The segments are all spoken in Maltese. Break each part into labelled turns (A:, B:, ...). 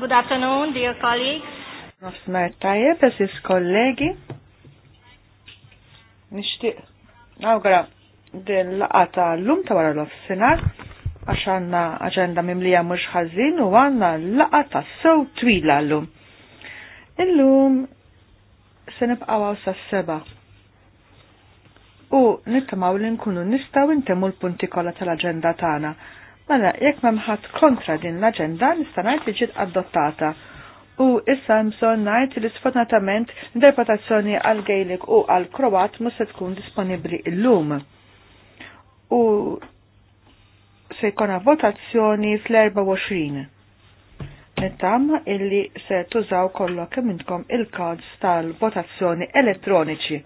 A: Good afternoon, dear colleagues.
B: Nafsmer tajjeb, eżis kollegi. Nishtiq. Nawgra, din laqa ta' l-lum ta' wara l-offsinar, għax għanna aġenda mimlija mux ħazin u għanna laqa ta' sew twila l-lum. Illum se għaw sa' seba. U nittamaw li nkunu nistaw intemmu l-punti kolla tal-aġenda tagħna. Mela, jekk memħat kontra din l-agenda, nistanajt li ġiet adottata. U issa mżon najt li sfortunatament interpretazzjoni għal Gejlik u għal Kroat mhux se tkun disponibbli llum. U se jkollna votazzjoni fl-24. Nittam illi se tużaw kollok minnkom il-kods tal-votazzjoni elettroniċi.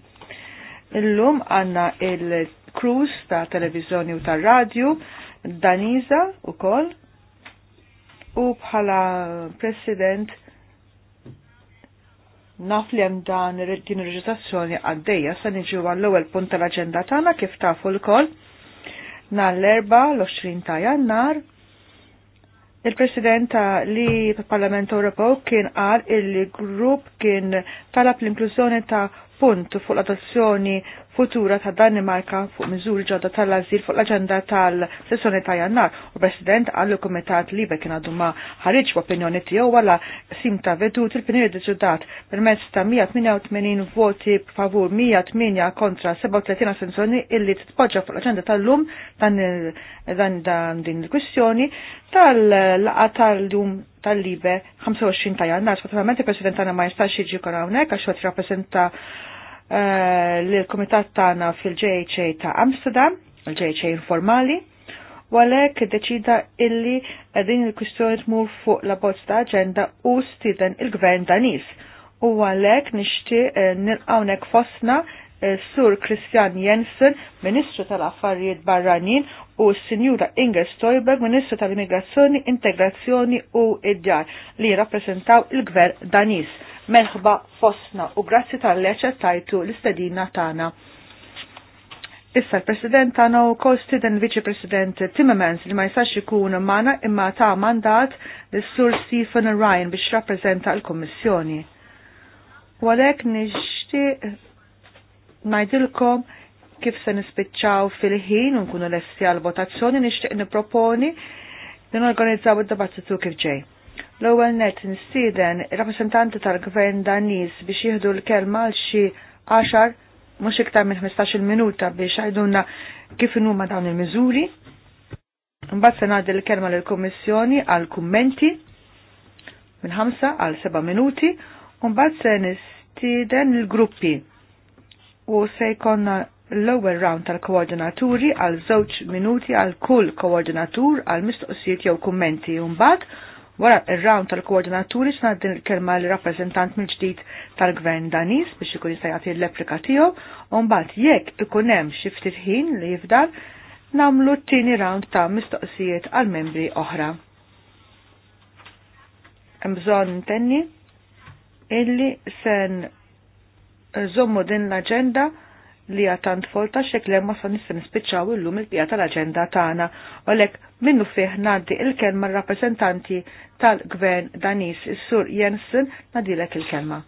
B: Illum għanna il kruz ta' televizjoni u tal-radju, Daniza u kol u bħala president naf li hemm dan din ir-reġistrazzjoni għaddejja Sa niġu għall-ewwel punt tal-aġenda tagħna kif tafu l-kol nhar l-erba' l-20 ta' Jannar Il-President li Parlament Ewropew kien qal il-grupp kien talab l-inklużjoni ta' punt fuq l-adozzjoni futura ta' Danimarka fuq miżuri ġodda tal-azil fuq l-aġenda tal-sessjoni ta' jannar u president għall komitat libe kien għadu ma u opinjoni tiegħu għalla sim ta' vedut il-piniri deċudat permezz ta' 188 voti favur 108 kontra 37 assenzjoni illi titpoġġa fuq l-aġenda tal-lum dan din il-kwistjoni tal-laqa tal-lum tal-libe 25 ta' jannar. Sfortunatamente il-president għana ma jistax jiġi kon hawnhekk għax rappresenta Eh, l-komitat tagħna fil-JHA ta' Amsterdam, il-JHA informali, u għalhekk iddeċida illi din il-kwistjoni tmur fuq la bozz ta' aġenda u stiden il-gvern Danis. U għalhekk nixtieq eh, nilqawnek fosna eh, Sur Christian Jensen, Ministru tal-Affarijiet Barranin, u Sinjura Inge Stoiberg, Ministru tal-Immigrazzjoni, Integrazzjoni u Id-Djar, li rappresentaw il-Gvern Danis Melħba fosna u grazzi tal-leċa tajtu l-istedina tana. Issa l-President tana u kosti stiden Viċi President Timmermans li ma jistax ikun mana imma ta' mandat l-Sur Stephen Ryan biex rappreżenta l-Kommissjoni. U għalek nixti ngħidilkom kif se nispiċċaw fil-ħin u nkunu lesti għal votazzjoni nixtieq nipproponi din organizzaw id-dibattitu kif ġej. L-ewwel net nistieden rappresentanti tal-Gvern Daniż biex jieħdu l-kelma għal xi għaxar mhux iktar minn 15-il minuta biex għajdunna kif huma dawn il-miżuri. Mbagħad se ngħaddi l-kelma lill-Kummissjoni għal kummenti minn 5 għal 7 minuti u mbagħad se nistieden il-gruppi u se jkollna l-ewwel round tal-koordinaturi għal żewġ minuti għal kull koordinatur għal mistoqsijiet jew kummenti u mbagħad Wara ir-round tal-koordinaturi snad din il-kelma l-rappreżentant mill-ġdid tal-Gvern Danis biex ikun jista' jagħti l-replika tiegħu, u mbagħad jekk ikun hemm xi ftit ħin li jifdal, nagħmlu t-tieni round ta' mistoqsijiet għal membri oħra. Hemm bżonn intenni illi sen żommu din l-aġenda li għatant forta xekle ma sa nistan nispiċaw illum il-bija tal-agenda tagħna Olek lek minnu fih naddi il-kelma rappresentanti tal-gvern Danis is-sur Jensen nadilek il-kelma.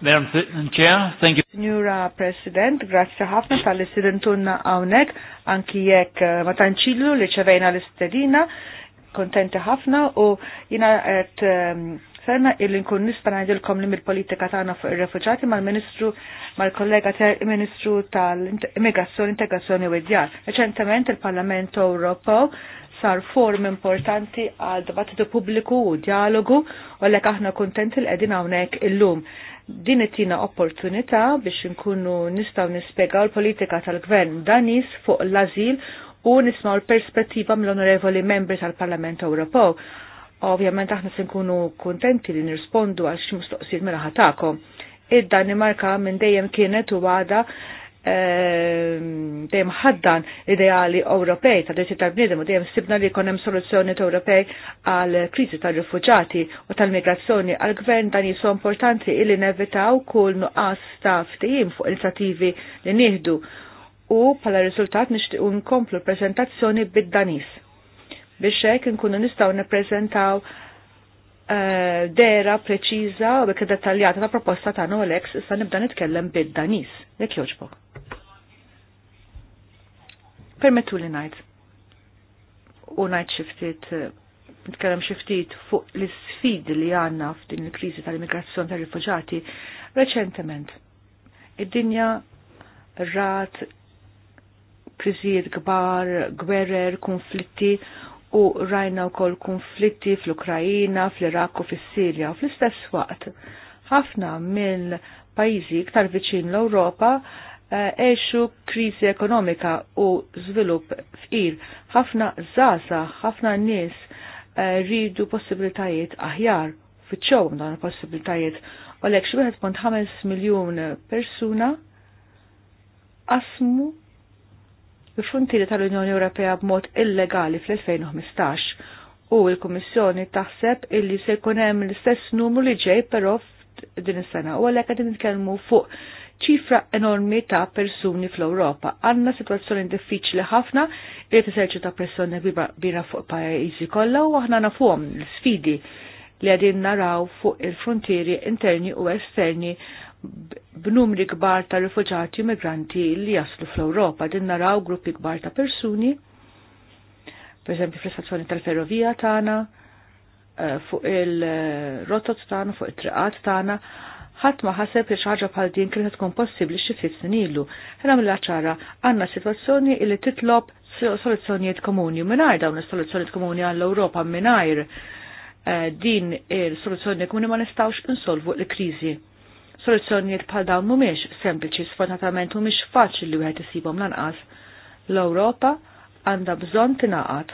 C: Madam Chair, thank you.
B: Signora President, grazzi ħafna tal-istidentunna hawnhekk anki jekk eh, ma tanċillu li ċevejna l-istedina, kontenti ħafna u jina qed ehm, sena illi nkun nista' najdilkom li mill-politika tagħna fuq ir-refuġati mal-Ministru mal-kollega Ministru tal-Immigrazzjoni Integrazzjoni u Idjar. Reċentement il-Parlament Ewropew sar form importanti għal dibattitu pubbliku u dialogu u lek aħna kuntenti li qegħdin hawnhekk illum. Din it-tina opportunità biex nkunu nistgħu nispjegaw l-politika tal-Gvern Danis fuq l-azil u nismaw l-perspettiva mill-onorevoli membri tal-Parlament Ewropew Ovvjament aħna se nkunu kuntenti li nirrispondu għal xi mistoqsijiet mela ħatakom. Id-Danimarka minn dejjem kienet u għada ehm, dejjem ħaddan ideali Ewropej ta' dritti tal-bniedem u dejjem sibna li jkun hemm soluzzjoni Ewropej għal kriżi tal-rifuġati u tal-migrazzjoni għal gvern dan jisu importanti illi nevitaw kull nuqqas ta' ftehim fuq inizjattivi li nieħdu u pala riżultat nixtiequ nkomplu l-preżentazzjoni bid-Danis biex hekk inkunu nistgħu nippreżentaw eh, dera preċiża u bekk dettaljata ta' proposta ta' Nolex issa nibda nitkellem bid-Danis. Jekk jogħġbok. Permettu li ngħid. U ngħid xi ftit eh, nitkellem xi ftit fuq l-isfidi li għandna f'din il-kriżi tal-immigrazzjoni tar-rifuġati reċentement. Id-dinja rat kriżijiet kbar, gwerer, konflitti u rajna wkoll konflitti fl-Ukrajina, fl-Iraq u fis-Sirja u fl-istess waqt ħafna mill pajjiżi iktar viċin l-Ewropa eh, għexu krizi kriżi ekonomika u żvilupp fqir. Ħafna zaza, ħafna nies eh, rridu possibilitajiet aħjar fiċċew dan possibilitajiet u l ekxu 1.5 miljun persuna asmu il-frontieri tal-Unjoni Ewropea b'mod illegali fl-2015 u il-Kummissjoni taħseb illi se jkun hemm l-istess numru li ġej però din is-sena u għalhekk qegħdin nitkellmu fuq ċifra enormi ta' persuni fl-Ewropa. Għanna situazzjoni diffiċli ħafna li tiserċu ta' pressjoni kbira fuq pajjiżi kollha u aħna nafuhom l-sfidi li għadin naraw fuq il-frontieri interni u esterni b'numri kbar ta' rifuġati migranti li jaslu fl-Ewropa. Din naraw gruppi kbar ta' persuni, per eżempju fl-istazzjoni tal-ferrovija tagħna, eh, fuq il-rotot tagħna, fuq it-triqat tagħna, ħadd ma ħaseb li ħaġa bħal din kienet tkun possibbli xi ftit ilu. Ħna mill-ċara għandna sitwazzjoni li titlob soluzzjonijiet komuni. Mingħajr dawn is-soluzzjonijiet komuni għall-Ewropa mingħajr eh, din il-soluzzjoni komuni ma nistgħux insolvu l-kriżi Soluzzjonijiet bħal dawn mhumiex sempliċi sfortunatament u mhix faċli li wieħed isibhom lanqas. L-Ewropa għandha bżonn tingħaqad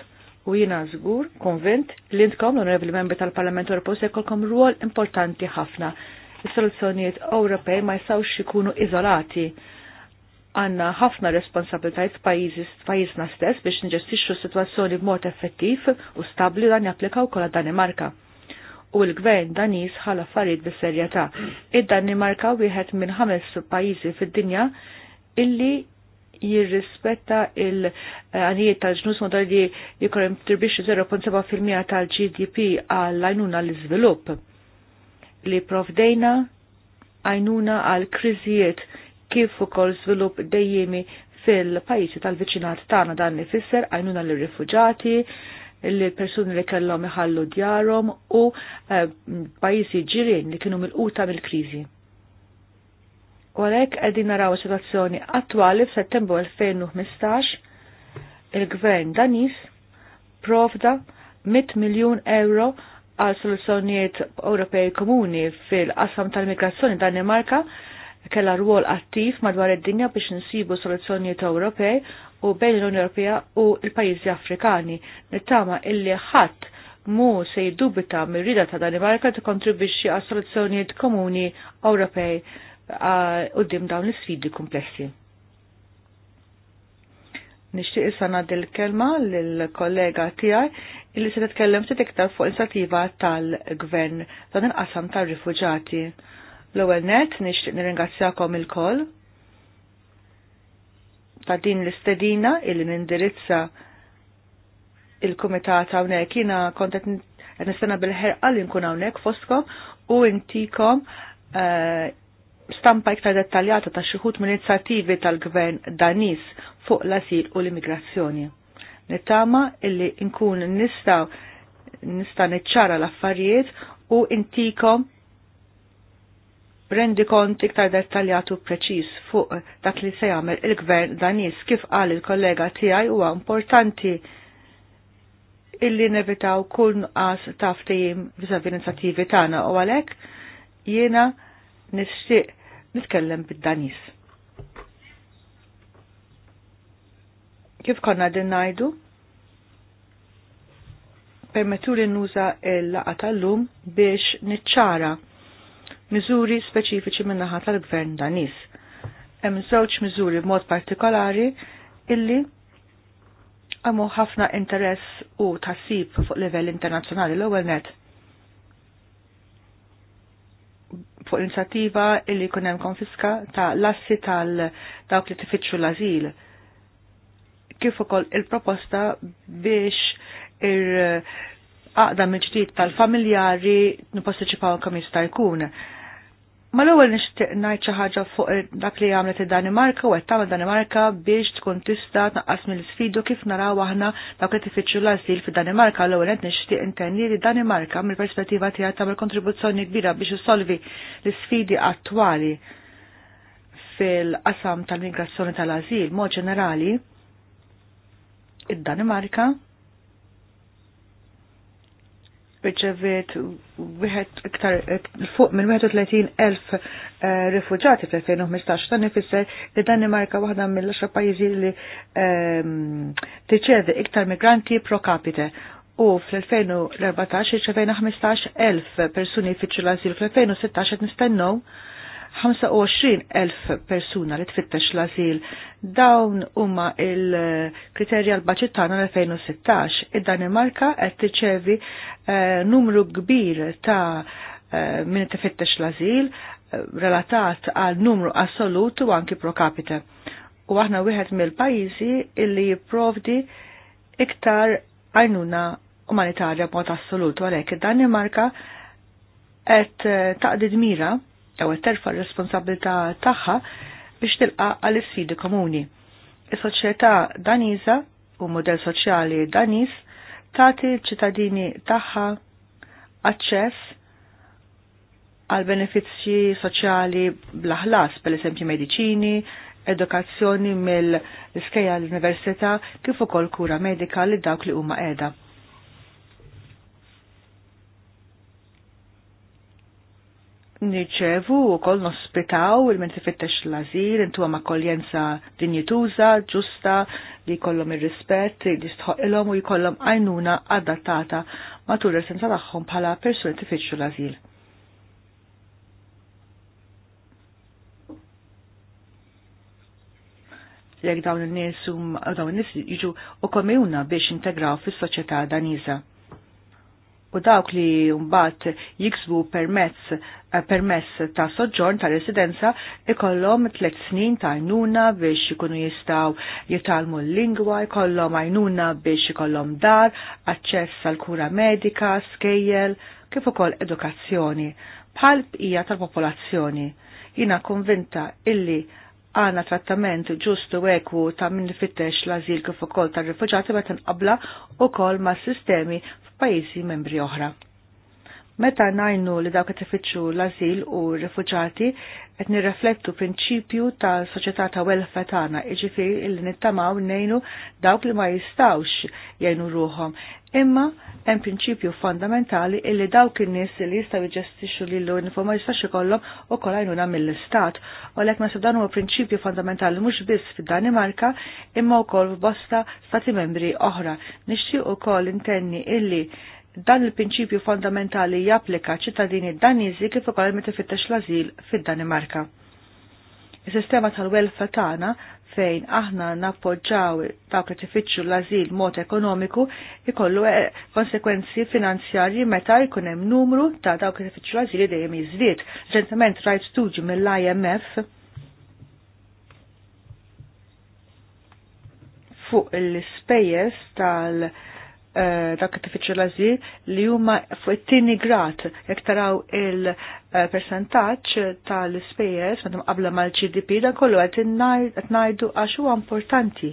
B: u jiena żgur konvint li intkom l-Onorevoli Membri tal-Parlament Ewropew se jkollkom rwol importanti ħafna. Is-soluzzjonijiet Ewropej ma jistgħux ikunu iżolati għanna ħafna responsabiltajt f'pajjiżna stess biex nġestixxu situazzjoni b'mod effettiv u stabli dan japplika wkoll Danimarka u l-gvern Danis ħal affarijiet bis-serjetà. Id-Danimarka wieħed minn ħames pajjiżi fid-dinja illi jirrispetta il-għanijiet tal-ġnus modar li jikorim tribbix 0.7% tal-GDP għal-għajnuna l-izvilup li provdejna għajnuna għal-kriżijiet kif ukoll żvilupp dejjemi fil-pajjiżi tal-viċinat tagħna dan ifisser għajnuna l-rifuġati, li persuni li kellhom iħallu djarhom u eh, pajjiżi ġirien li kienu milquta mill-kriżi. U għalhekk qegħdin naraw is-sitwazzjoni attwali f'Settembru 2015 il-Gvern Danis provda 100 miljun euro għal soluzzjonijiet Ewropej komuni fil-qasam tal-migrazzjoni Danimarka kella rwol attiv madwar id-dinja biex nsibu soluzzjonijiet Ewropej u bejn l-Unjoni Ewropea u l-pajjiżi Afrikani. Nittama illi ħadd mu se jiddubita mir-rida ta' Danimarka tikkontribwixxi għas soluzzjonijiet komuni Ewropej qudiem dawn l-isfidi komplessi. Nixtieq issa ngħaddi l-kelma lill-kollega tiegħi illi se titkellem se tiktar fuq inizjattiva tal-Gvern ta' il-qasam tar-rifuġati. L-ewwel net nixtieq nirringrazzjakom il-koll ta' din l-istedina illi nindirizza il-kumitat hawnhekk jiena kont qed nistenna bil-ħerqa li nkun hawnhekk fostkom u intikom eh, stampa iktar dettaljata ta' xuħut minn inizjattivi tal-gvern Danis fuq l-asil u l-immigrazzjoni. Nittama illi nkun nistaw nista' niċċara l-affarijiet u intikom rendi kont iktar u preċis fuq dak li se jagħmel il-gvern Danis kif qal il-kollega tiegħi huwa importanti illi nevitaw kull nuqqas ta' ftehim viżavi inizjattivi tagħna u għalhekk jiena nixtieq nitkellem bid-Danis. Kif konna din ngħidu? Permettu li nuża l-laqa tal-lum biex niċċara miżuri speċifiċi minnaħa tal-gvern danis. Hemm żewġ miżuri b'mod partikolari illi għamu ħafna interess u tassib fuq livell internazzjonali l-ewwel net. Fuq inizjattiva illi jkun hemm konfiska ta' lassi tal dawk li tifittxu l ażil Kif ukoll il-proposta biex ir eh, aqda mill-ġdid tal-familjari nipostiċipaw kemm jista' jkun Ma l-ewwel nixtieq ngħid xi ħaġa fuq dak li għamlet id-Danimarka u qed tagħmel Danimarka biex tkun tista' tnaqqas mill-sfidu kif naraw aħna dawk li tifittxu l-asil fid-Danimarka l-ewwel qed nixtieq intenni li Danimarka mill-perspettiva tiegħek tagħmel kontribuzzjoni kbira biex isolvi l-isfidi attwali fil-qasam tal-migrazzjoni tal-asil mod ġenerali id-Danimarka irċeviet wieħed iktar fuq minn elf eh, rifugġati fl-2015 dan ifisser li Danimarka waħda mill xa pajizi li tiċċevi ehm, iktar migranti pro capite u fl-2014 irċevejna 15,000 persuni fiċċu l-azil fl-2016 qed nistennew 25,000 persuna li tfittex l-azil. Dawn huma il-kriterja l-baċit tagħna 2016 Id-Danimarka qed tiċevi eh, numru kbir ta' eh, min tfittex l-azil eh, relatat għal numru assolut u anki pro capita. U aħna wieħed mill-pajjiżi illi jipprovdi iktar għajnuna umanitarja b'mod assolut għalhekk id-Danimarka qed taqdi dmira jew terfa r-responsabilità tagħha biex tilqa għal sfidi komuni. Is-soċjetà Daniża u model soċjali Daniż tagħti ċittadini tagħha aċċess għal benefizji soċjali bl-aħlas, per eżempju mediċini, edukazzjoni mill iskejja l-università kif ukoll kura medika li dawk li huma qiegħda. nirċevu u kol nospitaw il-menti fittex l-azil, intu għam akkoljenza dinjituza, ġusta, li kollom il-rispet, li stħoqilom u jkollom għajnuna adattata matul l-essenza tagħhom bħala persuni tifittxu l-azil. Jek dawn il-nies dawn il nis jiġu u komiuna biex integraw fis-soċjetà daniża u dawk li mbagħad jiksbu permezz eh, permess ta' soġġorn ta' residenza ikollhom tliet snin ta' għajnuna biex ikunu jistgħu jitalmu l-lingwa, ikollhom għajnuna biex ikollhom dar, aċċess għal kura medika, skejjel, kif ukoll edukazzjoni bħal bqija tal-popolazzjoni. Jina konvinta illi għana trattament ġustu eku ta' minn fittex l-azil kif ukoll tar-rifuġati meta nqabla wkoll ma' sistemi f'pajjiżi membri oħra. Meta najnu li dawk tifittxu l-azil u rifuġati qed nirreflettu prinċipju tal-soċjetà ta' welfare tagħna, jiġifieri li nittamaw nejnu dawk li ma jistgħux jgħinu ruhom. Imma hemm prinċipju fondamentali illi dawk in-nies li jistgħu jġestixxu lilu nifhom ma jistax ikollhom ukoll għajnuna mill-istat. U għalhekk nasib dan huwa prinċipju fondamentali mhux biss fid-Danimarka imma wkoll f'bosta stati membri oħra. Nixtieq ukoll intenni illi dan il-prinċipju fondamentali japplika ċittadini daniżi kif ukoll meta fittex l-azil fid-Danimarka. Is-sistema tal-welfare tagħna fejn aħna nappoġġaw dawk li tifittxu l-azil mod ekonomiku ikollu eh, konsekwenzi finanzjarji meta jkun hemm numru ta' dawk li tifittxu l-azil dejjem jiżdied. Reċentement rajt studju mill-IMF fuq l-ispejjeż tal- Eh, dak it-tifiċu l-azil li huma fuq it-tieni grat jekk taraw il persentaċ tal-ispejjeż meta qabla mal-GDP dan kollu qed ngħidu għax huwa importanti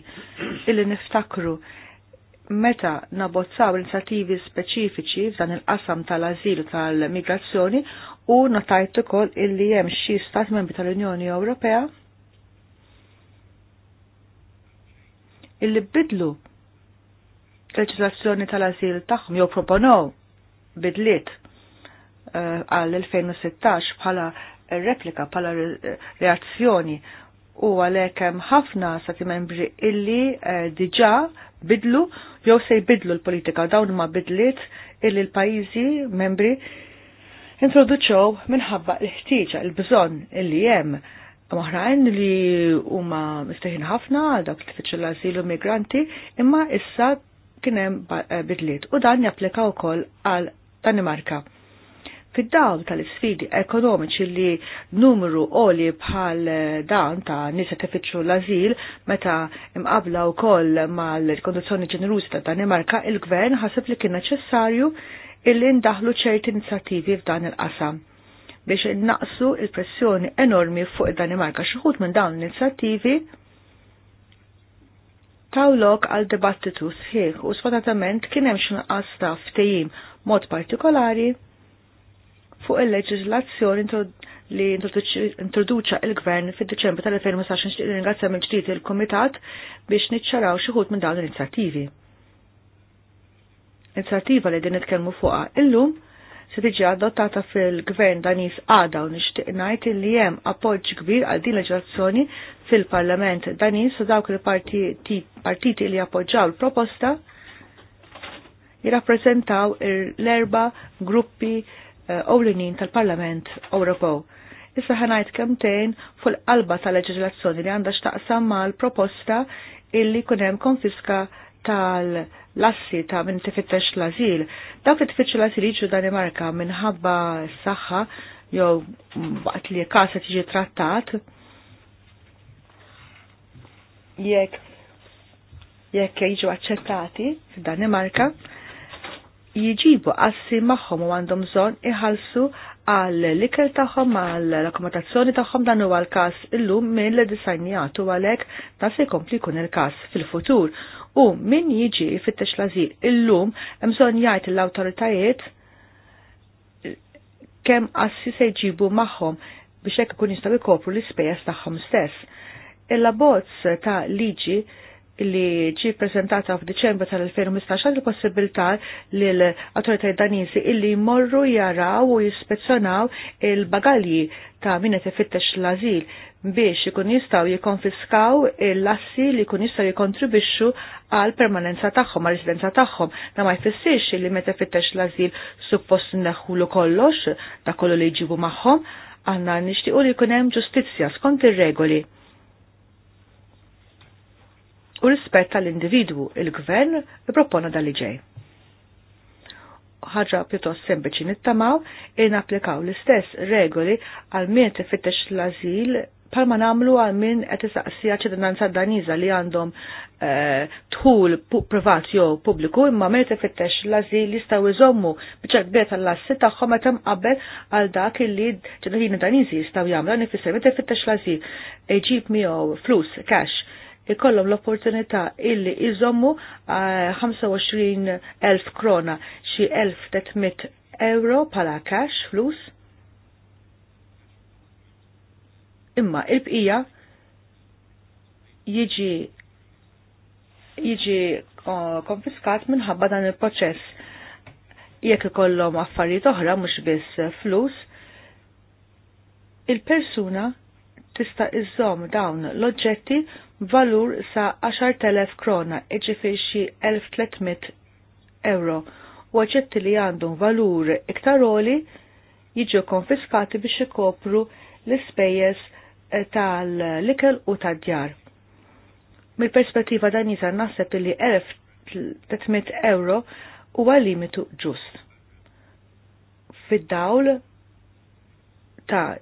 B: illi niftakru meta nabozzaw inizjattivi speċifiċi f'dan il-qasam tal-azil tal-migrazzjoni u notajt ukoll illi hemm xi stat membri tal-Unjoni Ewropea illi bidlu leġislazzjoni tal-azil tagħhom jow proponow bidlit eh, għal 2016 bħala replika bħala reazzjoni u għalhekk hemm ħafna sati membri illi eh, diġà bidlu jew se jbidlu l-politika dawn ma bidlit illi l-pajjiżi membri introduċew minħabba l-ħtieġa l-bżonn illi hemm Maħrajn li huma mistejħin ħafna għal dak li tfittxu l-azilu migranti, imma issa kienem eh, bidliet u dan japplika wkoll għal Danimarka. Fid-dawl tal-sfidi ekonomiċi li numru oli bħal eh, dan ta' nisa tifittxu l-azil meta imqabla u koll mal-kondizjoni ġenerużi ta' Danimarka, il-gvern ħaseb li kien neċessarju illi ndaħlu ċerti inizjattivi f'dan il-qasam biex naqsu il-pressjoni enormi fuq id-Danimarka. Xuħut minn dawn l-inizjattivi tawlok għal dibattitu sħiħ u sfatatament kien hemm x'inqas ta' mod partikolari fuq il-leġiżlazzjoni li introduċa il-Gvern fid-Deċembru tal-2015 ringrazzja minn ġdid il-Kumitat biex niċċaraw xi ħut minn dawn l-inizjattivi. Inizjattiva li din nitkellmu fuqha illum se tiġi adottata fil-gvern danis għada u nixtieq ngħid li hemm appoġġ kbir għal din leġazzjoni fil-Parlament danis u dawk il-partiti li appoġġaw l-proposta jirrappreżentaw l-erba' gruppi eh, ewlenin tal-Parlament Ewropew. Issa ħanajt kemtejn fil-qalba tal leġislazzjoni li għandha x'taqsam mal-proposta illi kunem konfiska tal- l-assi ta' minn tifittex l-azil. Dawk li tifittex l-azil jiġu Danimarka minħabba s-saħħa jew waqt li kasa tiġi trattat. Jekk jekk jiġu aċċettati f'Danimarka, jiġibu assi magħhom u għandhom bżonn iħallsu għal l-ikel tagħhom għal l-akkomodazzjoni tagħhom dan huwa l-każ illum minn l-disajnijat u għalhekk se jkompli jkun il-każ fil-futur U min jiġi fit-tex lażil illum mżon jgħid l-awtoritajiet kemm assi se jġibu magħhom biex hekk ikun jistgħu ikopru l-ispejjeż tagħhom stess. Il-abbozz ta' liġi li ġi prezentata f'Diċembru tal-2015 il possibilità li l-autoritajiet danisi illi jmorru jaraw u jispezzjonaw il-bagalji ta' min qed ifittex l-azil biex ikun jistgħu jikonfiskaw l-assi li jkun jistgħu jikontribixxu għal permanenza tagħhom, għal residenza tagħhom. Da ma jfissirx li meta fittex l-azil suppost neħħulu kollox, da kollu li jġibu magħhom, għanna nixtiequ li jkun hemm ġustizzja skont ir-regoli u rispett tal-individwu il-gvern propona dal-liġej. Ħaġa pjuttost sempliċi nittamaw in applikaw l-istess regoli għal min tifittex l-azil ma namlu għal min qed isaqsija ċittadinanza daniża li għandhom eh, tħul privat jew pubbliku imma min tifittex l-azil jistgħu jżommu biċċaqbiet tal-assi tagħhom meta mqabbel għal dak illi ċittadini daniżi jistgħu jagħmlu nifisser min tifittex l-azil iġib miegħu flus cash ikollhom l-opportunità illi iżommu 25,000 eh, krona xi 1300 euro pala cash flus. Imma il-bqija jiġi jiġi eh, konfiskat minħabba dan il-proċess. Jekk ikollhom affarijiet oħra mhux biss flus, il-persuna tista' iżżomm dawn l-oġġetti valur sa 10.000 krona, iġifir xi 1300 euro, u għacetti li għandhom valur iktar oli jiġu konfiskati biex ikopru l-ispejjeż eh, tal-likel u tad-djar. Mil-perspettiva dan jizan naħseb li 1300 euro huwa limitu ġust. Fid-dawl ta'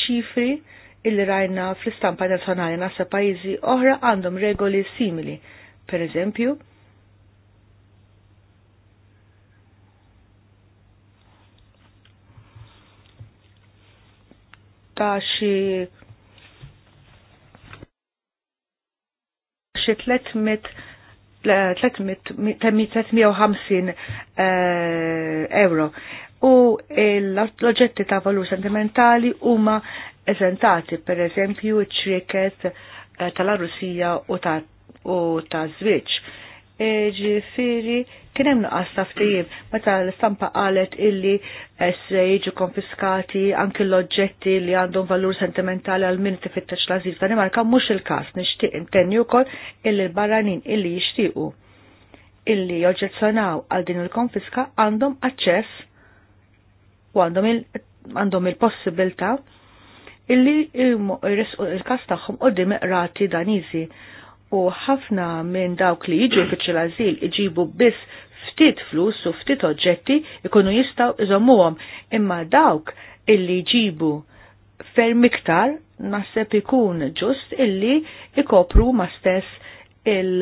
B: ċifri illi rajna fl-istampa nazjonali nasa pajizi oħra għandhom regoli simili. Per eżempju, ta' xi xi 350 euro u l-oġġetti ta' valur sentimentali huma eżentati per eżempju ċriket eh, tal-Arusija u ta' u ta' zwiċ. E ġifiri, kienem nuqqas taftijim, meta l-stampa qalet illi se jiġu konfiskati anki l-oġġetti li għandhom valur sentimentali għal min tifittex l-azil Danimarka mhux il-każ nixtieq intenni wkoll illi l-barranin illi jixtiequ illi joġġezzjonaw għal din il-konfiska għandhom aċċess u għandhom il-possibilta il illi il-kas tagħhom qoddim rati daniżi u ħafna minn dawk li jiġu fiċ l-azil iġibu biss ftit flus u ftit oġġetti ikunu jistaw iżommuhom imma dawk illi jġibu ferm iktar naħseb ikun ġust illi ikopru ma stess il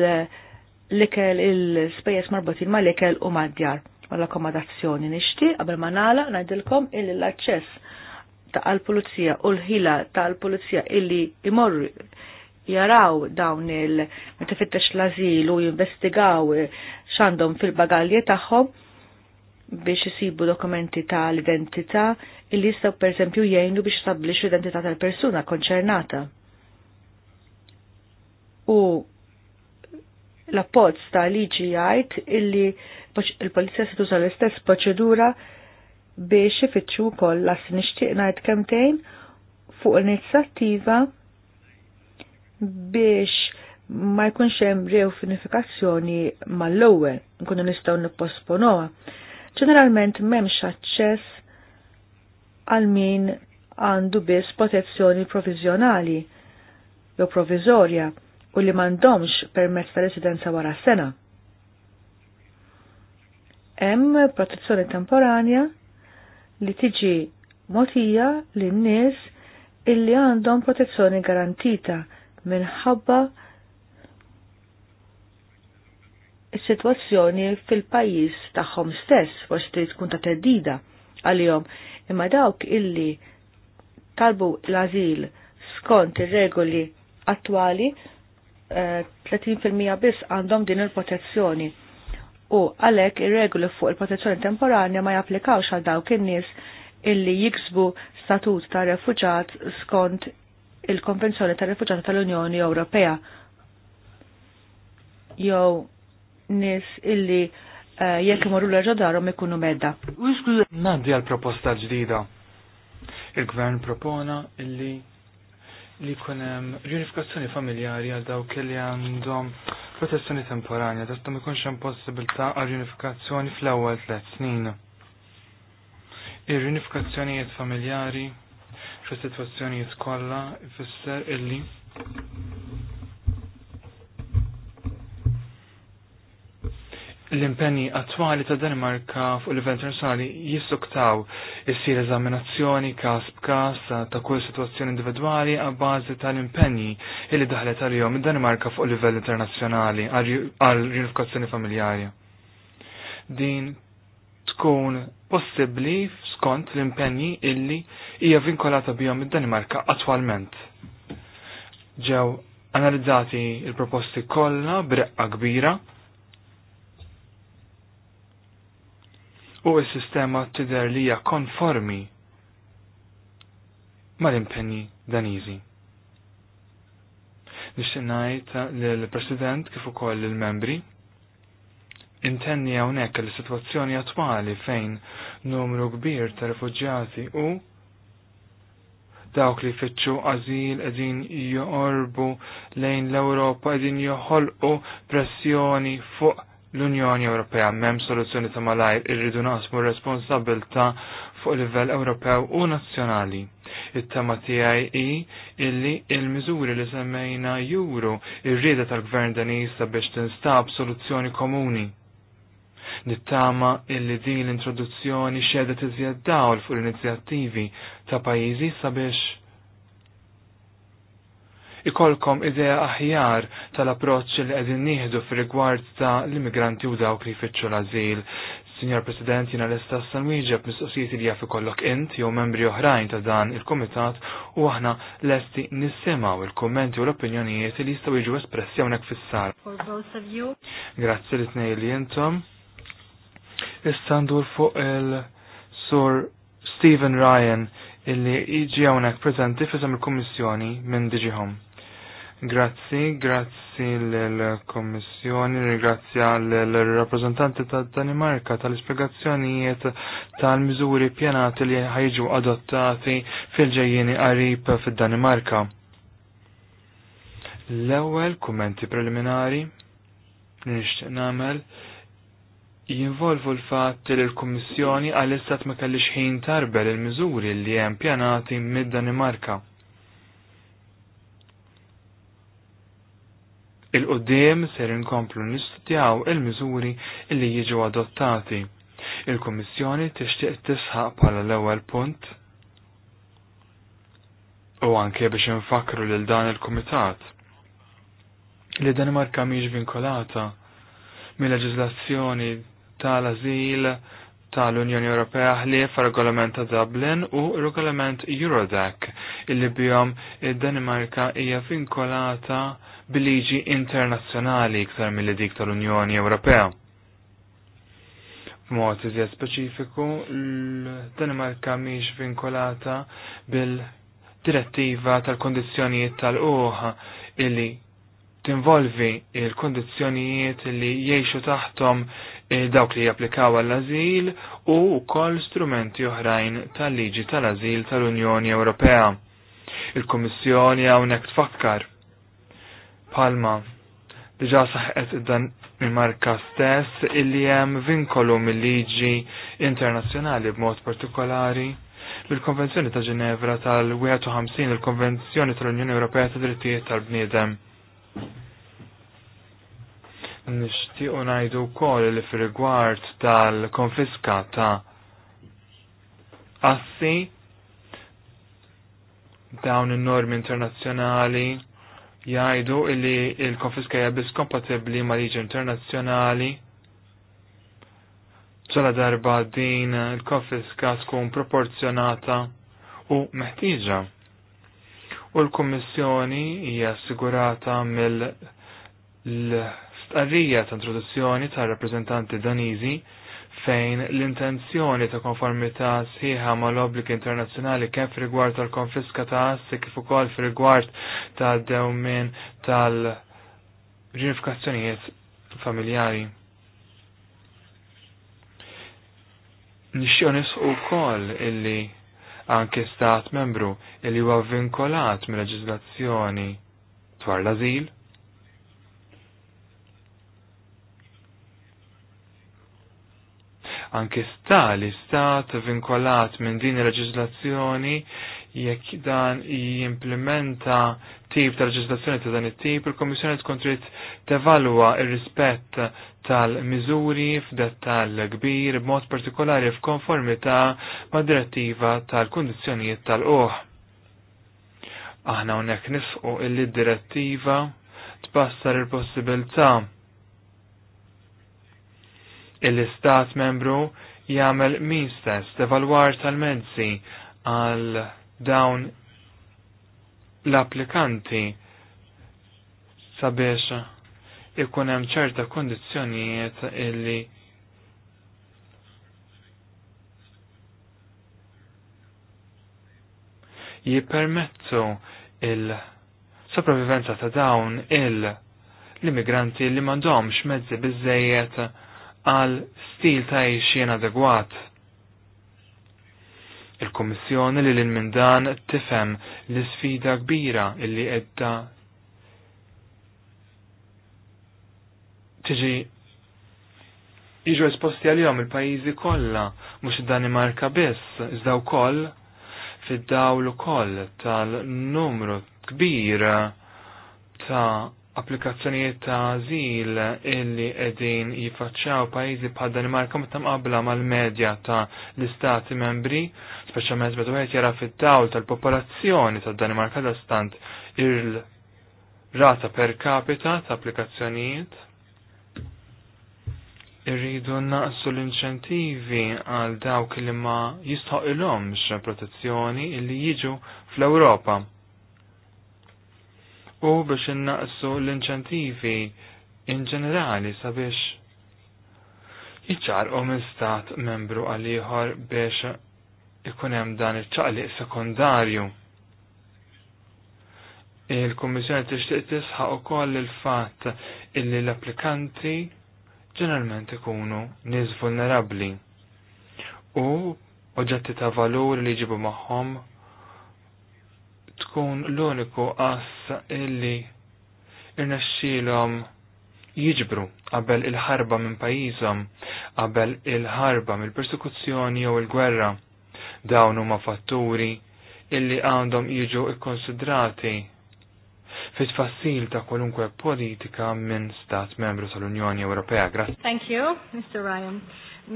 B: l-ikel il-spejjeż marbutin ma l-ikel u mad-djar u l-akkomodazzjoni nixtieq qabel ma nagħlaq ngħidilkom illi l-aċċess tal-pulizija u l-ħila tal-pulizija illi imorru jaraw dawn il meta fittex l-azil u jinvestigaw xandom fil-bagalje tagħhom biex isibu dokumenti tal-identità illi jistgħu pereżempju jgħinu biex stablix l-identità tal-persuna konċernata. U l-appozz ta' liġi jgħid illi il-polizija se tuża l-istess proċedura biex ifittxu wkoll las nixtieq ngħid kemmtejn fuq l-inizjattiva biex ma jkunx hemm finifikazzjoni mal-ewwel nkunu nistgħu nipposponuha. Ġeneralment m'hemmx aċċess għal min għandu biss protezzjoni provizjonali jew provizorja u li m'għandhomx permezz ta' residenza wara sena. Hemm protezzjoni temporanja li tiġi motija lin-nies illi għandhom protezzjoni garantita minħabba s sitwazzjoni fil-pajjiż tagħhom stess forsi trid tkun ta' teddida għalihom imma dawk illi talbu l-azil skont ir-regoli attwali 30% eh, biss għandhom din il-protezzjoni u għalhekk ir-regoli fuq il-protezzjoni temporanja ma japplikawx għal dawk in-nies illi jiksbu statut ta' refuġat skont il-Konvenzjoni ta' Refuġati tal-Unjoni Ewropea. Jew nis illi eh, jekk imorru l darhom ikunu medda.
D: Nandi għal proposta ġdida. Il-gvern propona illi li kunem riunifikazzjoni familjari għal dawk li għandhom protezzjoni temporanja tista' ma jkunx hemm possibilità għal unifikazzjoni fl-ewwel tliet snin. Ir-unifikazzjonijiet familjari fis-sitwazzjonijiet kollha ifisser illi l-impenni attwali ta' Danimarka fuq livell internazzjonali jissuktaw issir eżaminazzjoni każ b'każ ta' kull sitwazzjoni individwali għabbażi tal-impenni illi daħlet għal-jom id-Danimarka fuq livell internazzjonali għal rinifikazzjoni familjari. Din tkun possibbli skont l-impenni illi hija vinkolata bihom id-Danimarka attwalment. Ġew analizzati il-proposti kollha b'reqqa kbira u s-sistema t-tider li hija konformi mal-impenji daniżi. Nixtieq ngħid lill-President kif ukoll lill-membri intenni hawnhekk l sitwazzjoni attwali fejn numru kbir ta' rifuġjati u dawk li fitxu għazil edin jorbu lejn l-Europa edin joħolqu pressjoni fuq l-Unjoni Ewropea m'hemm soluzzjoni ta' malajr irridu naqsmu responsabilta fuq livell Ewropew u nazzjonali. It-tema tiegħi hi illi il-miżuri li semmejna juru ir-rieda tal-Gvern Danis sabiex tinstab soluzzjoni komuni. Nittama illi din l-introduzzjoni xedet iżjed dawl fuq l-inizjattivi ta' pajjiżi sabiex ikolkom idea aħjar tal-approċċ li qegħdin nieħdu fir-rigward ta' l-immigranti u dawk li jfittxu l-azil. Signor President, jina l-istas sanwiġeb mistoqsijiet li jaffi kollok int jew membri oħrajn ta' dan il-Kumitat u aħna lesti nissimaw il-kommenti u l-opinjonijiet li jistgħu jiġu espressi hawnhekk fis-sar. Grazzi li tnej li intom. Issa fuq il-Sur Stephen Ryan illi iġi hawnhekk preżenti fisem il-Kummissjoni minn Diġi Home. Grazzi, grazzi l-Kommissjoni, grazzi l-rappresentanti ta' Danimarka tal-ispiegazzjonijiet tal-miżuri pjanati li ħajġu adottati fil-ġejjini qarib fil-Danimarka. L-ewwel kummenti preliminari li nixtieq nagħmel jinvolvu l-fatt li l-Kummissjoni għal-istat ma kellix ħin tarbel il-miżuri li hemm pjanati mid-Danimarka Il-qoddim ser inkomplu nistudjaw il-miżuri li jiġu adottati. Il-Kummissjoni tixtieq tisħaq bħala l-ewwel punt u anke biex infakru lil dan il-Kumitat li Danimarka mhix vinkolata mill-leġiżlazzjoni tal-azil tal-Unjoni Ewropea ħlief regolament ta' Dublin u regolament Eurodac illi bihom id-Danimarka hija vinkolata bil-liġi internazzjonali iktar mill dik tal-Unjoni Ewropea. B'mod iżjed speċifiku, l-Danimarka mhix vinkolata bil-direttiva tal-kondizzjonijiet tal-uħ illi tinvolvi il-kondizzjonijiet li jiexu taħtom dawk li japplikaw għall-azil u kol strumenti oħrajn tal-liġi tal-azil tal-Unjoni Ewropea. Il-Kommissjoni hawnhekk tfakkar palma diġa saħqet dan il-marka stess illi hemm vinkolu mill-liġi internazzjonali b'mod partikolari l konvenzjoni ta' Ġenevra tal-51 il-Konvenzjoni tal-Unjoni Ewropea ta' Drittijiet tal-Bniedem. Nixtiequ ngħidu wkoll li fir-rigward tal-konfiska ta' assi dawn in-normi internazzjonali jajdu illi il konfiska biss kompatibbli ma' liġi internazzjonali ċala darba din il-konfiska tkun proporzjonata u meħtieġa. U l-Kummissjoni hija assigurata mill l ta' introduzzjoni ta' rappreżentanti Daniżi fejn l-intenzjoni ta' konformità sħiħa mal-obbligi internazzjonali kemm f'rigward tal-konfiska ta' assi kif ukoll f'rigward tal dewmien tal-ġinifikazzjonijiet familjari. Nixxiju nisqu ukoll illi anke stat membru illi huwa vinkolat mill-leġiżlazzjoni dwar l-azil, anke sta li stat vinkolat minn din il-leġizlazzjoni jekk dan jimplementa tip ta' leġislazzjoni ta' dan it-tip, il-Komissjoni tkun trid tevalwa ir-rispett tal-miżuri f'dettall kbir b'mod partikolari f'konformità ma' direttiva tal-kundizzjonijiet tal-oħ. Aħna hawnhekk nifqu illi d-direttiva tbassar il-possibilità il-istat membru jagħmel min stess evalwar tal-mezzi għal dawn l-applikanti sabiex ikun hemm ċerta kondizzjonijiet illi jippermettu il-sopravivenza ta' dawn il-immigranti li m'għandhomx mezzi biżejjed għal stil ta' jxien adegwat. il komissjoni li l-min dan tifem l-sfida kbira illi edda tiġi jiġu esposti għal-jom il-pajizi kolla, mux Danimarka biss, iżda wkoll fid dawlu ukoll tal-numru kbir ta' applikazzjonijiet ta' azil illi edin jifaċċaw pajizi bħal Danimarka meta qabla mal-medja ta' l-istati membri, speċjalment meta wieħed jara fid-dawl tal-popolazzjoni tad Danimarka da stant il-rata per capita ta' applikazzjonijiet. Irridu naqsu l-inċentivi għal dawk li ma jistħoq omx protezzjoni illi jiġu fl-Ewropa u biex innaqsu l-inċentivi in ġenerali sabiex jiċċarqu minn stat membru għal ieħor biex ikun hemm dan iċ-ċaqliq sekundarju. Il-Kummissjoni tixtieq tisħaq ukoll il-fatt illi l-applikanti ġeneralment ikunu nies vulnerabbli u oġġetti ta' valur li ġibu magħhom tkun l-uniku qass illi irnexxielhom jiġbru qabel il-ħarba minn pajjiżhom, qabel il-ħarba mill-persekuzzjoni jew il-gwerra. Dawn huma fatturi illi għandhom jiġu ikkonsidrati fit-fassil ta' kwalunkwe politika minn stat membru tal-Unjoni Ewropea. Grazie.
A: Thank you, Mr. Ryan.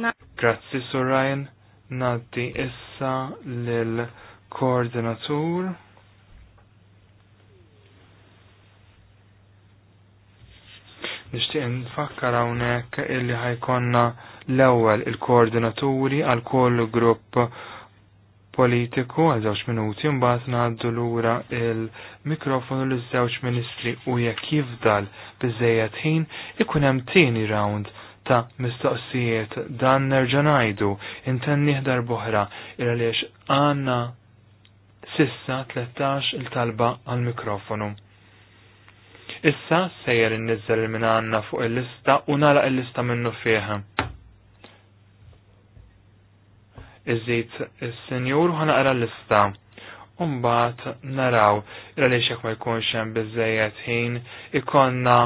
A: Na
D: Grazie, Sir Ryan. Naddi issa lil koordinatur Nixtieq nfakkar hawnhekk illi ħajkonna l-ewwel il-koordinaturi għal kull grupp politiku għal żewġ minuti mbagħad ngħaddu lura il-mikrofonu liż żewġ ministri u jekk jifdal biżejjed ħin ikun hemm tieni round ta' mistoqsijiet dan nerġa' ngħidu intenni ħdar boħra għaliex għandna sissa 13 il-talba għal mikrofonu. Issa sejjer innizzel minn għandna fuq il-lista u nara il-lista minnu fieħa. Iżid is-senjur u ħanaqra l-lista. Umbat naraw il jek ma jkunx hemm biżejjed ħin ikonna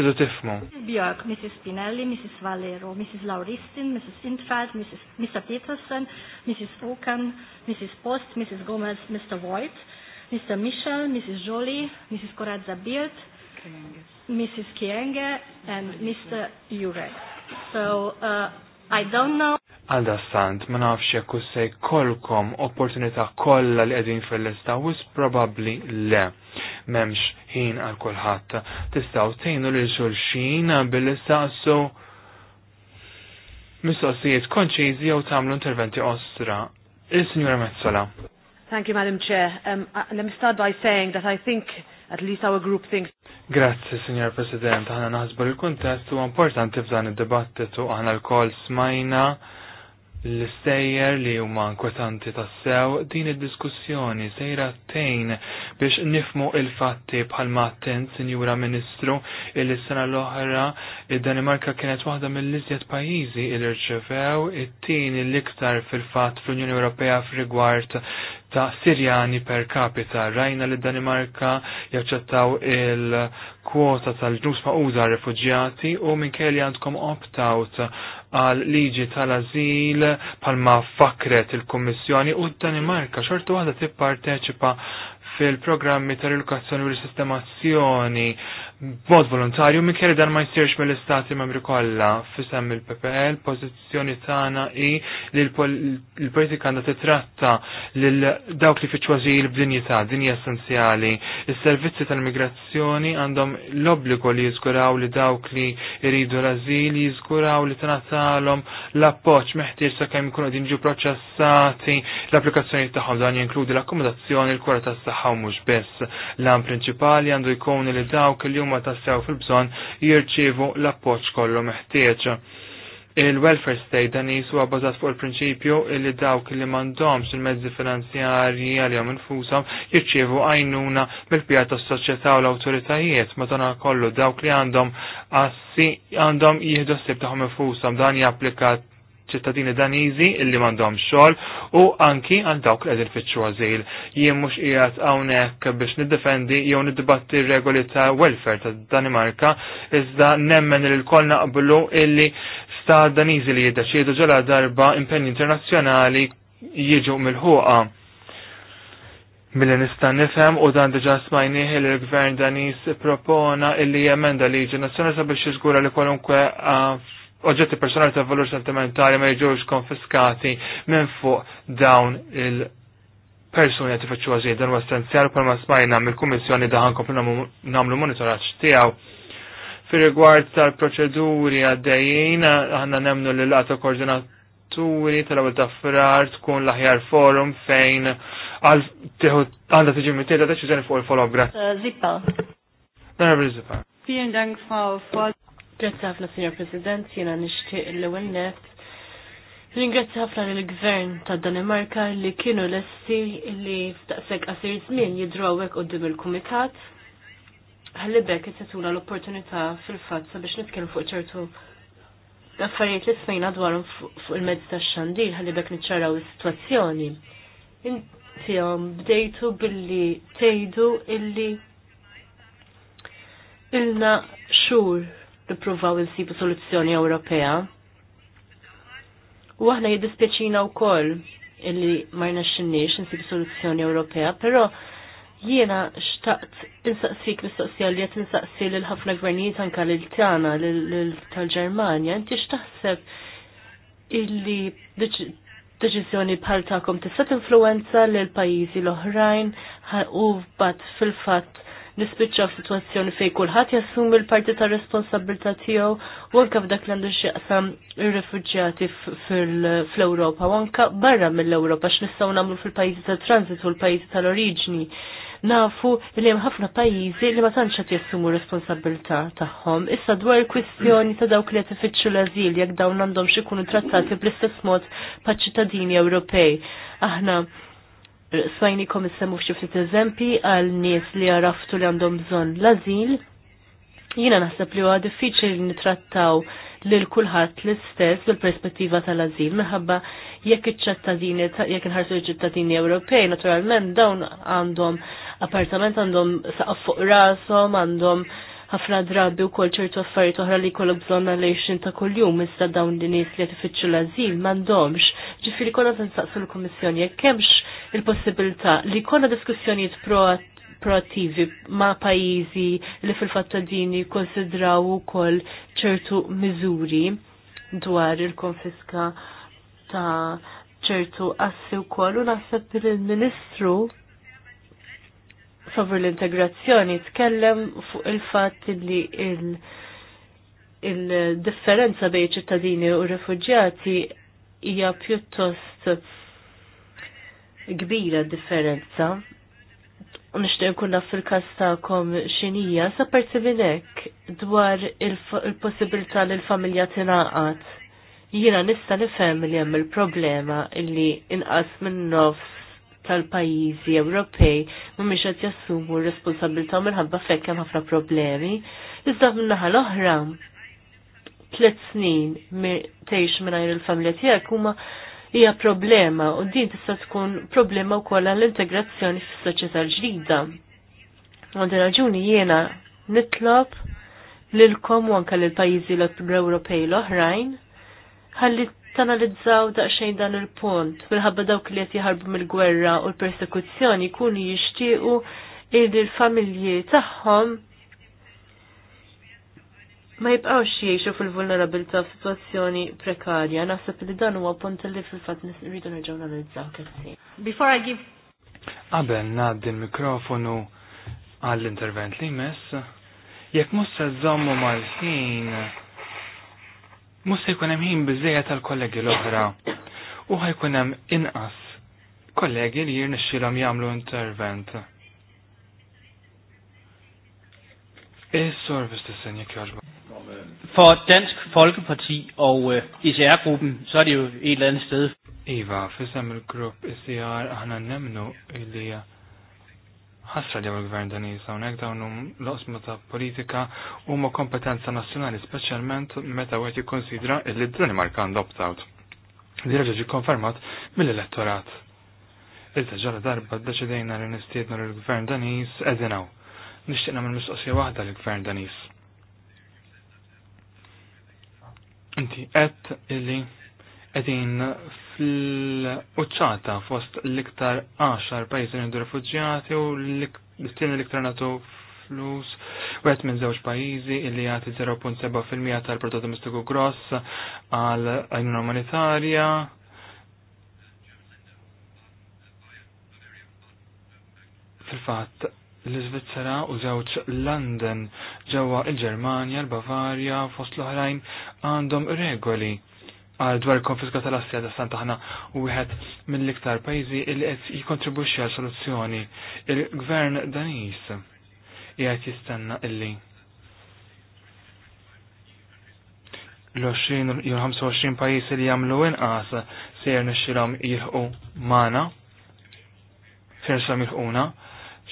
D: tidu tifmu.
A: Bjork, Mrs. Spinelli, Mrs. Valero, Mrs. Lauristin, Mrs. Sintfeld, Mrs. Mr. Peterson, Mrs. Oaken, Mrs. Post, Mrs. Gomez, Mr. Voigt, Mr. Michel, Mrs. Jolie, Mrs. Corazza Beard, Mrs. Kienge, and Mr. Jurek. So, uh, I don't know.
D: Għalda sant, ma nafx jekk se jkollkom opportunità kollha li qegħdin fil-lista wis probabbli le. M'hemmx ħin għal kulħadd. Tistgħu tgħinu lil xulxin bil-istaqsu mistoqsijiet konċiżi jew tagħmlu interventi ostra. Il-Sinjura Mezzola.
E: Thank you, Madam Chair. Um, uh, let me start by saying that I think at
B: least our group thinks.
D: Grazzi, Signor President. Għana naħsbu il-kontestu u importanti f'dan id-dibattitu għana l-kol smajna l-istejjer li huma inkwetanti tassew din id-diskussjoni sejra tejn biex nifmu il-fatti bħalma attent Sinjura Ministru illi sena l-oħra id-Danimarka kienet waħda mill-iżjed pajjiżi il irċevew it tien l-iktar fil-fatt fl-Unjoni Ewropea f'rigward ta' Sirjani per capita. Rajna li Danimarka jaċċettaw il-kwota tal-ġnus ma' uża refugjati u minn kelli għandkom opt-out għal liġi tal-azil palma fakret il-Kommissjoni u d-Danimarka xortu għadha tipparteċipa fil-programmi tal-edukazzjoni u l-sistemazzjoni b'mod volontarju mikkeli dan ma jsirx mill-istati membri kollha fisem il-PPL, pożizzjoni tagħna hi li l-politika għandha titratta lil dawk li fiċċu ażil b'dinjità, dinja essenzjali. Is-servizzi tal-migrazzjoni għandhom l-obbligo li jiżguraw li dawk li jridu l-ażil jiżguraw li tingħatalhom l-appoġġ meħtieġ sakemm ikunu qegħdin ġew proċessati l-applikazzjoni tagħhom dan jinkludi l-akkomodazzjoni, l-kura tas-saħħa u mhux biss. L-am prinċipali għandu jkun li dawk li huma tassew fil-bżonn jirċievu l-appoġġ kollu meħtieġ. Il-welfare state dan jiswa bazat fuq il-prinċipju li dawk li mandomx il-mezzi finanzjarji għal-jom infusom jirċievu għajnuna mill pjata tas soċjetà u l-autoritajiet madonna kollu dawk li għandhom assi għandhom jihdu s-sib infusom dan japplikat ċittadini daniżi illi mandom xogħol u anki għandawk dawk fitxu għazil. Jien mhux qiegħed hawnhekk biex niddefendi jew niddibatti regoli ta' welfare ta' Danimarka iżda nemmen li l-kol naqblu illi sta' daniżi li jiddeċiedu ġala darba impenni internazzjonali jiġu mil ħuqa Mill nista' nifhem u dan diġà smajnieh li l-Gvern Danis propona illi jemenda liġi nazzjonali sabiex jiżgura li kwalunkwe ah, oġġetti personali ta' valur sentimentali ma jiġux konfiskati minn fuq dawn il- persuni għet ifetxu għazid dan essenzjal pal ma smajna mill-Kummissjoni daħan komplu namlu monitoraċ tijaw. Fir-rigward tal-proċeduri għaddejjien, għanna nemnu l-lata koordinaturi tal-għal Frar, tkun l-aħjar forum fejn għalda tiġi mittieda deċiżjoni fuq il-follow-up.
E: Uh, Zippel.
D: Dan
E: Vielen Dank, Frau Vorsitz. Grazzi ħafna, Signor President, jena nishtiq l-ewel net. Ringrazzi ħafna l-Gvern ta' Danimarka li kienu l-essi li f'daqseg qasir żmien jidrawek qudiem il-Kumitat. bekk jtetuna l-opportunità fil-fatt sabiex nitkellmu fuq ċertu affarijiet li smejna dwarhom fuq il-mezz tax-xandir ħallibek niċċaraw is-sitwazzjoni. Intihom um, bdejtu billi tgħidu illi ilna xhur nippruvaw insibu soluzzjoni Ewropea. U aħna jiddispjaċina wkoll illi ma rnexxinniex insibu soluzzjoni Ewropea, però jiena xtaqt insaqsik mistoqsija li qed insaqsi lil ħafna gvernijiet anke lil l tal-Ġermanja, inti x'taħseb illi deċizjoni bħal ta'kom tista' tinfluwenza lil pajjiżi l-oħrajn u bat fil-fatt nispiċċaw situazzjoni fej kulħadd jassum il-parti ta' responsabilità tiegħu u anke f'dak li għandu x'jaqsam ir-refuġjati fl-Ewropa u anke barra mill-Ewropa x'nistgħu nagħmlu fil-pajjiżi ta' transit u l-pajjiżi tal-oriġni nafu li hemm ħafna pajjiżi li ma tantx qed jassumu responsabilità tagħhom. Issa dwar kwistjoni ta' dawk li qed ifittxu l-ażil jekk dawn għandhom xi jkunu trattati bl-istess mod paċ-ċittadini Ewropej. Aħna sajni kom semmu ftit eżempi għal nies li għaraftu li għandhom bżonn l-azil. Jiena naħseb li huwa diffiċli nitrattaw lil kulħadd l-istess bil-perspettiva tal-azil minħabba jekk iċ-ċittadini jekk inħarsu ċittadini Ewropej, naturalment dawn għandhom appartament għandhom saqqa fuq rashom, għandhom ħafna drabi u kol ċertu affarijiet oħra li jkollhom bżonn għalejxin ta' kuljum iżda dawn li nies li qed ifittxu l-ażil m'għandhomx. Ġifieri kollha tinsaqsu l-Kummissjoni jekk hemmx il-possibilità li kollha diskussjonijiet proattivi ma' pajjiżi li fil din jikkonsidraw ukoll ċertu miżuri dwar il-konfiska ta' ċertu assi wkoll u naħseb il-ministru favur l-integrazzjoni tkellem fuq il-fatt li il- il-differenza bej ċittadini u rifugjati hija pjuttost kbira differenza. Nishtiq nkun naf fil-każ tagħkom x'inija sa parti minn hekk dwar il-possibilità li l-familja tingħaqad. Jiena nista' nifhem li hemm il-problema illi inqas minn nofs tal-pajjiżi Ewropej mhumiex qed jassumu r-responsabilità minħabba fekk hemm ħafna problemi. Iżda minnaħa naħa l-oħra tliet snin tgħix mingħajr il-familja tiegħek huma hija problema u din tista' tkun problema wkoll għall-integrazzjoni fis-soċjetà ġdida Għandi raġuni jiena nitlob lilkom u anke lill pajjiżi l-Ewropej l-oħrajn ħalli tanalizzaw daqsxejn dan il-punt minħabba dawk li qed jħarbu mill-gwerra u l-persekuzzjoni jkunu jixtiequ il familji tagħhom ma jibqgħux jgħixu fil-vulnerabilità f'sitwazzjoni prekarja. Naħseb li dan huwa punt li fil-fatt nridu nerġgħu nanalizzaw kersi. Before I give
D: Qabel ngħaddi l-mikrofonu għall-intervent li mess, jekk mhux se żommu mal-ħin Musa jkunem jkun hemm ħin biżejjed tal-kollegi l-oħra u ħajkun inqas kollegi li jirnexxilhom jamlu intervent. Is-service tisenja kjoġba. For Dansk Folkeparti og øh, ICR-gruppen, så er det jo et eller andet sted. Iva, for eksempel gruppe ICR, han har nemnu illi ħasra li għal-gvern daniż hawnhekk dawn l-osma ta' politika huma kompetenza nazzjonali speċjalment meta wieħed jikkonsidra li d-Danimarka għand opt-out. Dirġa ġi konfermat mill-elettorat. Ilta ġara darba d-deċidejna li nistiedna l-gvern Daniz edinaw. Nixtieq nagħmel mistoqsija waħda l-gvern Danis. Inti qed illi edin fl-uċċata fost l-iktar 10 pajjiżi għandu refuġjati u l-istini l-iktar natu flus u għet minn zewġ pajizi illi għati 0.7% tal-prodott domestiku gross għal għajnuna umanitarja. Fil-fat, l-Svizzera u żewġ London ġewwa il-Ġermanja, l-Bavarja fost l-oħrajn għandhom regoli għal dwar konfiska tal-assja da santa ħana u wieħed mill-iktar pajjiżi li qed jikkontribwixxi għal soluzzjoni. Il-gvern Danis jgħet jistenna illi l-20 jew 25 pajjiż li jagħmlu inqas se jirnexxilhom jilħqu magħna fersa milħuna,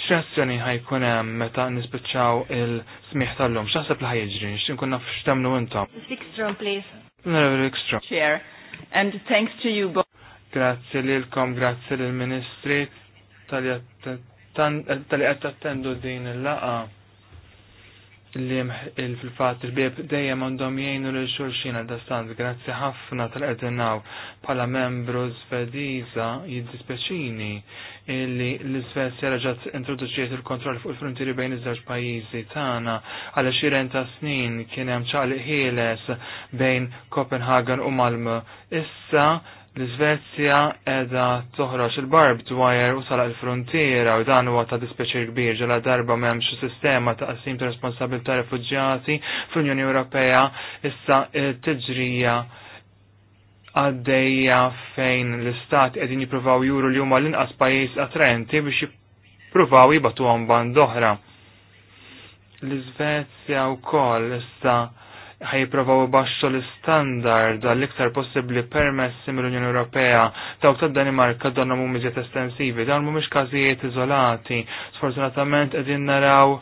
D: x'azzjoni ħajkun hemm meta nispiċċaw il-smieħ tal-lum, x'aħseb li ħajġri, x'inkun naf x'temnu intom. please. Chair, and thanks to you both. Grazie lilkom, grazie lil-Ministri tal-li eh, attendu din il-laqa li fil-fat il-bib dejjem għandhom jgħinu li xulxin d-dastanz, Grazzi ħafna tal-edinaw pala membru svediza jiddispeċini illi l-Svezja raġat introduċiet il-kontroll fuq il-frontieri bejn iż-żewġ pajjiżi tagħna għal xiren ta' snin kien hemm ċaqli ħieles bejn Copenhagen u Malmö. Issa L-Svezja edha toħroġ il-barbed wire u sala l-frontiera u dan huwa ta' dispeċir kbir ġala darba m'hemmx sistema ta' qasim ta' responsabilità refuġjati fl-Unjoni Ewropea issa tiġrija għaddejja fejn l-istat qegħdin jippruvaw juru li huma l-inqas pajjiż attrenti biex jippruvaw jibatu għan band oħra. L-Svezja wkoll issa ħajprovaw baxxu l-standard għall-iktar possibbli permessi mill-Unjoni Ewropea taw tad Danimarka donna mizjet estensivi, dawn mhumiex każijiet iżolati. Sfortunatament qegħdin naraw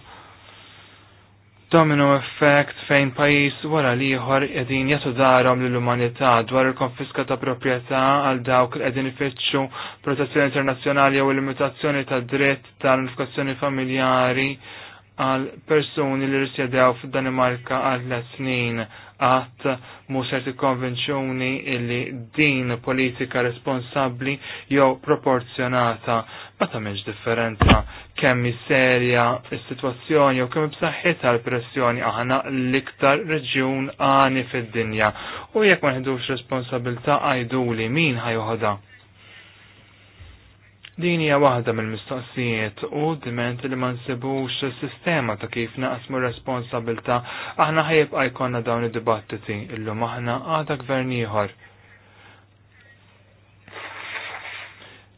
D: domino effect fejn pajis wara liħor edin jatu darom l-umanità dwar il-konfiska ta' proprjetà għal dawk li edin ifittxu protezzjoni internazzjonali jew limitazzjoni ta' dritt tal infkazzjoni familjari għal persuni li risjedew f'Danimarka għal tlet snin għat muserti konvenzjoni illi din politika responsabli jew proporzjonata ma tamiex differenza kemm serja s sitwazzjoni jew kemm b'saħħitha l-pressjoni aħna l-iktar reġjun għani fid-dinja u jekk ma nħidux responsabilità għajdu li min ħajoħodha. Din hija waħda mill-mistoqsijiet u diment li ma nsibux sistema ta' kif naqsmu responsabilta aħna ħajibqa' jkollna dawn id-dibattiti illum aħna għadha gvern ieħor.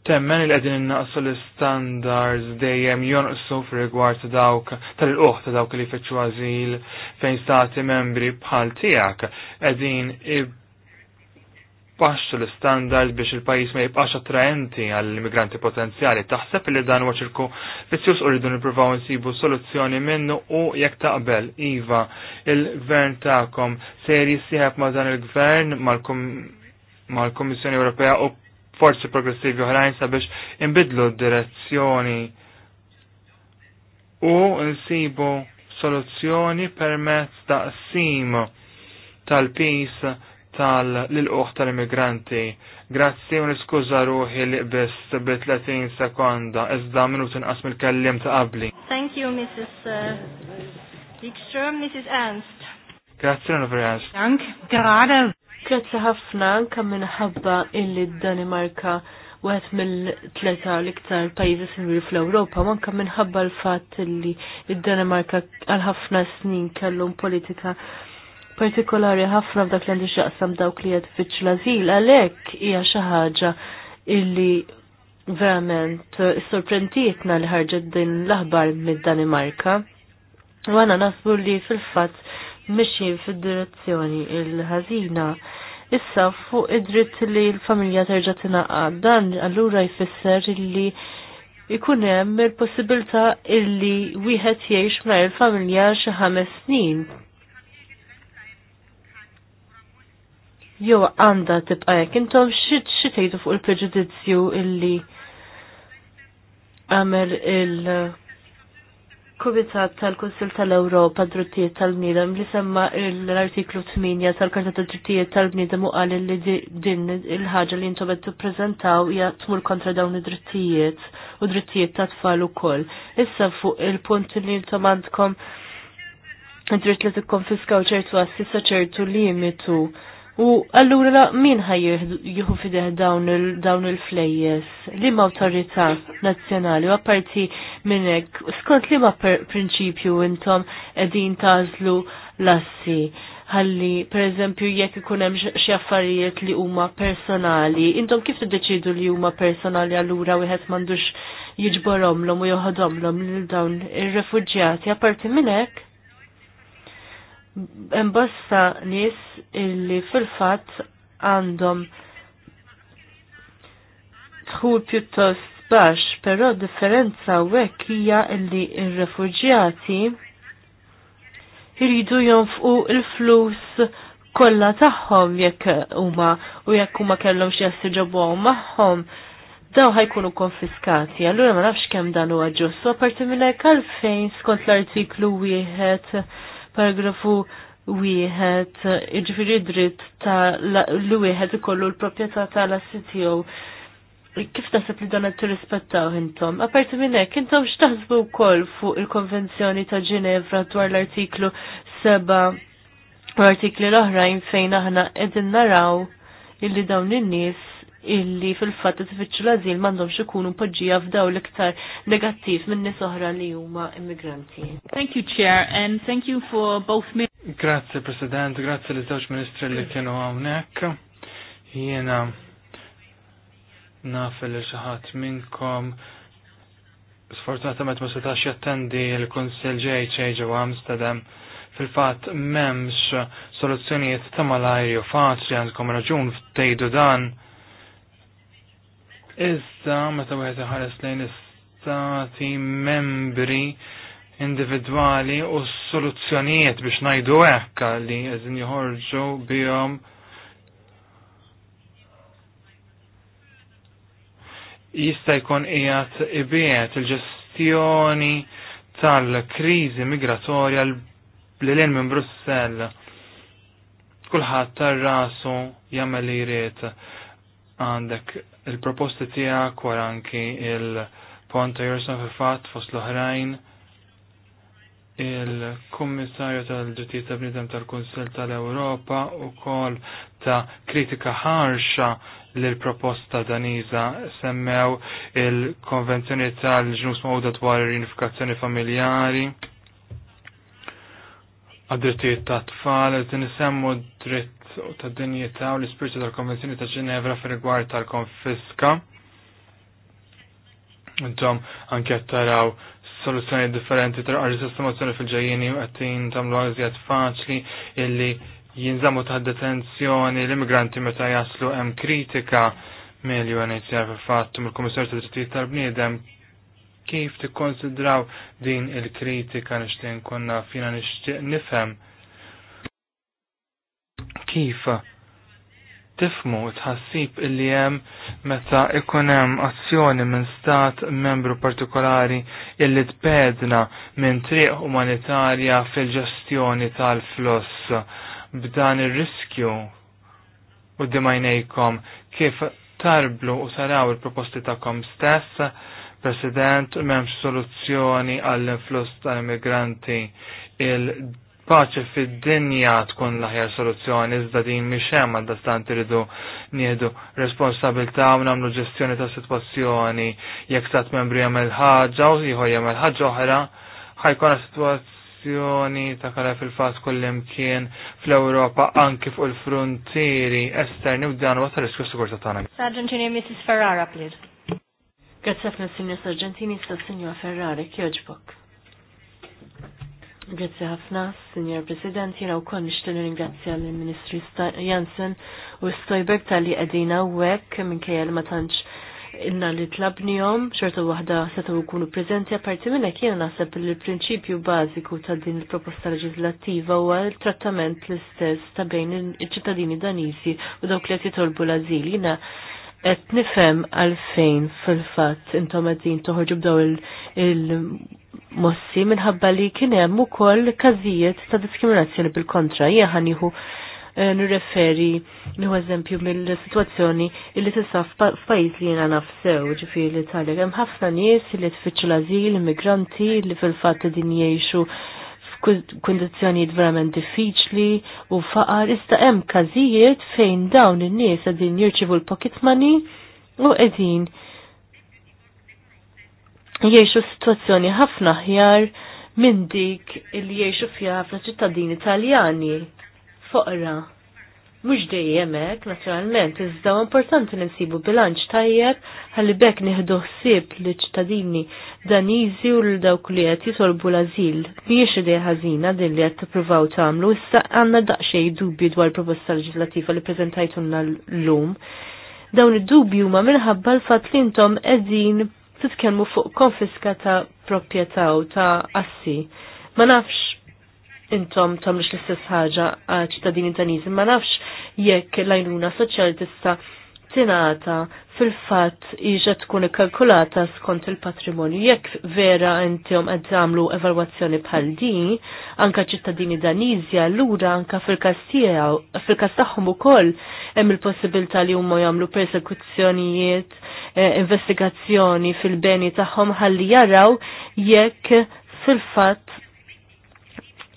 D: temmen il-qegħdin innaqsu l-standards dejjem jonqsu f'rigward dawk tal-qoħ ta' dawk li jfittxu għażil fejn stati membri bħal tiegħek qegħdin baxxu l-standard biex il-pajis ma jibqax attraenti għall-immigranti potenzjali. Taħseb li dan huwa ċirku vizzjus u rridu nippruvaw nsibu soluzzjoni minnu u jekk taqbel iva il-gvern tagħkom se jissieħab ma' dan il-gvern mal-Kummissjoni Ewropea u forzi progressivi oħrajn sabiex inbidlu d-direzzjoni u nsibu soluzzjoni permezz taqsim tal-peace tal-uħ tal-immigranti. Grazzi u iskuza ruħi li bis 30 sekonda, iżda minut inqas mill-kellim ta' qabli.
A: Thank you, Mrs.
E: Uh, Wikström, Mrs. Ernst.
D: Grazzi un Ernst. Dank, grada.
E: Grazzi ħafna anka minħabba illi Danimarka għet mill-tleta l-iktar pajjiżi sinwir fl-Ewropa, manka minħabba l-fatt li d-Danimarka għal ħafna snin kellhom politika partikolari ħafna f'dak li għandi xaqsam dawk li qed fitx l-azil, għalhekk hija xi ħaġa illi verament sorprendietna li ħarġet din l-aħbar mid-Danimarka. U għana nasbu li fil-fatt mixi fid-direzzjoni il ħazina Issa fuq id-dritt li l-familja terġa' tingħaqad dan allura jfisser illi ikun hemm il-possibilità illi wieħed jgħix ma' il-familja xi ħames snin jew għandha tibqa' jekk intom xi tgħidu fuq il-preġudizzju illi għamel il Kubitat tal-Kunsil tal-Ewropa drittijiet tal nidem li semma l-artiklu 8 tal-Karta tad-Drittijiet tal-Bniedem u qal li din il-ħaġa li jintu qed tippreżentaw hija tmur kontra dawn id-drittijiet u drittijiet ta' tfal ukoll. Issa fuq il-punt li intom għandkom id dritt li tikkonfiskaw ċertu assi sa ċertu limitu. U allura la min ħaj jieħu fideħ dawn il-flejjes? Li ma' autorita nazzjonali u apparti minnek, skont li ma' prinċipju intom edin tażlu lassi? Ħalli, per eżempju, jekk ikun hemm xi affarijiet li huma personali, intom kif t-deċidu li huma personali allura wieħed m'għandux om u joħodhomlhom lil dawn ir-refuġjati apparti minn hekk? imbossa nies illi fil fat għandhom tħul pjuttost baxx, però differenza hekk hija illi il refuġjati jridu jonfqu il-flus kollha tagħhom jekk huma u jekk huma kellhom xi jassiġobuhom magħhom daw ħajkunu konfiskati, allura ma nafx kemm dan huwa ġust. So apparti minn hekk għalfejn skont l-artiklu wieħed paragrafu wieħed, iġifiri dritt ta' li wieħed ikollu l-proprjetà tal-assi tiegħu. Kif tasab li dan t tirrispettaw jintom? Aparti minn hekk, intom x'taħsbu wkoll fuq il-Konvenzjoni ta' Ġinevra dwar l-artiklu 7 u artikli l-oħrajn fejn aħna edin naraw illi dawn in-nies illi fil-fatt t-tfittxu l-azil mandomx ikunu poġġija f'daw l-iktar negattiv minn nies oħra li huma immigranti. Thank you,
D: Chair, and thank you for both me. Grazie, President, grazie li żewġ ministri li kienu hawnhekk. Jiena naf li xi ħadd minnkom sfortunatament ma setax jattendi l-Kunsill ġej ġew Amsterdam fil-fatt m'hemmx soluzzjonijiet ta' malajr jew faċli għandkom raġun ftejdu dan Issa meta wieħed iħares lejn istati membri individwali u soluzzjonijiet biex ngħidu hekk li qegħdin joħorġu bihom jista' jkun qiegħed ibiet il-ġestjoni tal-kriżi migratorja l-lejn minn Brussell. Kulħadd tar-rasu jagħmel li jrid għandek il-proposti tijak wara anki il-pont ta' fi fatt fost l-oħrajn il-Kummissarju tal-Ġittijiet ta' Bnidem tal-Kunsill tal-Ewropa u kol ta' kritika ħarxa l-proposta Daniza semmew il-konvenzjoni tal-ġnus mawda dwar il-unifikazzjoni familjari għad-drittijiet ta' tfal, din semmu dritt u ta' dinjeta u l-ispirtu tal-Konvenzjoni ta' Ġenevra fi rigward tal-konfiska. Intom anke taraw soluzzjoni differenti tra għarri sistemazzjoni fil ġejjini u għattin tamlu għazjat faċli illi jinżamu ta' detenzjoni l-immigranti meta jaslu hemm kritika mill-UNHCR fil fatt u mill-Kummissar ta' Drittijiet tal-Bniedem kif tikkonsidraw din il-kritika nixtieq konna fina nixtieq nifhem kif tifmu tħassib illi hemm meta ikun hemm azzjoni minn stat membru partikolari illi tpedna minn triq umanitarja fil-ġestjoni tal-floss b'dan ir-riskju u dimajnejkom kif tarblu u saraw il-proposti ta'kom stess, President, memx soluzzjoni għall-influss tal-immigranti il paċi fid-dinja tkun l-aħjar soluzzjoni, iżda din mhix hemm għal dastant iridu nieħdu responsabilità u nagħmlu ġestjoni ta' sitwazzjoni jekk tat membri jagħmel ħaġa u jem jagħmel ħaġa oħra, ħajkona sitwazzjoni ta' kara fil kullim kullimkien fl-Ewropa anki fuq il-frontieri esterni u dan huwa ta' riskju ta' tagħna.
E: Sargentini Mrs. Ferrara, please. Grazie ħafna Signor Sargentini, sta' Signor Ferrari, kjoġbok. Grazzi ħafna, Signor President, jena u kon nishtilu ringrazzja l-Ministru Jansen u Stojberg tal-li għedina u għek minn kajal ma tantx inna li tlabnijom, xorta wahda setu u kunu prezenti għaparti minna kiena nasab l prinċipju bażiku ta' din il-proposta leġislativa u għal-trattament l-istess ta' bejn il-ċittadini danisi u dawk li jitolbu l-azil qed nifhem għalfejn fil-fatt intom qegħdin toħorġu b'daw il-mossi minħabba li kien hemm ukoll każijiet ta' diskriminazzjoni bil-kontra jien ħanieħu eh, nirreferi nħu eżempju mill-situazzjoni illi saf f'pajjiż li jiena nafsew ġifi l-Italja. Hemm ħafna nies li tfittxu l-ażil, immigranti li fil-fatt din jgħixu f'kundizzjonijiet verament diffiċli u faqar iżda hemm każijiet fejn dawn in-nies qegħdin jirċivu l-pocket money u qegħdin jiexu situazzjoni ħafna ħjar minn dik il jiexu fija ħafna ċittadini Taljani foqra. Mux dejjem hekk, naturalment, iżda importanti li nsibu bilanċ tajjeb ħalli bekk nieħdu ħsieb li ċittadini Daniżi u l dawk li qed jitolbu l-ażil. Mhijiex idea ħażina din li qed tippruvaw tagħmlu, issa għandna daqsxejn dubju dwar proposta leġislattiva li preżentajtulna llum. Dawn id-dubju huma minħabba l-fatt li intom qegħdin titkellmu fuq konfiska ta' proprjetà u ta' assi. Ma nafx intom tamlux l-istess ħaġa għal ċittadini taniż, ma nafx jekk l ajnuna soċjali tista' tinata fil-fatt iġa tkun ikkalkulata skont il-patrimonju. Jekk vera intom qed tagħmlu evalwazzjoni bħal din, anka ċittadini Danizja lura anka fil-każ tagħhom ukoll hemm il-possibilità li huma jagħmlu persekuzzjonijiet, eh, investigazzjoni fil-beni tagħhom ħalli jaraw jekk fil-fatt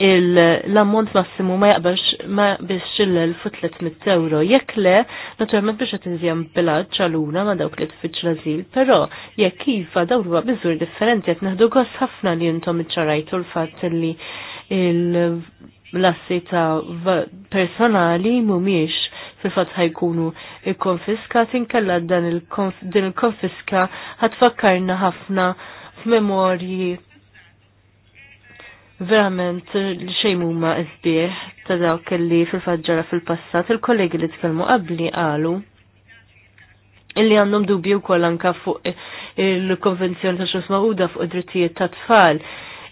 E: l-ammont massimu ma jaqbalx ma biex il 300 euro. Jekk le, naturalment biex qed inżjem bilad ċaluna ma dawk li tfittx l-azil, però jekk iva dawk huwa bizzur differenti qed neħdu għas ħafna li intom iċċarajtu l fat li l-assi ta' personali mhumiex fil-fat ħajkunu konfiskati inkella dan il-konfiska ħatfakkarna ħafna f'memorji verament xej xejn huma sbieħ ta' dawk li fil-faġġara fil-passat il-kollegi li tkellmu qabli qalu illi għandhom dubju wkoll anke fuq il-Konvenzjoni ta' Ġnus Mawda fuq id-drittijiet ta' tfal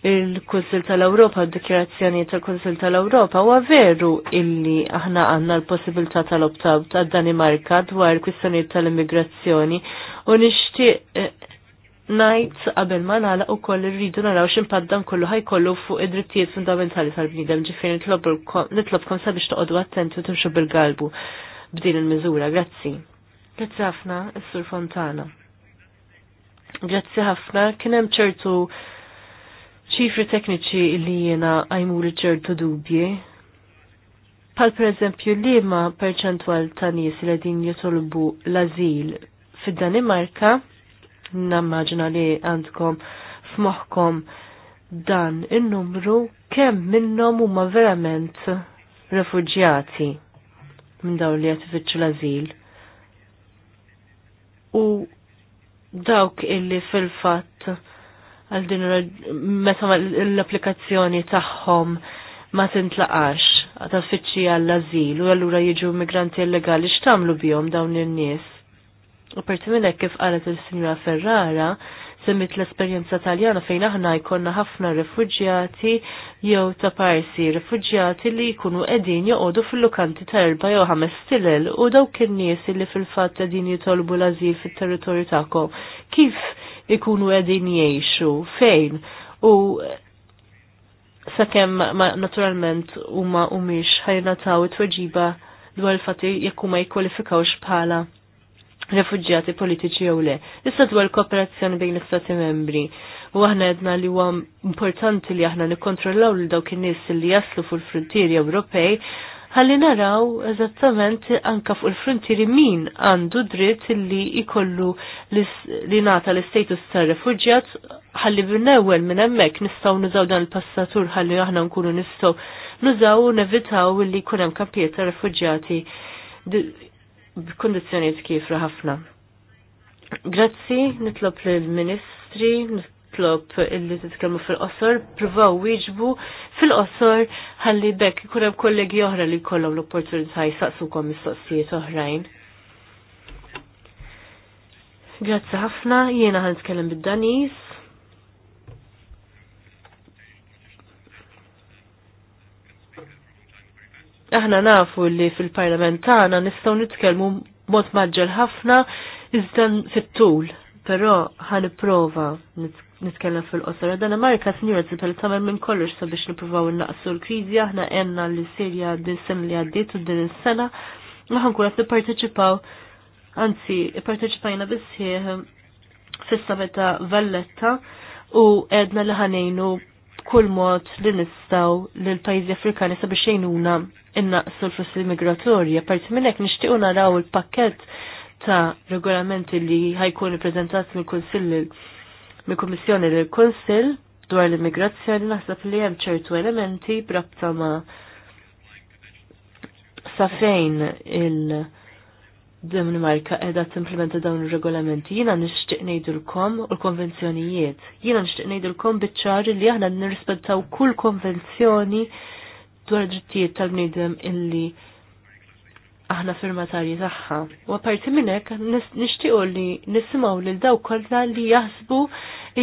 E: il konsil tal-Ewropa, d-dikjerazzjoni tal-Kunsil tal-Ewropa, huwa veru illi aħna għandna l-possibilità optaw ta' danimarka dwar kwistjoni tal-immigrazzjoni u nixtieq najt qabel ma u ukoll irridu naraw x'impatt dan kollu ħajkollu fuq id-drittijiet fundamentali tal bnidem ġifieri nitlobkom sabiex toqgħodu attenti u timxu bil-galbu b'din il-miżura. Grazzi. Grazzi ħafna, Sur Fontana. Grazzi ħafna, kien hemm ċertu ċifri tekniċi li jiena għajmur ċertu dubji. Pal per eżempju li ma perċentwal ta' nies li din jitolbu l-azil fid-Danimarka, nammaġina li għandkom f'moħħkom dan in-numru kemm minnhom huma verament refugjati minn dawn li qed ifittxu l-ażil. U dawk illi fil-fatt għal din meta l-applikazzjoni tagħhom ma tintlaqax ta' fitxi għall-azil u allura jiġu migranti illegali x'tamlu bjom dawn in-nies. U perti minn kif qalet il-Sinjora Ferrara, semmit l-esperjenza taljana fejn aħna jkonna ħafna refugjati jew ta' parsi refugjati li jkunu qegħdin joqogħdu fil-lukanti ta' erba' jew ħames tilel u dawk in-nies li fil-fatt qegħdin jitolbu l-ażil fit-territorju tagħkom. Kif ikunu qegħdin jgħixu? Fejn? U sakemm naturalment huma humiex ħajnataw it-tweġiba dwar il-fatt jekk huma jikkwalifikawx bħala refuġjati politiċi jew le. Issa dwar kooperazzjoni bejn l-Istati membri. U aħna jedna li huwa importanti li aħna nikkontrollaw lil dawk in-nies li jaslu fuq il-frontieri Ewropej ħalli naraw eżattament anka fuq il-frontieri min għandu dritt li jkollu li nata l-istatus ta' refugjat ħalli b'newel minn hemmhekk nistgħu nużaw dan il-passatur ħalli aħna nkunu nistgħu nużaw nevitaw li jkun hemm kampijiet ta' refugjati b'kondizjoni kifra ħafna. Grazzi, nitlob lill-Ministri, nitlob illi titkellmu fil-qosor, provaw wieġbu fil-qosor ħalli bekk ikun hemm kollegi oħra li jkollhom l-opportunità jisaqsukom mistoqsijiet oħrajn. Grazzi ħafna, jiena ħan nitkellem bid-Danis. Aħna nafu li fil-parlament tagħna nistgħu nitkellmu mod maġġel ħafna iżda fit-tul, però ħaniprova nitkellem fil-qosra. Danimarka sinjura tibel tagħmel minn kollox sabiex nippruvaw innaqsu l-kriżi, aħna għenna li Sirja din sem li għaddiet u din is-sena maħan kurat nipparteċipaw, anzi, parteċipajna bisħieħ fissa meta Valletta u edna li ħanejnu kull mod li nistaw li l-pajjiżi Afrikani sabiex xejnuna innaqsu l-flussi l-migratorja. Apparti minn hekk nixtiequ naraw il-pakkett ta' regolamenti li ħajkun ippreżentat mill-Kunsill mill-Kummissjoni l kunsill dwar l-immigrazzjoni naħseb li hemm ċertu elementi brabta ma' sa fejn il- Danimarka edha t-implementa dawn il-regolamenti. Jina nishtiq nejdulkom u l-konvenzjonijiet. Jina nishtiq nejdulkom bitċari li aħna nirrispettaw kull konvenzjoni dwar ġittijiet tal-bnidem illi aħna firmatarji tagħha. U apparti minn hekk nixtiequ li nisimgħu lil daw kollha li jaħsbu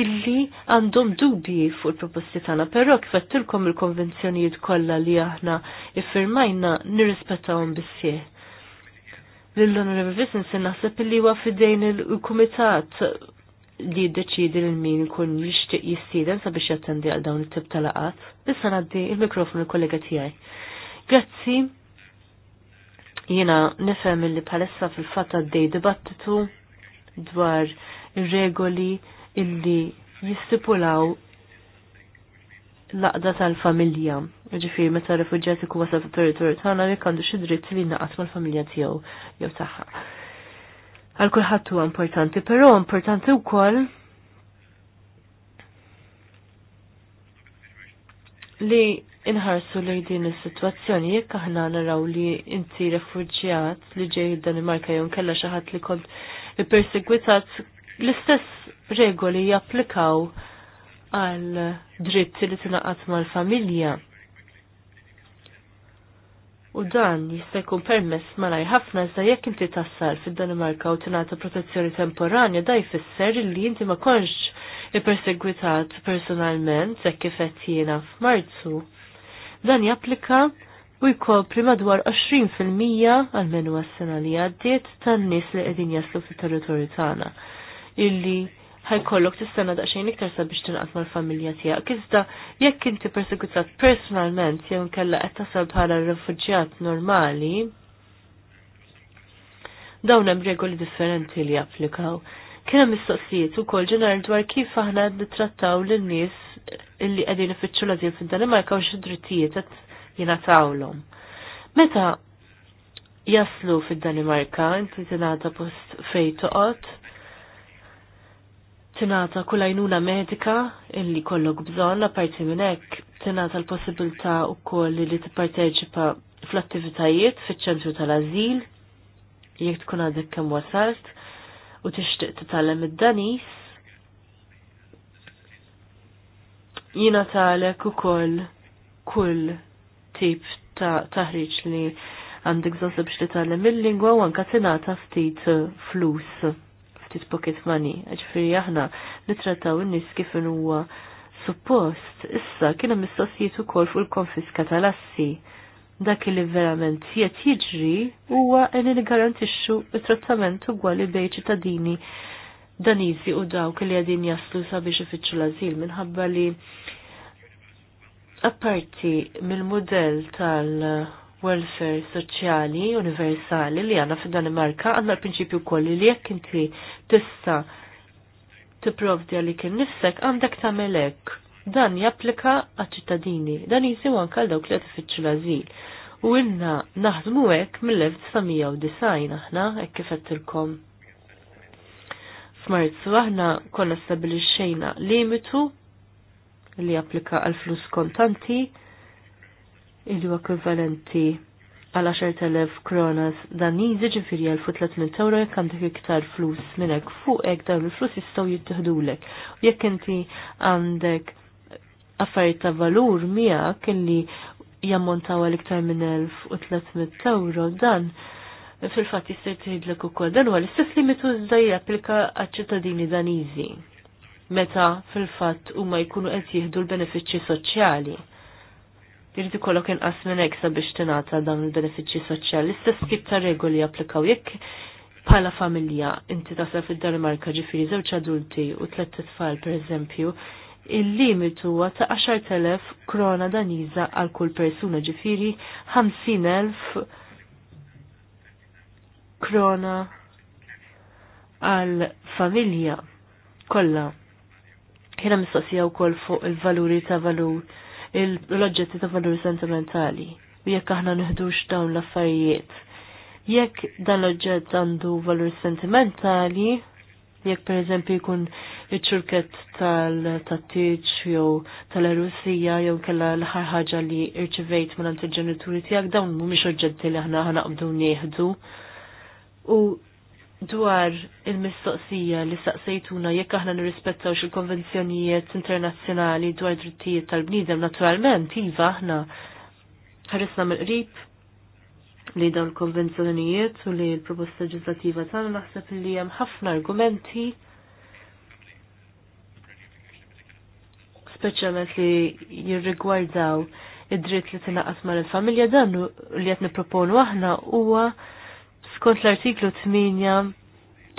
E: illi għandhom dubji fuq il-proposti tagħna, però kifettilkom il-konvenzjonijiet kollha li aħna iffirmajna nirrispettawhom bissieħ l-Honorable Vincent naħseb li huwa fidejn il-Kumitat li jiddeċidi l min ikun jixtieq jistieden sabiex jattendi għal dawn it-tip tal-laqat. Issa ngħaddi il mikrofon il kollega tiegħi. Grazzi. Jiena nifhem li palessa fil-fatt għaddej dibattitu dwar ir-regoli illi jistipulaw l-aqda tal-familja Ġifiri, meta rifugġat ikun wasal fit territorju tagħna jekk għandu xi dritt li naqas mal-familja tiegħu jew tagħha. Għal kulħadd huwa importanti, però importanti wkoll li inħarsu li din is-sitwazzjoni jekk aħna naraw li inti refuġjat li ġej id-Danimarka jew kella xi ħadd li kont ippersegwitat l-istess regoli japplikaw għal dritti li tingħaqad mal-familja u dan jista' jkun permess malaj ħafna iżda jekk inti tassal fid-Danimarka u tingħata protezzjoni temporanja da jfisser li inti ma konx ipersegwitat personalment hekk kif qed jiena f'Marzu. Dan japplika u jkopri madwar 20% għal menu għas-sena li għaddiet tan-nies li qegħdin jaslu fit-territorju tagħna illi ħajkollok tistenna daqsxejn iktar sabiex tinqas mal-familja tiegħek. Iżda jekk inti persekutat personalment jew inkella qed tasal bħala rifuġjat normali, dawn hemm regoli differenti li japplikaw. Kien hemm mistoqsijiet ukoll ġeneral dwar kif aħna nittrattaw lin-nies illi qegħdin ifittxu l-azil fid-Danimarka u xi drittijiet qed jingħatawhom. Meta jaslu fid-Danimarka, inti tingħata post fejn toqgħod, tinata kull għajnuna medika illi kollok bżonn apparti minn hekk tinata l-possibilità wkoll li tipparteċipa fl-attivitajiet fiċ-ċentru tal-azil jekk tkun għadek kemm wasalt u tixtieq titgħallem id-danis. Jina talek ukoll kull tip ta' taħriġ li għandek żosib biex titgħallem il-lingwa u anke tingħata ftit flus ftit pocket money, ġifiri aħna nitrataw in-nies kif huwa suppost, issa kienu mistoqsijiet ukoll fuq il-konfiska tal-assi. Dak li verament jiet jiġri huwa li nigarantixxu t trattament ugwali bejn ċittadini danizi u dawk li għadin jaslu sabiex ifittxu l-azil minħabba li apparti mill mudell tal- welfare soċjali universali li għanna fid-Danimarka għanna l-prinċipju kolli li jekk inti tista tipprovdi kien innifsek għandek tagħmel hekk. Dan japplika għal ċittadini dan jisim anke għal dawk li qed l azil U għinna naħdmu hekk mill-1990 aħna hekk kif qedtilkom. F'Marzu aħna konna stabilixxejna limitu li applika għal flus kontanti Ilu huwa ekwivalenti għal 10.000 kronas danizi ġifiri għal 300 euro jekk għandek iktar flus minnek fuq ek dawn il-flus jistaw jittihdulek. U jekk inti għandek affarijiet ta' valur miegħek illi jammontaw għal iktar minn 1300 euro dan fil-fatt jista' u ukoll dan huwa l-istess mitu zda japplika għal ċittadini daniżi meta fil-fatt huma jkunu qed jieħdu l-benefiċċji soċjali jirdi ikollok inqas minn hekk sabiex tingħata dawn il-benefiċċji soċjali. istess kif ta' regoli applikaw jekk bħala familja inti tasal fid-Danimarka ġifieri żewġ adulti u tliet tfal pereżempju, il-limit huwa ta' 10,000 krona daniża għal kull persuna ġifieri 50,000 krona għal familja kollha. Kiena mistoqsija wkoll fuq il-valuri ta' valur l-oġġetti ta' valuri sentimentali. U jekk aħna nħdux dawn l-affarijiet. Jekk dan l-oġġett għandu valur sentimentali, jekk per eżempju jkun iċ-ċurket tal-tattiċ jew tal-Rusija jew kella l-ħar ħaġa li irċivejt minn il-ġenituri tiegħek dawn mhumiex oġġetti li aħna ħanaqbdu nieħdu. U dwar il-mistoqsija li saqsejtuna jekk aħna nirrispettaw il-konvenzjonijiet internazzjonali dwar drittijiet tal-bniedem naturalment iva aħna ħarisna mill-qrib li dawn il-konvenzjonijiet u li l-proposta leġislattiva tagħna naħseb li hemm ħafna argumenti speċjalment li jirrigwardaw id-dritt li tinaqas mal-familja dan li qed nipproponu aħna huwa skont l-artiklu 8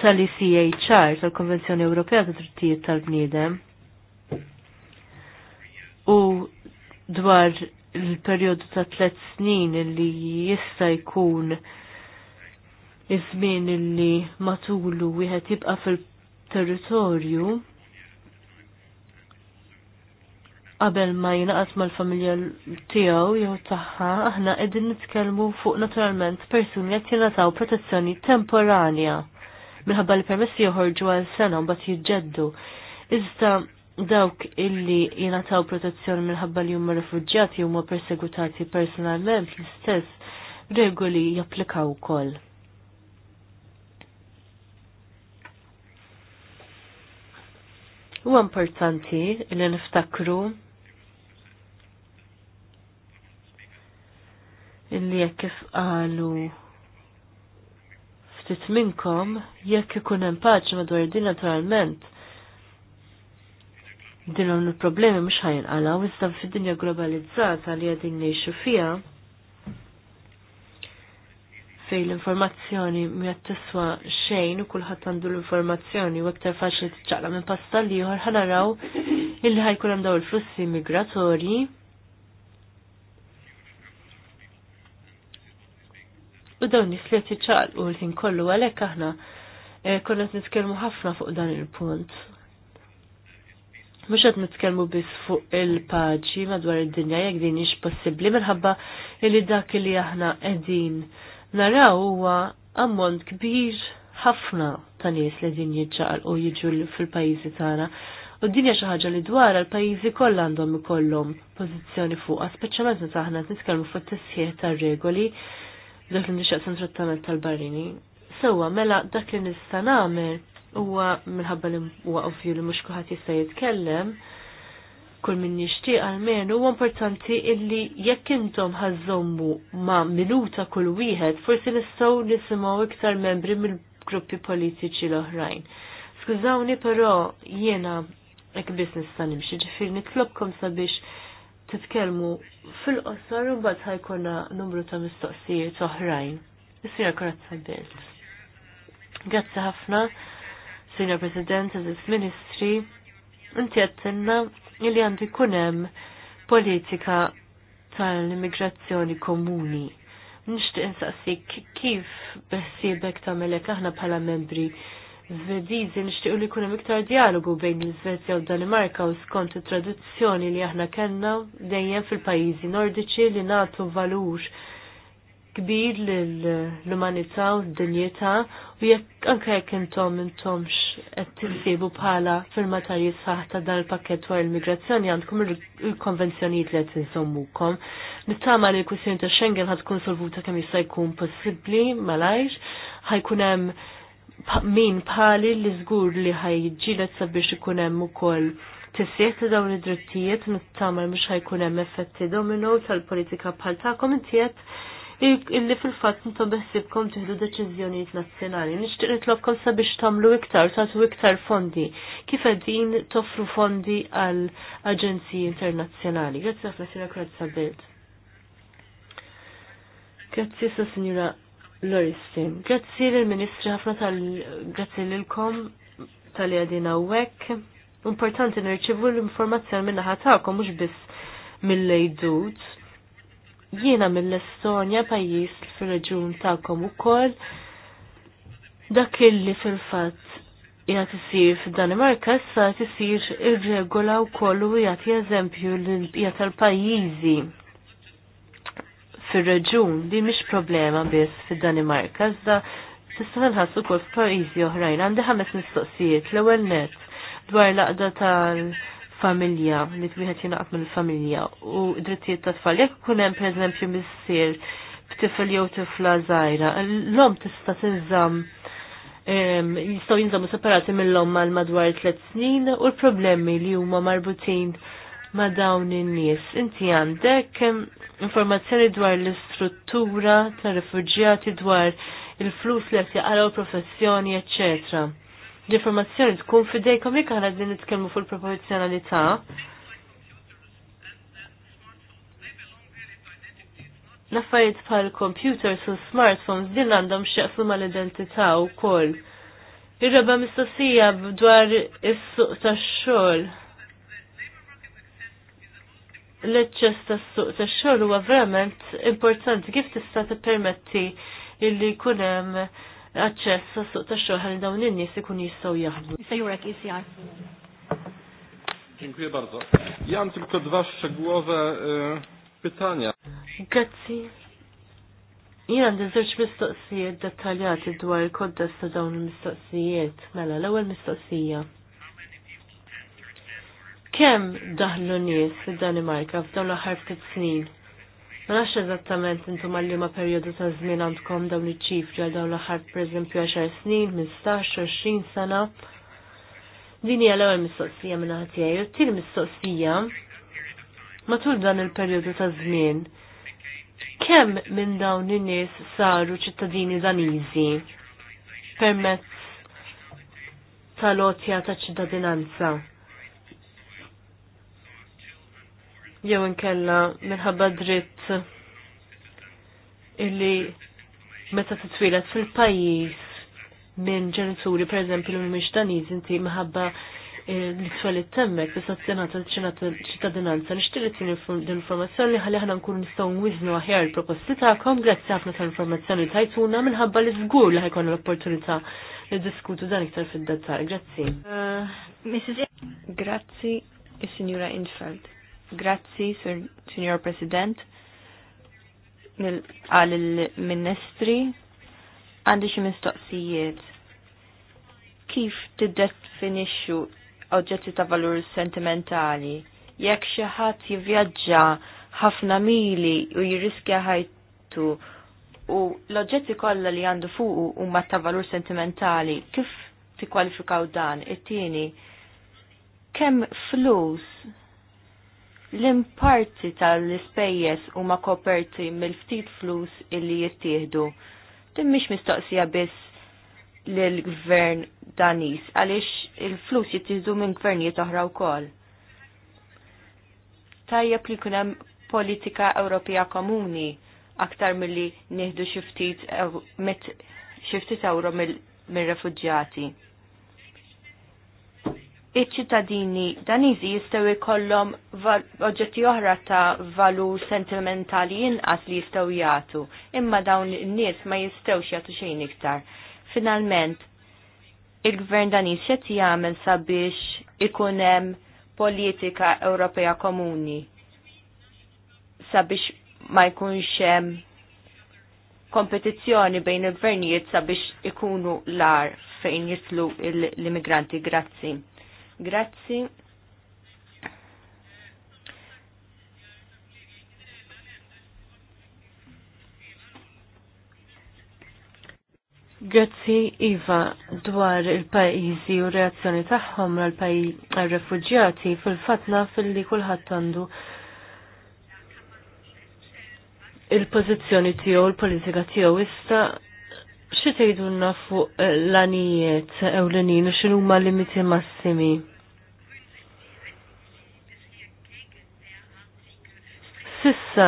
E: tal-ICHR tal-Konvenzjoni Ewropea ta' Drittijiet tal-Bniedem u dwar il-perjodu ta' tlet snin li jista' jkun iż-żmien li matulu wieħed jibqa' fil-territorju qabel ma jinaqas mal-familja tiegħu jew tagħha aħna qegħdin nitkellmu fuq naturalment persuni qed jingħataw protezzjoni temporanja minħabba li permessi joħorġu għal sena mbagħad jiġġeddu. Iżda dawk illi jingħataw protezzjoni minħabba li huma rifuġġjati huma persegutati personalment l-istess regoli japplikaw ukoll. Huwa importanti li niftakru illi jekk kif qalu ftit minnkom jekk ikun hemm paċi madwar din naturalment din hawn il-problemi mhux ħajinqalaw iżda fid-dinja globalizzata li qegħdin ngħixu fiha fej l-informazzjoni mjat tiswa xejn u kulħadd għandu l-informazzjoni u aktar faċli tiċċaqla minn pasta li ieħor ħanaraw illi ħajkun hemm daw il-flussi migratorji u dawn ċal u l-ħin kollu għalhekk aħna eh, konna nitkellmu ħafna fuq dan il-punt. Mhux qed nitkellmu biss fuq il-paċi madwar id-dinja jekk din hix possibbli minħabba li dak li aħna qegħdin naraw huwa ammont kbir ħafna ta' nies li din u jiġu fil-pajjiżi tagħna. U dinja xi ħaġa li dwar il-pajjiżi kollha għandhom ikollhom pożizzjoni fuqha, speċjalment meta aħna nitkellmu fuq tisħieħ tar-regoli dak li nixaqsan trattament tal-barrini. Sewa, mela dak li nista' nagħmel huwa minħabba li huwa ovvju li mhux kulħadd jista' jitkellem, kull min jixtieq għalmen huwa importanti illi jekk intom ħażommu ma' minuta kull wieħed forsi nistgħu nisimgħu iktar membri mill-gruppi politiċi l-oħrajn. Skużawni però jiena hekk biss nista' nimxi ġifier nitlobkom sabiex titkellmu fil-qosor u mbagħad ħajkuna numru ta' mistoqsijiet oħrajn. Is-sira Korazza Bilt. Grazzi ħafna, Sinja President, Aziz Ministri, inti għattinna li għandu jkun hemm politika tal-immigrazzjoni komuni. Nixtieq insaqsik kif beħsiebek tagħmelek aħna bħala membri Svediżi nixtiequ li jkun hemm iktar dialogu bejn l-Iżvezja u Danimarka u skont it-tradizzjoni li aħna kellna dejjem fil-pajjiżi nordiċi li nagħtu valur kbir l-umanità u d-dinjità u jekk anke jekk intom intomx qed tinsibu bħala firmatarji saħ ta' dan il-pakket dwar il-migrazzjoni għandkom il-konvenzjonijiet li qed insommukom. Nittama li l-kwistjoni ta' Schengen ħad tkun solvuta kemm jista' jkun possibbli malajr, ħajkun hemm min pali li żgur li ħajġilet sabiex ikun hemm ukoll t ta' dawn id-drittijiet nittamal mhux ħajkun hemm effetti domino tal-politika bħal tagħkom intiet illi fil-fatt intom beħsibkom tieħdu deċiżjonijiet nazzjonali. Nixtieq nitlobkom sabiex tagħmlu iktar tagħtu iktar fondi. Kif din toffru fondi għal aġenziji internazzjonali. grazie ħafna Sinjora Krazza Grazzi sa Sinjura Loristin. Grazzi l-Ministri ħafna tal-grazzi l-kom tal-li għadina u Importanti nirċivu l-informazzjoni minna ħatakom mux biss mill-lejdut. Jiena mill-Estonja pajis fil-reġun ta'kom u koll. Dak illi fil-fat jgħat jisir fil-Danimarka, sa jisir ir-regola u kollu jgħat l jgħat tal-pajizi fil reġun li mhix problema biss fid-Danimarka, iżda tista' nħassu kol f'pajjiżi oħrajn għandi ħames mistoqsijiet l-ewwel net dwar laqda tal familja li twieħed jingħaqad mill-familja u drittijiet ta' tfal jekk ikun hemm pereżempju missier b'tifel jew tifla żgħira, l-om tista' tinżamm jistaw jinżammu separati mill lom mal madwar tliet snin u l-problemi li huma marbutin ma' dawn in-nies. Inti għandek informazzjoni dwar l-istruttura ta' rifuġjati dwar il-flus li qed professjoni, eccetera. L-informazzjoni tkun fidejkom jekk aħna din nitkellmu fuq il-proporzjonalità. Naffajt bħal computers u smartphones din għandhom ma mal identità u koll. Ir-raba mistoqsija dwar is-suq tax-xogħol l-eċċess tas-suq tax-xogħol huwa verament importanti kif tista' tippermetti illi jkun hemm aċċess tas-suq tax-xogħol ħalli dawn in-nies ikun jistgħu jaħdmu. isjar. E
D: Dziękuję bardzo. Ja mam tylko dwa szczegółowe y, e, pytania.
E: Grazie. Jina għandi żewġ mistoqsijiet dettaljati dwar il-kontest ta' dawn il-mistoqsijiet. Mela, l-ewwel mistoqsija kemm daħlu nies fid-Danimarka f'dawn l-aħħar ftit snin? Ma nafx eżattament intom għal liema perjodu ta' żmien għandkom dawn iċ-ċifri għal dawn l-aħħar pereżempju 10 snin, 15, 20 sena. Din hija l-ewwel mistoqsija minn tiegħi u t-tieni mistoqsija matul dan il-perjodu ta' żmien kemm minn dawn in-nies saru ċittadini Daniżi permezz tal-otja ta' ċittadinanza? jew inkella minħabba dritt illi meta titwilet fil-pajjiż minn ġenituri pereżempju li mhumiex Daniż inti minħabba eh, l-tfalit temmek tista' ċinata ċittadinanza nixtieq tin l-informazzjoni ħalli aħna nkunu nistgħu nwiżnu aħjar il-proposti tagħkom grazzi ħafna tal-informazzjoni tajtuna minħabba li żgur li ħajkun l-opportunità diskutu dan iktar fid-dettall. Grazzi.
F: Eh, Mrs. Grazzi, is-Sinjura Infeld. Grazzi, Signor President, għal il-Ministri. Għandi xi mistoqsijiet. Kif tiddefinixxu oġġetti ta' valur sentimentali? Jekk xi ħadd jivvjaġġa ħafna mili u jirriskja ħajtu u l-oġġetti kollha li għandu fuqu huma ta' valur sentimentali, kif tikkwalifikaw dan? It-tieni, kemm flus l-imparti tal-ispejjeż huma koperti mill-ftit flus illi jittieħdu. Din mhix mistoqsija biss lill-gvern Danis għaliex il-flus jittieħdu minn gvernijiet oħra wkoll. Tajjeb li kunem politika Ewropea komuni aktar milli nieħdu xi ftit xiftit euro mill-refugġati iċ-ċittadini daniżi jistgħu jkollhom oġġetti oħra ta' valur sentimentali inqas li jistgħu jagħtu, imma dawn in-nies ma jistgħux jagħtu xejn iktar. Finalment, il-gvern daniż xed jagħmel sabiex ikun hemm politika Ewropea komuni sabiex ma jkunx hemm kompetizzjoni bejn il-gvernijiet sabiex ikunu l-ar fejn jitlu l-immigranti. Grazzi. Grazzi.
E: Grazzi Iva dwar il-pajizi u reazzjoni tagħhom għal-refuġjati fil-fatna fil-li kulħadd għandu il-pożizzjoni tiegħu l-politika tiegħu issa xe tgħidulna fuq l-anijiet ewlenin u x'inhuma limiti massimi? Sissa,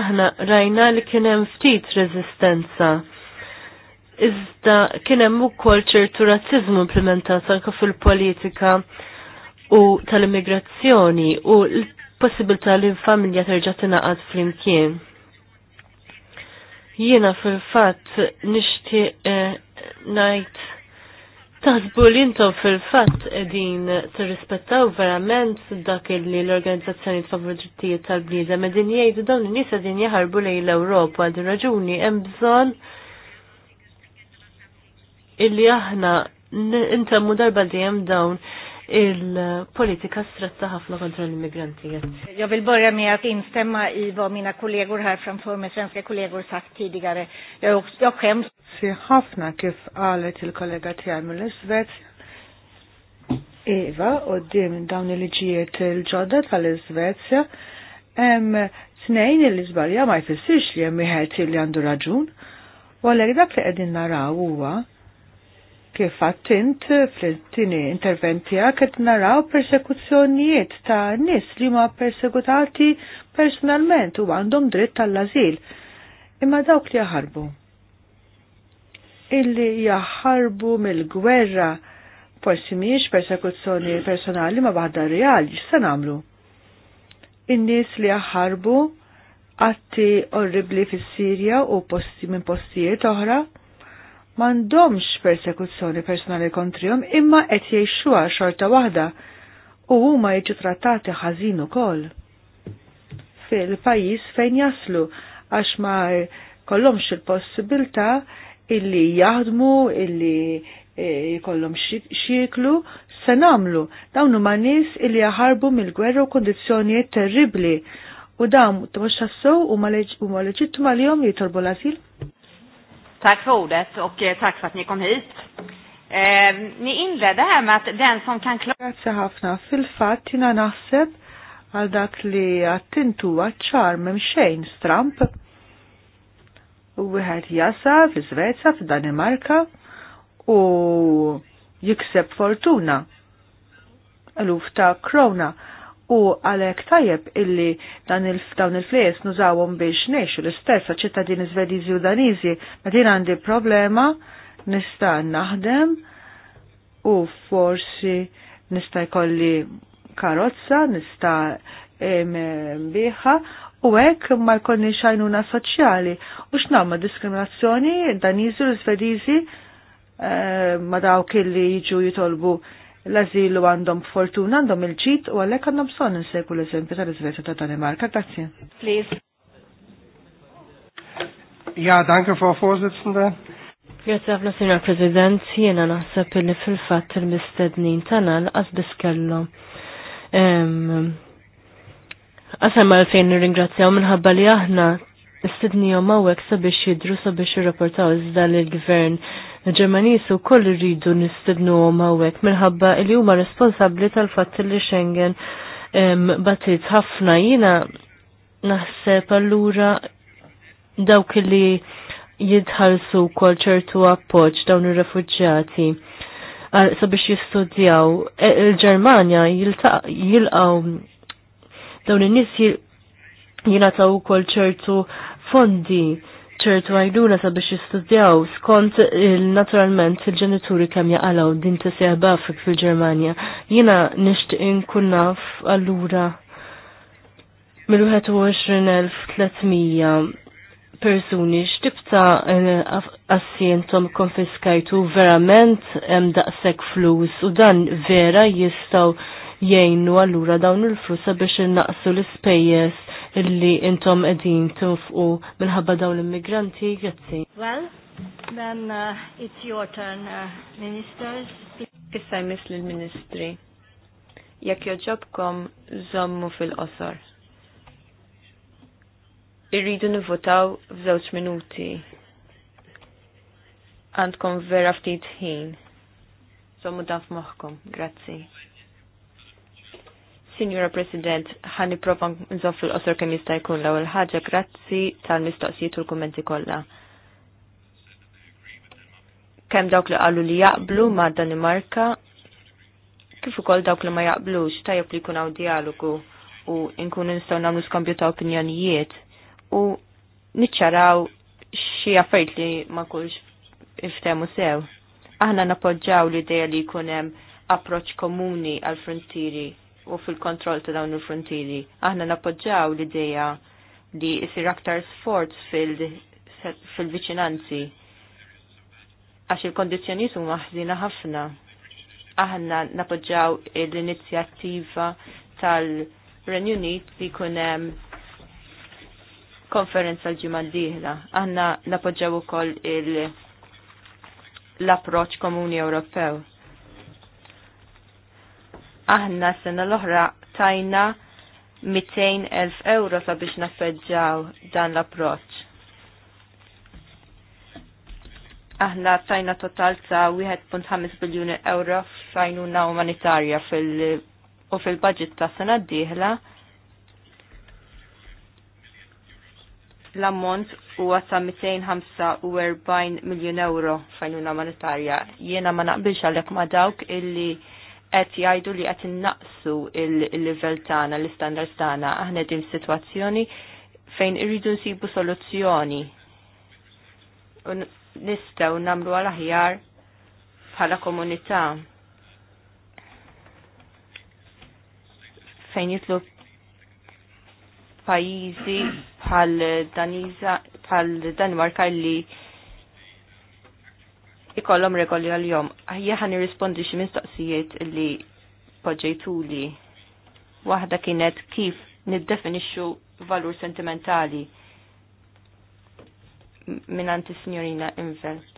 E: aħna rajna li kien hemm ftit rezistenza. Iżda kien hemm ukoll ċertu razzizmu implementat anke fil-politika u tal-immigrazzjoni u l-possibilità li l-familja terġa' fl flimkien. Jiena fil-fatt nixtieq eh, ngħid taħsbu li intom fil-fatt qegħdin tirrispettaw verament dak li l-organizzazzjoni Favur drittijiet tal-bniedem din jgħidu dawn in-nies qegħdin jaħarbu lejn l-Ewropa din raġuni hemm bżonn illi aħna intemmu darba dejjem dawn il-politika stretta ħafna kontra l-immigranti.
A: Jag vill börja med att instämma i vad mina kollegor här framför mig, svenska kollegor, sagt tidigare.
B: Jag, jag skäms. Se ħafna kif għalet il-kollega tijaj mill-Svet. Eva, u dim dawn il-ġijiet il-ġodda tal-Svezja, Em, snejn il-izbalja ma jfissirx li jemmiħet il li għandu raġun. U għalhekk dak li għedin naraw huwa kif għattint fl-tini interventija kħed naraw persekuzzjonijiet ta' nis li ma persekutati personalment u għandhom dritt tal-azil imma dawk li jaħarbu. Illi jaħarbu mill-gwerra forsi miex persekuzzjoni personali ma waħda reali x'se nagħmlu. In-nies li jaħarbu atti orribli fis-Sirja u posti minn postijiet oħra mandomx persekuzzjoni personali kontrihom imma qed jgħixuha xorta waħda u huma jiġu trattati ħażin ukoll fil-pajjiż fejn jaslu għax ma kollhomx il-possibilità illi jaħdmu, illi e, jkollhom xieklu, se namlu dawn huma nies illi jaħarbu mill-gwerra u kondizzjonijiet terribli u dawn mhux ħassew huma leġittima li jom jitolbu l azil
F: Tack för ordet och eh, tack för att ni kom hit. Eh, ni inledde
B: här med att den som kan klara... Grazie ħafna. Fil-fat jina naħseb għal dak li għattintu għacċar mem xejn stramp. U għed jasa fil-Svezja, fil-Danimarka u jikseb fortuna. Eluf ta' krona u għalek tajjeb illi dan il-dawn il-flies nużawhom biex neħxu l-istess ċittadini svedizi u danizi, ma din għandi problema nista naħdem u forsi nista jkolli karozza, nista ehm, biħa u hekk ma jkolli xajnuna soċjali u x'namma diskriminazzjoni danizi u svedizi eh, ma dawk illi jiġu jitolbu l-azilu għandhom fortuna għandhom il-ċit u għallek għandhom son nsegu l-eżempju tal-Izvezja ta' Danimarka. Grazie. Please. Ja, danke,
D: Frau Vorsitzende.
E: Grazie għafna, Signor President, jena naħseb li fil-fat il-mistednin tana l-qasbis kellu. Għasem għalfejn nir-ingrazzjaw minħabba li aħna istedni jom għawek sabiex jidru sabiex jirraportaw iżda li l-gvern il-Ġermanis u koll rridu nistibnu għawek minħabba li huma responsabli tal fat li Schengen batit ħafna jina naħseb allura dawk li jidħalsu kol ċertu appoġġ dawn ir-refuġġjati sabiex jistudjaw. E, Il-Ġermanja jilqaw dawn in-nies jingħataw ukoll ċertu fondi ċertu sa sabiex jistudjaw skont naturalment il-ġenituri kemm jaqalaw din tisih bafik fil-Ġermanja. Jiena nixtieq inkun naf allura mill-21,300 persuni x'tibta assientom konfiskajtu verament hemm daqshekk flus u dan vera jistgħu jgħinu allura dawn il-flus sabiex innaqsu l-ispejjeż illi intom edin tufqu minħabba daw l-immigranti. Grazzi.
A: Well, then uh, it's your turn, uh, ministers. Issa
F: jmiss l-ministri. Jekk joġobkom zommu fil-qosor. Irridu nivvotaw f'żewġ minuti. Għandkom vera ftit ħin. Zommu dan f'moħħkom. Grazzi. Signora President, ħani profan nżoff fil-qosor kemm jista' jkun l-ewwel ħaġa grazzi tal-mistoqsijiet u l-kummenti kollha. Kemm dawk li qalu li jaqblu ma' Danimarka, kif ukoll dawk li ma jaqblux tajjeb li jkun hawn dialogu u nkunu nistgħu nagħmlu skambju ta' opinjonijiet u niċċaraw xi affarijiet li ma kulx iftemu sew. Aħna nappoġġaw l-idea li jkun hemm approċċ komuni għal frontieri u fil-kontroll ta' dawn il-frontieri. Aħna nappoġġaw l-ideja li jisir aktar sport fil-viċinanzi għax il-kondizjoniet huma ħżina ħafna. Aħna napoġġaw l-inizjattiva tal-Renju Unit li jkun hemm konferenza l-ġimgħa d-dieħla. Aħna napoġġaw ukoll l-approċċ komuni Ewropew Aħna sena l-oħra tajna 200.000 euro sabiex naffeġġaw dan l-approċ. Aħna tajna total ta' 1.5 biljuni euro f'għajnuna umanitarja fil- u fil-budget ta' sena d-dieħla l-ammont huwa ta' 245 miljun euro f'għajnuna umanitarja. Jiena ma naqbilx għalhekk ma' dawk illi qed jgħidu li qed innaqsu il-livell tagħna, l-istandards tagħna, aħna din situazzjoni fejn irridu nsibu soluzzjoni. Nistgħu nagħmlu għal aħjar bħala komunità. Fejn jitlu pajjiżi bħal Daniza bħal Danmarka li ikollhom regoli għal-jom. Ħajja ħan xi mistoqsijiet li poġġejtuli. Waħda kienet kif niddefinixxu valur sentimentali minant is-signorina Invelt.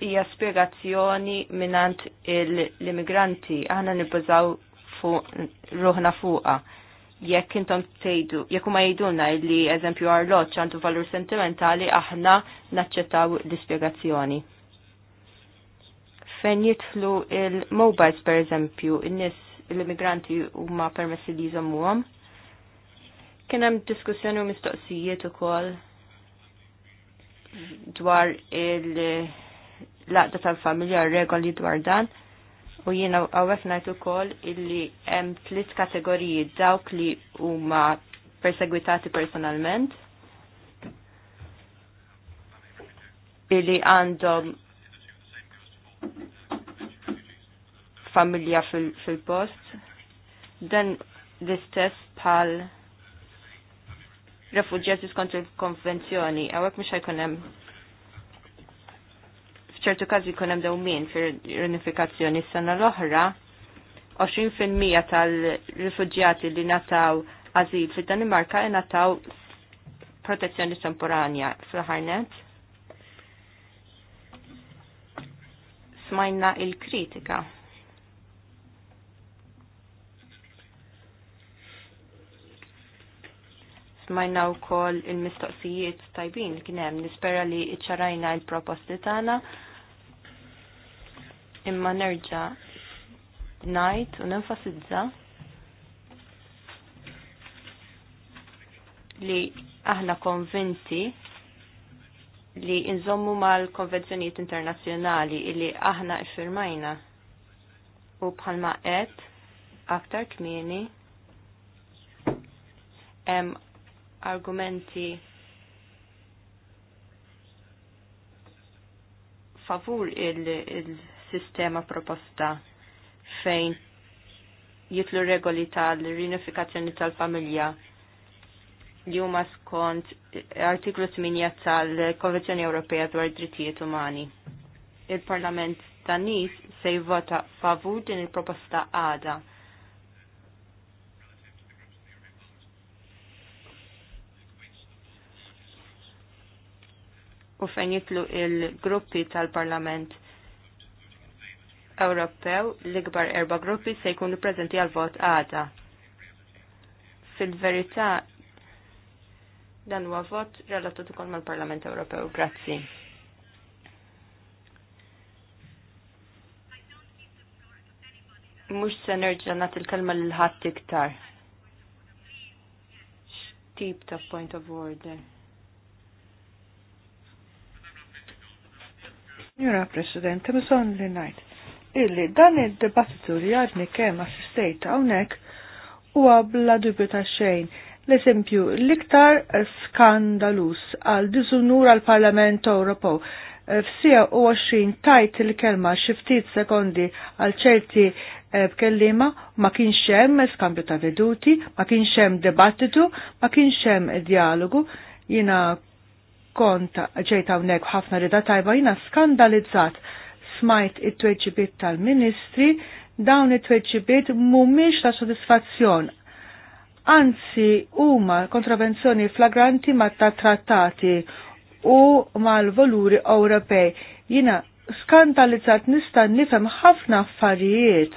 F: Hija spjegazzjoni minant l-immigranti aħna nibbazaw ruħna fuqha jekk intom tgħidu, jekk huma jgħidulna li eżempju arloġġ għandu valur sentimentali aħna naċċettaw l-ispjegazzjoni. Fejn jidħlu il-mobiles pereżempju, in-nies l-immigranti huma permessi li jżommuhom. Kien hemm diskussjoni u mistoqsijiet ukoll dwar il-laqda tal-familja regoli dwar dan. U jiena għawek najtu ukoll illi hemm tliet kategoriji dawk li huma persegwitati personalment illi għandhom familja fil-post fil dan l-istess bħal refugjati skont il-konvenzjoni għawek mhux ħajkun f'ċertu każi jkun hemm dewmien fir-unifikazzjoni s-sena l-oħra 20% tal-rifuġjati li nataw azil fid danimarka e nataw protezzjoni temporanja fl-ħarnet. Smajna il-kritika. Smajna u koll il-mistoqsijiet tajbin kienem nispera li iċċarajna il-proposti tana imma nerġa' ngħid u nenfasizza li aħna konvinti li nżommu mal-konvenzjonijiet internazzjonali li aħna iffirmajna u bħalma qed aktar kmieni hemm argumenti favur il-, il sistema proposta fejn jitlu regoli tal-rinifikazzjoni tal-familja li huma skont artiklu 8 tal-Konvenzjoni Ewropea dwar drittijiet umani. Il-Parlament ta' Nis se jivvota favur din il-proposta għada. u fejn jitlu il-gruppi tal-Parlament Ewropew l-ikbar erba' gruppi se jkunu preżenti għal vot għada. Fil-verità dan huwa vot relatut ukoll mal-Parlament Ewropew. Grazzi. Mhux se nerġa' nagħti l kelma lil ħadd iktar. X'tip ta' point of order?
B: Jura President, bżon li ngħid illi dan id debattitu li għadni kemm assistejt hawnhekk huwa bla dubju ta' xejn l esempju l-iktar skandalus għal dizunur għal Parlament Ewropew. F'sija u għaxin tajt il-kelma xiftit sekondi għal ċerti eh, b'kellima ma kienx hemm skambju ta' veduti, ma kienx hemm dibattitu, ma kienx hemm dialogu. Jina kont ġejt hawnhekk ħafna rida tajba jina skandalizzat smajt it-tweġibiet tal-Ministri, dawn it-tweġibiet mhumiex ta' sodisfazzjon. Anzi, huma kontravenzjoni flagranti ma' ta' trattati u mal-voluri Ewropej. Jina skandalizzat nista' nifhem ħafna affarijiet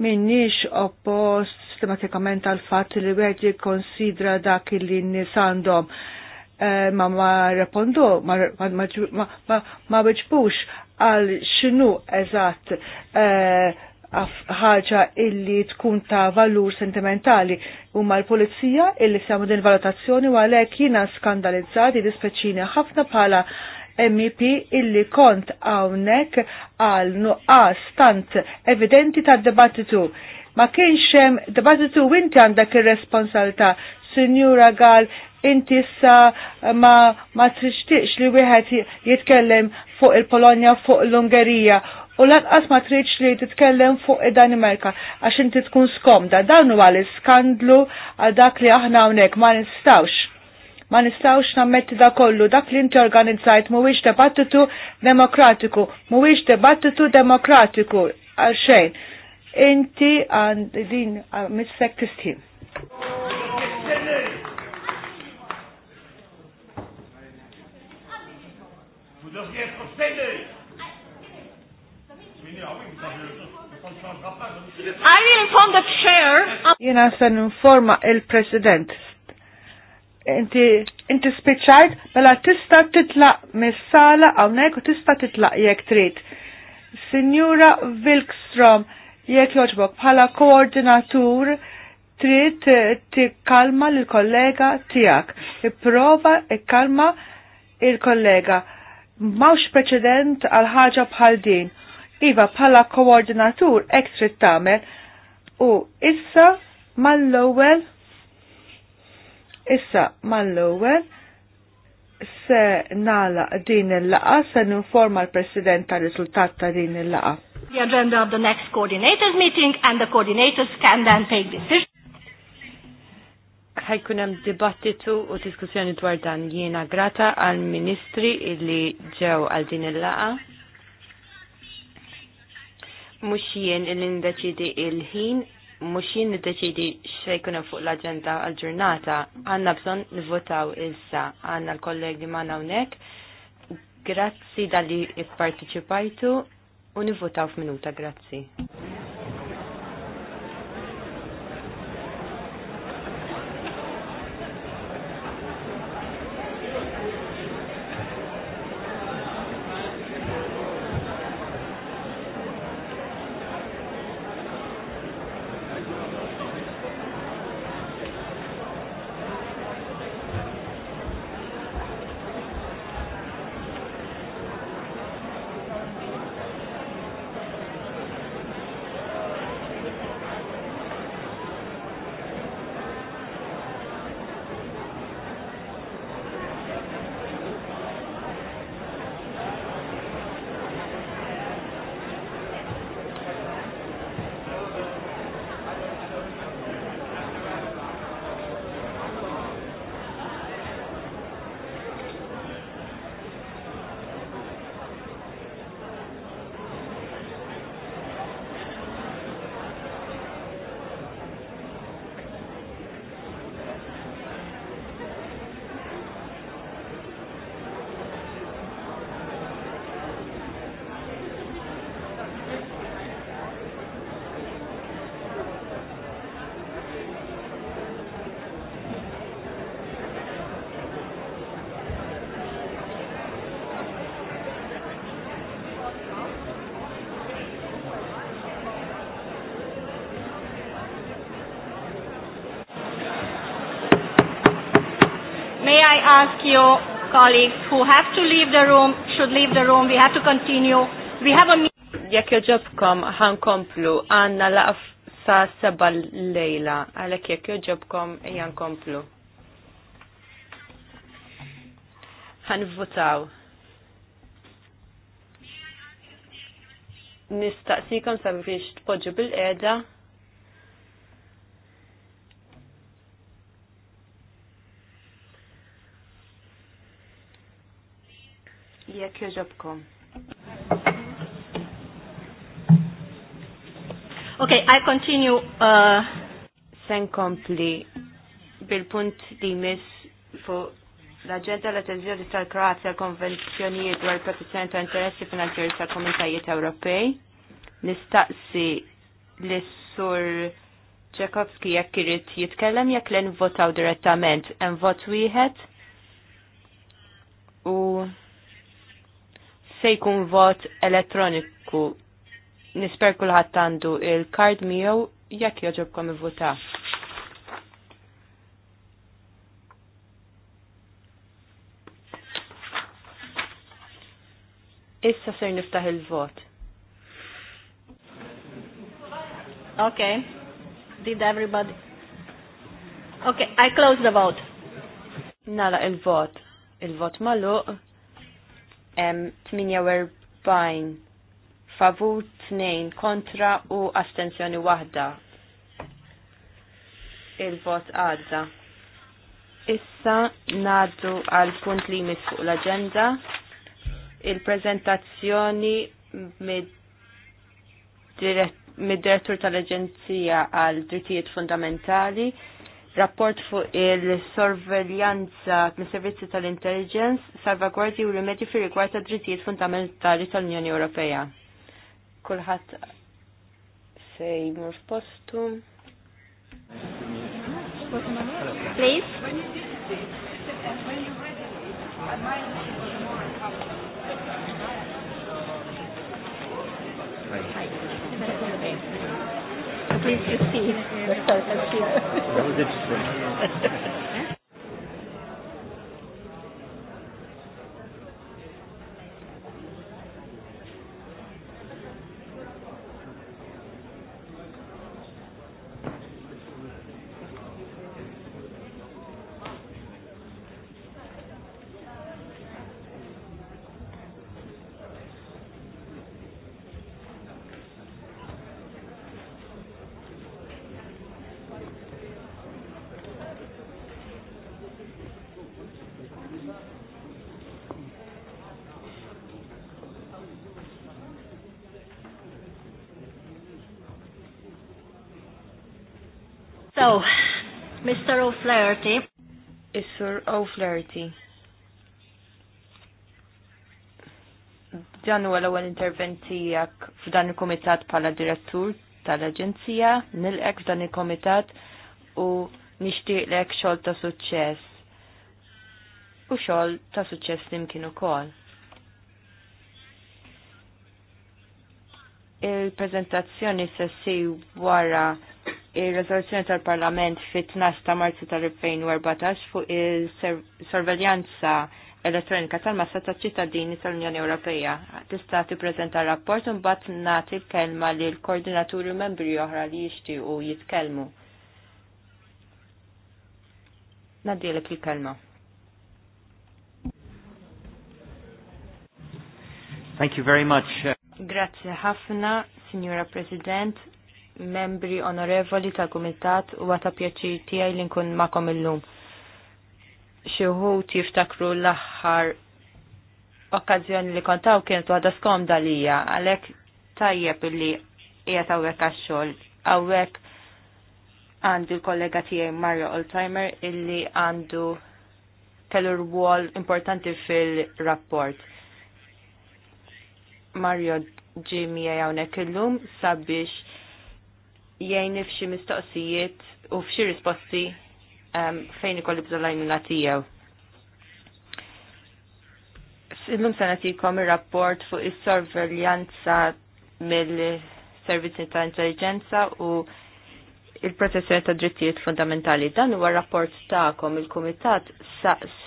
B: minniex oppost sistematikament għal fatt li wieħed jikkonsidra dak li n-nies għandhom eh, ma ma repondu, ma ma ma għal xinu eżatt eh, ħaġa illi tkun ta' valur sentimentali u mal polizija illi samu din valutazzjoni u għalek jina skandalizzati dispeċini ħafna pala MEP illi kont għawnek għal nuqqas tant evidenti ta' debattitu. Ma kienx hemm debattitu winti għandak ir-responsabilità Sinjura għal inti sa ma, ma trixtiqx li wieħed jitkellem fuq il-Polonja, fuq l-Ungerija. U lanqas ma tridx li titkellem fuq id-Danimarka għax inti tkun skomda. Dan huwa l-iskandlu għal dak li aħna hawnhekk ma nistawx ma nistawx nammetti da kollu dak li inti organizzajt mhuwiex debattitu demokratiku, mhuwiex debattitu demokratiku għal xejn. Inti għand din mis-sektistħin.
C: Ah I inform the chair. Jena
B: sen informa il-president. Inti inti spiċċajt bella tista' titlaq messala sala hawnhekk u tista' titlaq jekk trid. Signora Wilkstrom, jekk joġbok bħala koordinatur ti kalma lill kollega tiegħek. Ipprova e-kalma il-kollega mawx preċedent għal ħaġa bħal din. Iva bħala koordinatur ekstrit tamel u issa mal lowel issa mal lowel se nala din il-laqa se n-informa l-President tal rizultat ta' din il-laqa.
A: The agenda of the next coordinators meeting and the coordinators can then take
F: decisions ħajkun hemm dibattitu u diskussjoni dwar dan jiena grata għal ministri illi ġew għal din il-laqa. Mhux jien illi ndeċidi il-ħin, mhux jien niddeċidi x'ejkun hemm fuq l-aġenda għal ġurnata. Għandna bżonn nivvotaw issa għandna l-kollegi ma' hawnhekk. Grazzi dalli ipparteċipajtu u nivvotaw f'minuta, grazzi.
A: colleagues who have to leave the room should leave the room. We have to continue. We have a meeting
F: Jekk joġobkom ħankomplu għanna laqf sa seba lejla għalhekk jekk joġobkom jankomplu. votaw. Nistaqsikom sabiex tpoġġu bil eda jekk jogħġobkom. Okay, I continue. Uh... Sen kompli bil-punt li mis fuq l-agenda l-attenzjoni tal-Kroazja konvenzjonijiet dwar protezzjoni ta' interessi finanzjari tal-Komunitajiet Ewropej. Nistaqsi l-Sur Ġekowski jekk irid jitkellem jekk l votaw direttament hemm vot wieħed u se jkun vot elettroniku. Nisper kulħadd għandu il-kard miegħu jekk joġobkom ivvuta.
E: Issa ser niftaħ il-vot. Okay. Did everybody?
F: Okay, I close the vote. Nala il-vot. Il-vot maluq. 48 favur 2 kontra u astenzjoni waħda. Il-vot għadda. Issa naddu għal punt li jmiss fuq l-agenda il-prezentazzjoni mid-direttur mid direttur tal aġenzija għal drittijiet fundamentali rapport fuq il-sorveljanza mis servizzi tal-intelligence, salvagwardji u rimedji fi rigward ta' drittijiet fundamentali tal-Unjoni Ewropea. Kulħadd se jmur postu. Please
C: please you see. That's interesting.
F: Mr. O'Flaherty. Is-Sur O'Flaherty. Dan huwa l-ewwel intervent tiegħek f'dan il-kumitat bħala direttur tal-Aġenzija, nilqek f'dan il-kumitat u nixtieqlek xogħol ta' suċċess. U xogħol ta' suċċess nimkien ukoll. il prezentazzjoni se wara ir-rezoluzzjoni tal-Parlament fit-12 ta' Marzu tal-2014 fuq il-sorveljanza elettronika tal-massa ta' ċittadini tal-Unjoni Ewropea. Tista' tippreżenta rapport u mbagħad nagħti l-kelma lil koordinaturi membri oħra li jixtiequ jitkellmu. Nadilek il-kelma. Thank you very much. Uh, Grazie ħafna, Signora President, membri onorevoli tal-Kumitat u għata pjaċir tijaj li nkun makom il-lum. Xieħut jiftakru l-axħar okkazjoni li kontaw kienet għada skom dalija, għalek tajjeb li jgħat għawek għaxxol, għawek għandu l-kollega tijaj Mario Oldtimer illi għandu kellu rwol importanti fil-rapport. Mario ġimija jawnek il-lum sabiex jgħin f'xi mistoqsijiet u f'xi risposti um, fejn ikolli bżonn tiegħu. Illum se nagħtikom ir-rapport fuq is-sorveljanza mill-servizzi ta' intelligenza u il-protezzjoni ta' drittijiet fundamentali. Dan huwa rapport ta'kom il-Kumitat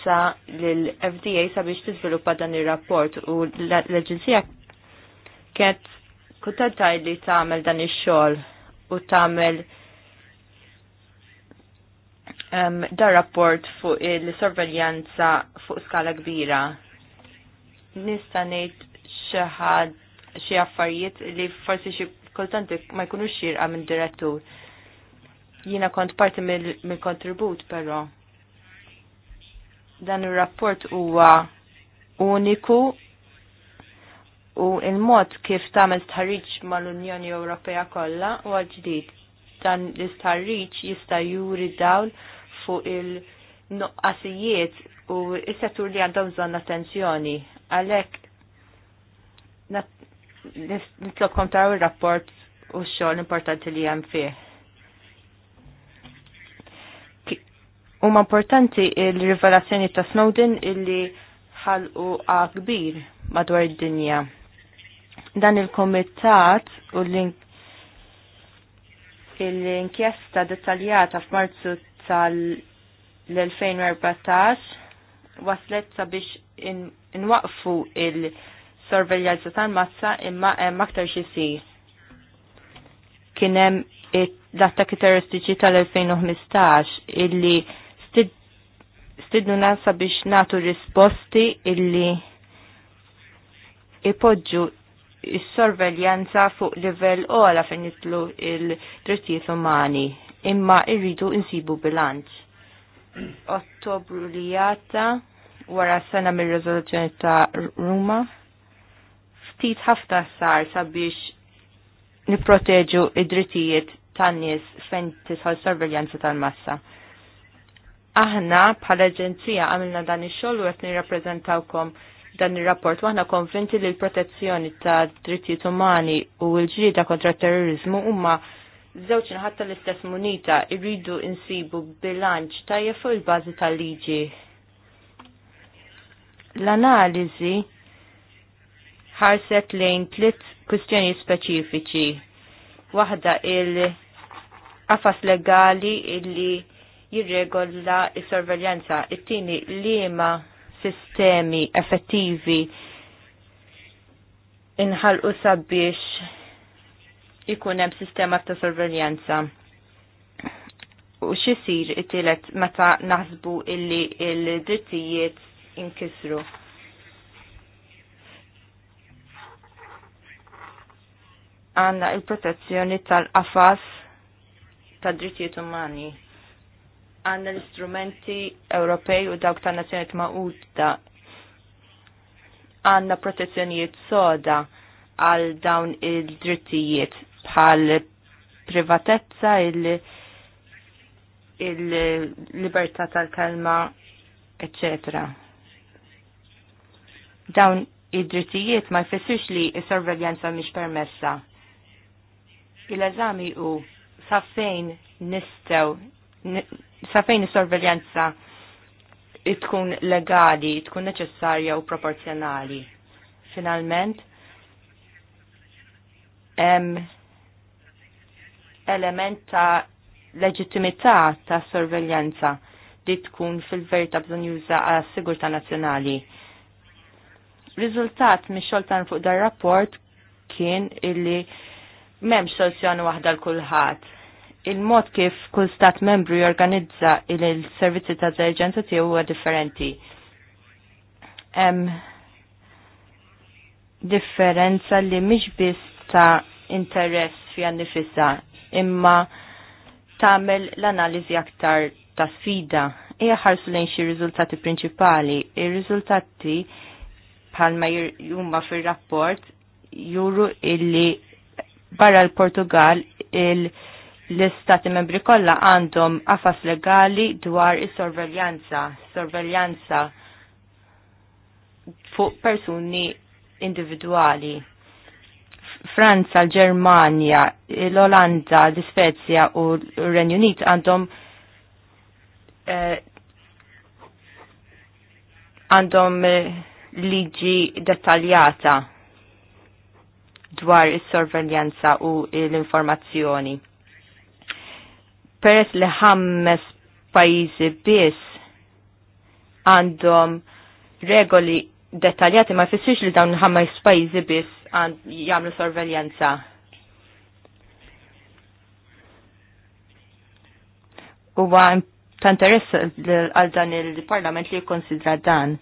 F: sa lill-FDA sabiex tiżviluppa dan ir-rapport u l-Aġenzija kienet kuntentaj li tagħmel dan ix-xogħol u tagħmel um, da rapport fuq il-sorveljanza fuq skala kbira. Nista' ngħid xi affarijiet li forsi xi kultanti ma jkunux xir minn direttur. Jiena kont parti mill-kontribut mil però. Dan ir-rapport huwa uniku u il-mod kif tagħmel tħarriġ mal-Unjoni Ewropea kollha u ġdid dan l-istħarriġ jista' juri dawl fuq il-noqqasijiet u s-settur li għandhom bżonn attenzjoni. Għalhekk nitlobkom taraw ir-rapport u x-xogħol importanti li hemm fih. ma importanti il-rivelazzjoni ta' Snowden illi ħalqu kbir madwar id-dinja. Dan il-komitat u l-inkjesta dettaljata f'Marzu tal-2014 waslet sabiex inwaqfu il-sorveljanza tal-mazza imma hemm aktar xi kien hemm l-attakki terroristiċi tal-2015 illi stidnu nasa biex natu risposti illi ipoġġu is-sorveljanza fuq livell ola fejn jitlu il-drittijiet umani, imma irridu insibu bilanċ. Ottobru li jata wara sena mir rezoluzzjoni ta' Ruma, ftit ħafna sar sabiex niproteġu id-drittijiet tan-nies fejn tisħol sorveljanza tal-massa aħna bħala ġenzija għamilna dan ix-xogħol u qed nirrappreżentawkom dan il-rapport waħna konvinti li l-protezzjoni ta' drittijiet umani u l-ġrida kontra terrorizmu huma żewġ ħatta l-istess munita irridu insibu bilanċ tajjeb fuq il-bażi tal-liġi. L-analiżi ħarset lejn tliet kustjoni speċifiċi. Waħda il-qafas legali illi jirregolla il sorveljanza it-tieni liema sistemi effettivi inħalqu sabiex ikun hemm sistema ta' sorveljanza. U x'isir it-tielet meta naħsbu illi l-drittijiet inkisru. Għanna il-protezzjoni tal-qafas tad drittijiet umani għanna l-istrumenti Ewropej u dawk ta' nazzjoniet ma'uda għanna protezzjonijiet soda għal dawn il-drittijiet bħal privatezza il-libertà il tal-kelma, etc. Dawn id-drittijiet ma jfessirx li s-sorveljanza mhix permessa. Il-eżami u sa fejn nistgħu sa fejn is-sorveljanza tkun legali, tkun neċessarja u proporzjonali. Finalment, em, element ta' leġittimità ta' sorveljanza li tkun fil verita bżon juża għas sigurta nazzjonali. Riżultat mix-xoltan fuq dar rapport kien illi memx soluzzjoni waħda l-kulħadd il-mod kif kull stat membru jorganizza il-servizzi ta' zerġenza tiegħu huwa differenti. differenza li mhix biss ta' interess fi nifissa imma tagħmel l-analiżi aktar ta' sfida. Hija ħarsu lejn xi riżultati prinċipali. Ir-riżultati bħalma jumma fir-rapport juru illi barra l-Portugal il-, -Portugal, il l-istati membri kollha għandhom għafas legali dwar is-sorveljanza, sorveljanza fuq persuni individwali. Franza, l-Germania, l-Olanda, l-Svezja u l-Renju Unit għandhom eh, għandhom eh, liġi dettaljata dwar is-sorveljanza u l-informazzjoni peress li ħammes pajjiżi biss għandhom regoli dettaljati ma jfissirx li dawn ħammes pajjiżi biss jagħmlu sorveljanza. Huwa għan interess għal dan il-Parlament li jikkonsidra dan.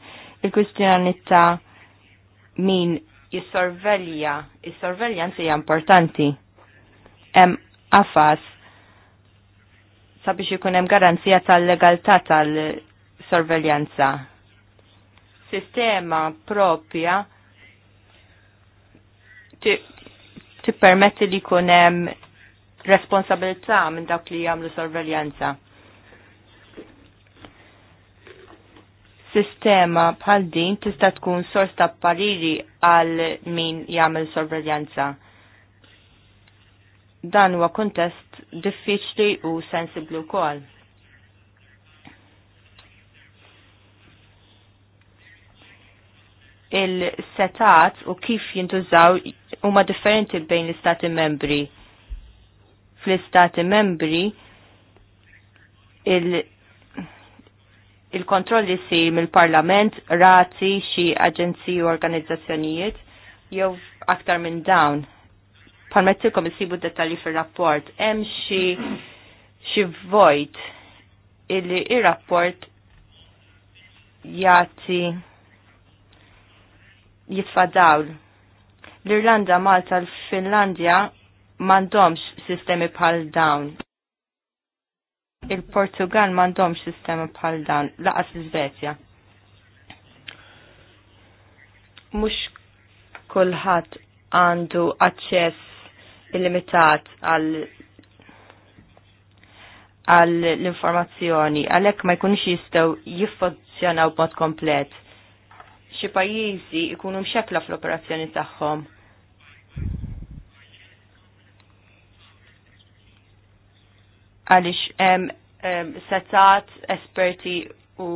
F: Il-kwistjoni ta' min jissorvelja, jissorveljanza hija importanti. Hemm affas sabiex ikun hemm garanzija tal-legalità tal-sorveljanza. Sistema propja tippermetti li jkun hemm responsabilità minn dawk li jagħmlu sorveljanza. Sistema bħal din tista' tkun sors ta' pariri għal min jagħmel sorveljanza dan huwa kuntest diffiċli u sensibli wkoll. il-setat u kif jintużaw huma differenti bejn l-istati membri. Fl-istati membri il- il-kontrolli sir mill-parlament, rati, xi aġenziji u organizzazzjonijiet, jew aktar minn dawn palmettilkom isibu dettali fil-rapport, hemm xi xi vojt illi ir-rapport jati jitfa L-Irlanda, Malta, l-Finlandja mandomx sistemi bħal dawn. Il-Portugal mandomx sistemi bħal dawn, laqas l-Svezja. Mux kullħat għandu aċċess illimitat għal għal l-informazzjoni, għalek ma jkunx jistaw jiffunzjonaw b'mod komplet. Xi pajjiżi jkunu mxekla fl-operazzjoni tagħhom. Għaliex hemm setat esperti u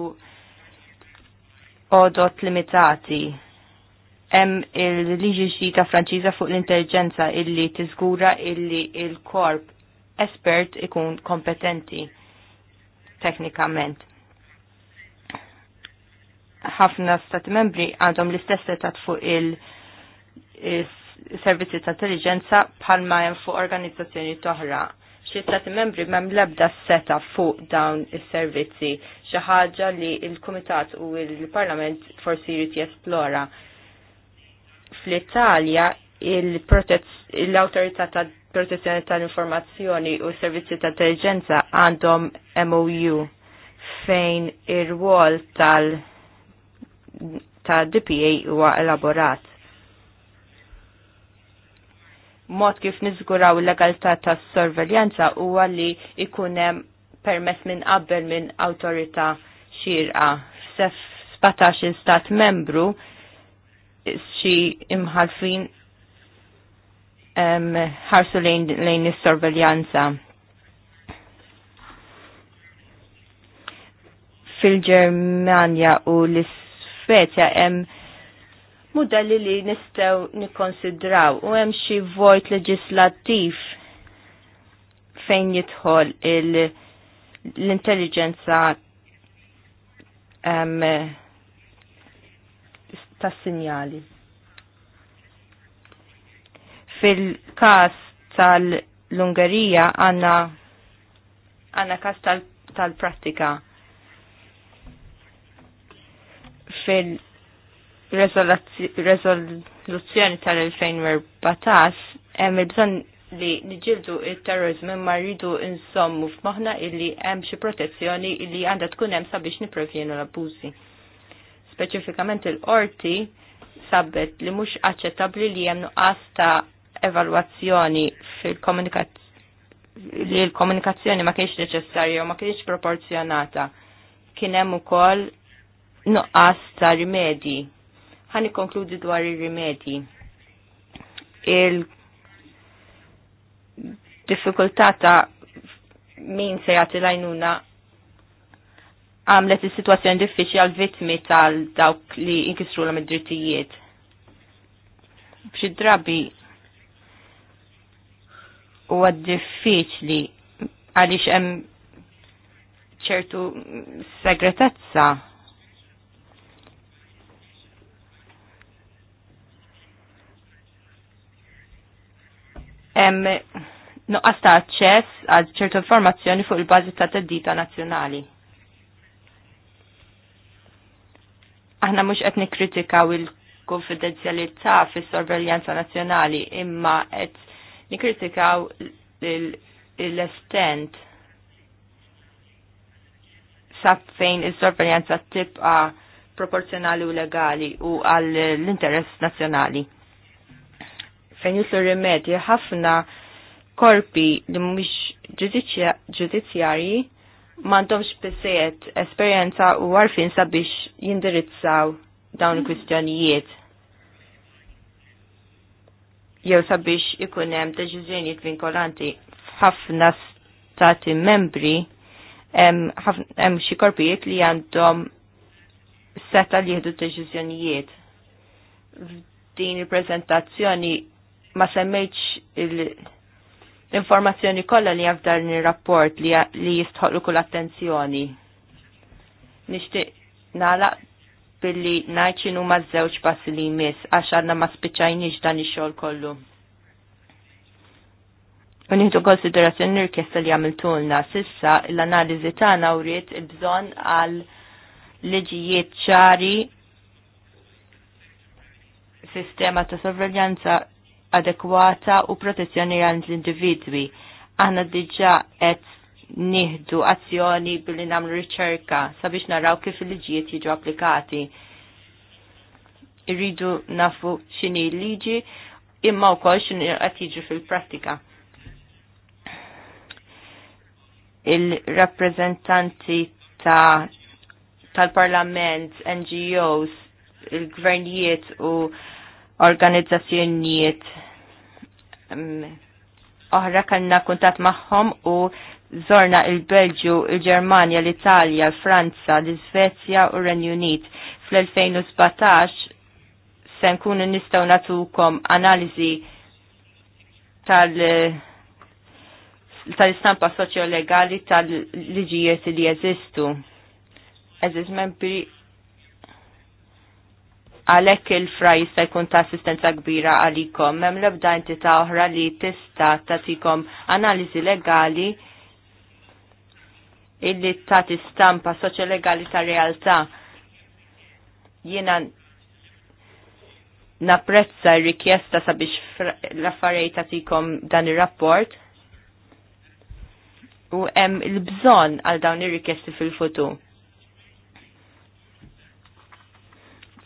F: odot limitati hemm il-liġi xita Franċiża fuq l-intelligenza illi tiżgura illi il-korp espert ikun kompetenti teknikament. Ħafna stati membri għandhom l-istess setat fuq il-servizzi ta' intelligenza bħalma hemm fuq organizzazzjoni toħra. Xi stati membri m'hemm l-ebda seta fuq dawn is-servizzi xi ħaġa li l-Kumitat u l-Parlament forsi jrid jesplora fl-Italja l-autorità ta' protezzjoni tal-informazzjoni u servizzi ta' intelligenza għandhom MOU fejn ir-rwol tal- ta' DPA huwa elaborat. Mod kif niżguraw il-legalità tas sorveljanza huwa li ikun hemm permess minn qabel minn awtorità xirqa. Sef 17 stat membru xi imħalfin ħarsu lejn lejn is-sorveljanza. Fil-Ġermanja u l-Svezja hemm modelli li nistgħu nikkonsidraw u hemm xi vojt leġislattiv fejn jidħol l-intelligenza um, tas-sinjali. Fil-kas tal-Ungerija għanna għanna kas tal-prattika. Tal prattika fil tal-2014 hemm il-bżonn li niġildu il-terrorizm imma rridu insommu f'moħna illi hemm xi protezzjoni illi għandha tkun hemm sabiex nipprevjenu l-abbużi speċifikament il-qorti sabbet li mhux aċċettabbli li hemm nuqqas ta' evalwazzjoni fil-komunikazzjoni li l-komunikazzjoni ma kienx neċessarja u ma kienx proporzjonata. Kien hemm ukoll nuqqas ta' rimedji. Ħan ikkonkludi dwar ir-rimedji. Il diffikultà ta' min se jagħti lajnuna għamlet is-sitwazzjoni diffiċli għal vittmi tal dawk li inkisru l id-drittijiet. Bċi drabi huwa diffiċli għaliex hemm ċertu segretezza hemm nuqqas ta' aċċess għal ċertu informazzjoni fuq il-bażi ta' teddita nazzjonali. aħna mhux qed nikkritikaw il-konfidenzjalità fis-sorveljanza nazzjonali imma qed nikkritikaw l-estent sa fejn is-sorveljanza tibqa' proporzjonali u legali u għall l-interess nazzjonali. Fejn jislu rimedji ħafna korpi li mhumiex ġudizzjarji mandomx bissiet esperienza u għarfin sabiex jindirizzaw dawn il-kwistjonijiet. Jew sabiex ikun hemm deċiżjonijiet vinkolanti f'ħafna stati membri hemm xi korpijiet li għandhom seta li jieħdu deċiżjonijiet. Din il-preżentazzjoni ma semmejtx il- l-informazzjoni kollha li għafdar rapport li, li kull attenzjoni. Nixtieq nagħlaq billi najċin u maż-żewġ passi li jmiss għax għandna ma spiċċajniex dan ix-xogħol kollu. U konsiderazzjoni r-rikjesta li għamiltulna sissa l-analiżi tagħna wriet il-bżonn għal liġijiet ċari sistema ta' sorveljanza adekwata u protezzjoni għal l-individwi. Aħna diġa qed nieħdu azzjoni billi nagħmlu riċerka sabiex naraw kif il-liġijiet jiġu applikati. Irridu nafu x'inhi l-liġi imma wkoll x'inhi qed jiġu fil-prattika. Il-rappreżentanti ta' tal-parlament, NGOs, il-gvernijiet u organizzazzjonijiet mm, oħra kanna kuntat maħħom u zorna il-Belġu, il-Germania, l-Italja, l-Franza, l-Svezja u Renju Unit. Fl-2017 se nkunu nistaw natukom analizi tal- tal-istampa soċjolegali tal-liġijiet li jeżistu. Eżiz membri għalhekk il-fraj jkun ta' assistenza kbira għalikom. Hemm l-ebda entità oħra li tista' tagħtikom analiżi legali illi tagħti stampa legali ta' realtà. Jiena napprezza r-rikjesta sabiex l-affarijiet tagħtikom dan ir-rapport u hemm il-bżonn għal dawn ir-rikjesti fil-futur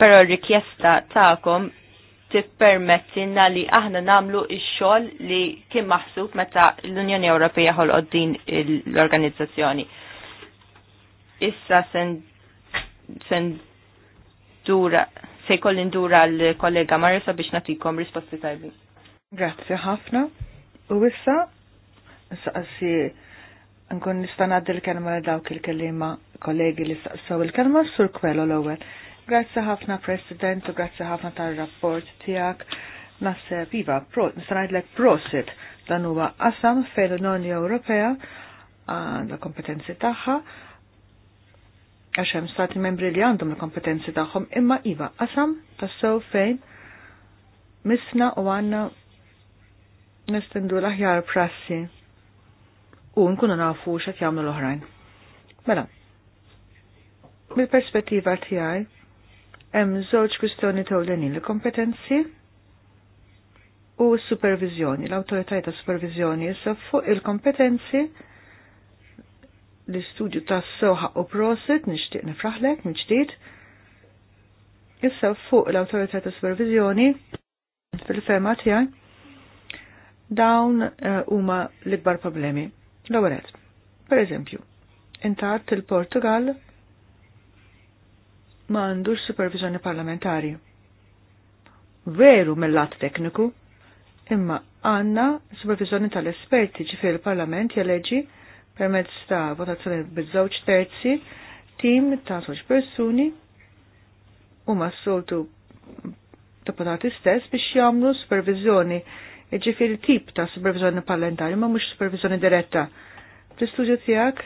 F: pero r-rikjesta ta'kom tippermettilna li aħna namlu ix-xogħol li kien maħsub meta l-Unjoni Ewropea ħolqod din l-organizzazzjoni. Issa sen sen dura se jkoll indura l-kollega Marisa biex natikom risposti tajbi.
B: Grazzi ħafna. U issa saqsi nkun nista' ngħaddi l-kelma dawk il-kelliema kollegi li saqsaw il-kelma sur kwello l-ewwel. Grazzi ħafna President u grazzi ħafna tal-rapport tijak. Naseb iva, nistanajdlek prosit dan huwa qasam fejn l-Unjoni Ewropea għandha kompetenzi tagħha għax hemm stati membri li għandhom il-kompetenzi tagħhom imma iva qasam tassew fejn misna u għandna nistendu l-aħjar prassi u nkunu nafu x'għamlu jagħmlu l-oħrajn. Mela, mill-perspettiva tiegħi Hemm żewġ kwistjoni tewlenin il-kompetenzi u s-supervizjoni, l-awtoritajiet ta' supervizjoni issa fuq il-kompetenzi l-istudju ta' soħa u prosit nixtieq nifraħlek minn ġdid. Issa fuq l-autorità ta' supervizjoni fil-fema tiegħi dawn eh, huma uh, l-ikbar problemi. L-ewwel per eżempju, intat il-Portugal m'għandux supervizjoni parlamentari. Veru mill-lat tekniku, imma għanna supervizjoni tal-esperti ġifir il-Parlament jeleġi permezz ta' votazzjoni bizzawċ terzi tim ta' soċ persuni u ma' soltu deputati stess biex jamlu supervizjoni ġifir tip ta' supervizjoni parlamentari ma' mux supervizjoni diretta. Fl-istudju tijak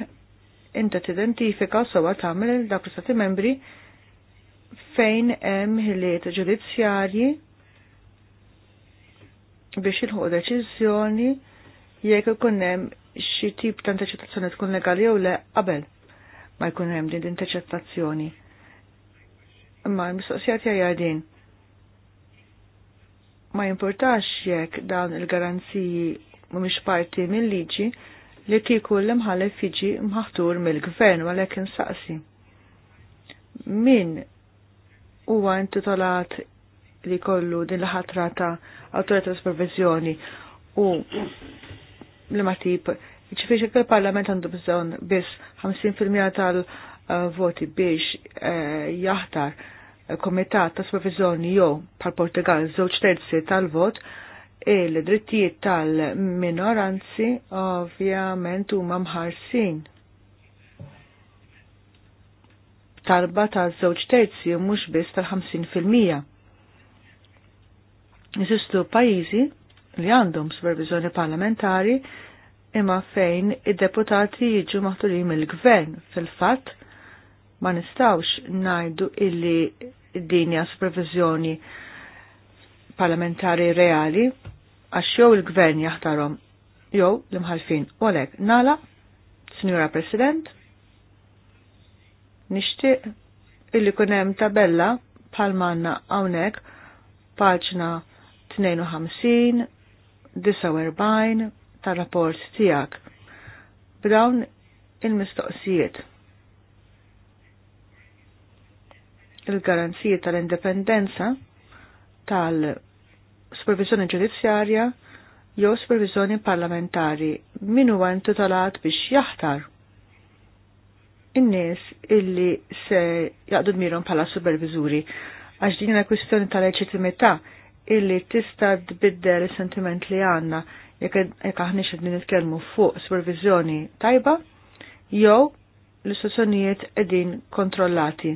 B: inta t-identifika sowa tamil l prestati membri fejn hemm ħiliet ġudizzjarji biex jilħu deċiżjoni jekk ikun hemm xi tip ta' interċettazzjoni tkun legali jew le qabel ma jkun hemm din l-interċettazzjoni. Imma l-mistoqsija tiegħi din. Ma jimpurtax jekk dawn il-garanziji mhumiex parti mill-liġi li kieku l-imħallef jiġi mħaftur mill-gvern għalhekk insaqsi. Min huwa intitolat li kollu din l-ħatra ta' autorità supervizjoni u li ma tip ċifiċi il parlament għandu bżon bis 50% tal-voti biex eh, jaħtar komitat ta' supervizjoni jew pal portugal żewġ terzi tal-vot il-drittijiet tal-minoranzi ovvjament huma mħarsin talba ta' żewġ terzi u mhux biss tal-50 fil-mija. pajjiżi li għandhom supervizjoni parlamentari imma fejn id-deputati jiġu maħturin mill-gvern fil-fatt ma nistawx najdu illi dinja supervizjoni parlamentari reali għax jew il-gvern jaħtarom jew l-imħalfin. Olek, nala, Signora President, Nixtieq illi kunem tabella palmanna għawnek paġna 52-49 ta' rapport tijak b'dawn il-mistoqsijiet. Il-garanzijiet tal-indipendenza tal-supervizjoni ġudizzjarja jew supervizjoni parlamentari min huwa intitolat biex jaħtar in-nies illi se jaqdu d-mirom bħala superviżuri għax din hija kwistjoni tal-leċitimità illi tista' tbiddel is-sentiment li għandna jekk aħniex qed kelmu fuq supervizjoni tajba jew l-istituzzjonijiet qegħdin kontrollati.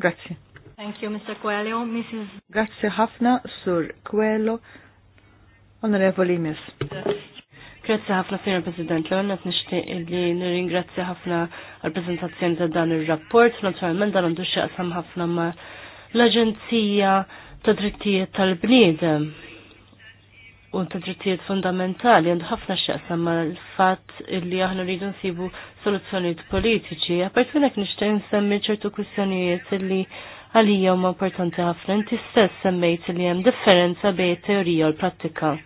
B: Grazzi.
A: Thank you, Mr. Coelho. Mrs.
B: Grazzi ħafna, Sur Coelho. Onorevoli
E: Miss.
B: Grazzi ħafna fina President Leon, qed nixtieq li nirringrazzja
E: ħafna għall prezentazzjoni ta' dan ir-rapport, naturalment dan għandu x'jaqsam ħafna ma' l-Aġenzija ta' Drittijiet tal-Bniedem u ta' drittijiet fundamentali għandu ħafna x'jaqsam ma' l-fatt li aħna rridu nsibu soluzzjonijiet politiċi. Apart minn hekk nixtieq nsemmi ċertu kwistjonijiet li għalija huma importanti ħafna. Inti stess semmejt li hemm differenza bejn teorija u l-prattika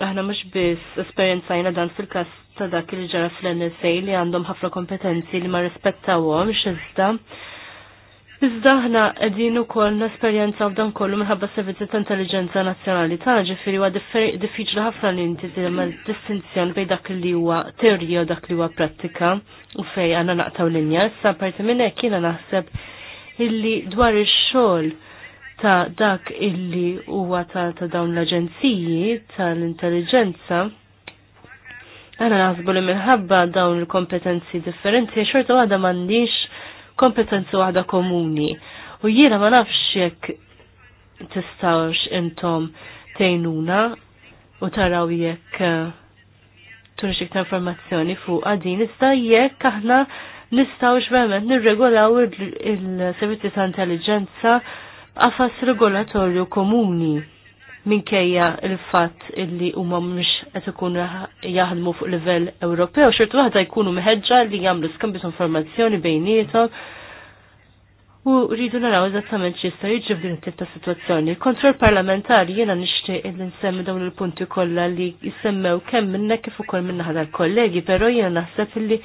E: aħna mhux biss esperjenzajna dan fil-każ ta' dak li ġara fl-NSA li għandhom ħafna kompetenzi li ma rispettawhom iżda. Iżda aħna qegħdin ukoll nesperjenza f'dan kollu minħabba servizzi ta' intelligenza nazzjonali tagħna ġifieri huwa diffiċli ħafna li inti tagħmel distinzjoni bejn dak li huwa teorija u dak li huwa prattika u fejn għandna naqtaw linja. Issa parti minn hekk jiena naħseb illi dwar ix-xogħol ta' dak illi huwa ta', ta dawn l-aġenziji tal-intelligenza għana naħsbu li minħabba dawn il-kompetenzi differenti xorta għada mandiċ kompetenzi għada komuni u jiena ma nafx jekk tistawx intom tejnuna u taraw jekk eh, turi xikta informazzjoni fuq għadin nista jekk aħna nistawx verament nirregolaw il-servizzi ta' intelligenza qafas regolatorju komuni minkejja il-fatt illi huma mhux qed ikunu jaħdmu fuq livell Ewropew, xorta waħda jkunu meħeġġa li jagħmlu skambju informazzjoni bejniethom U rridu naraw eżattament x'jista jiġri f'din it-tip ta' sitwazzjoni. Kontroll parlamentari jiena nixtieq li nsemmi dawn il-punti kollha li jsemmew kemm minnek kif ukoll minn ħadar kollegi, però jiena naħseb li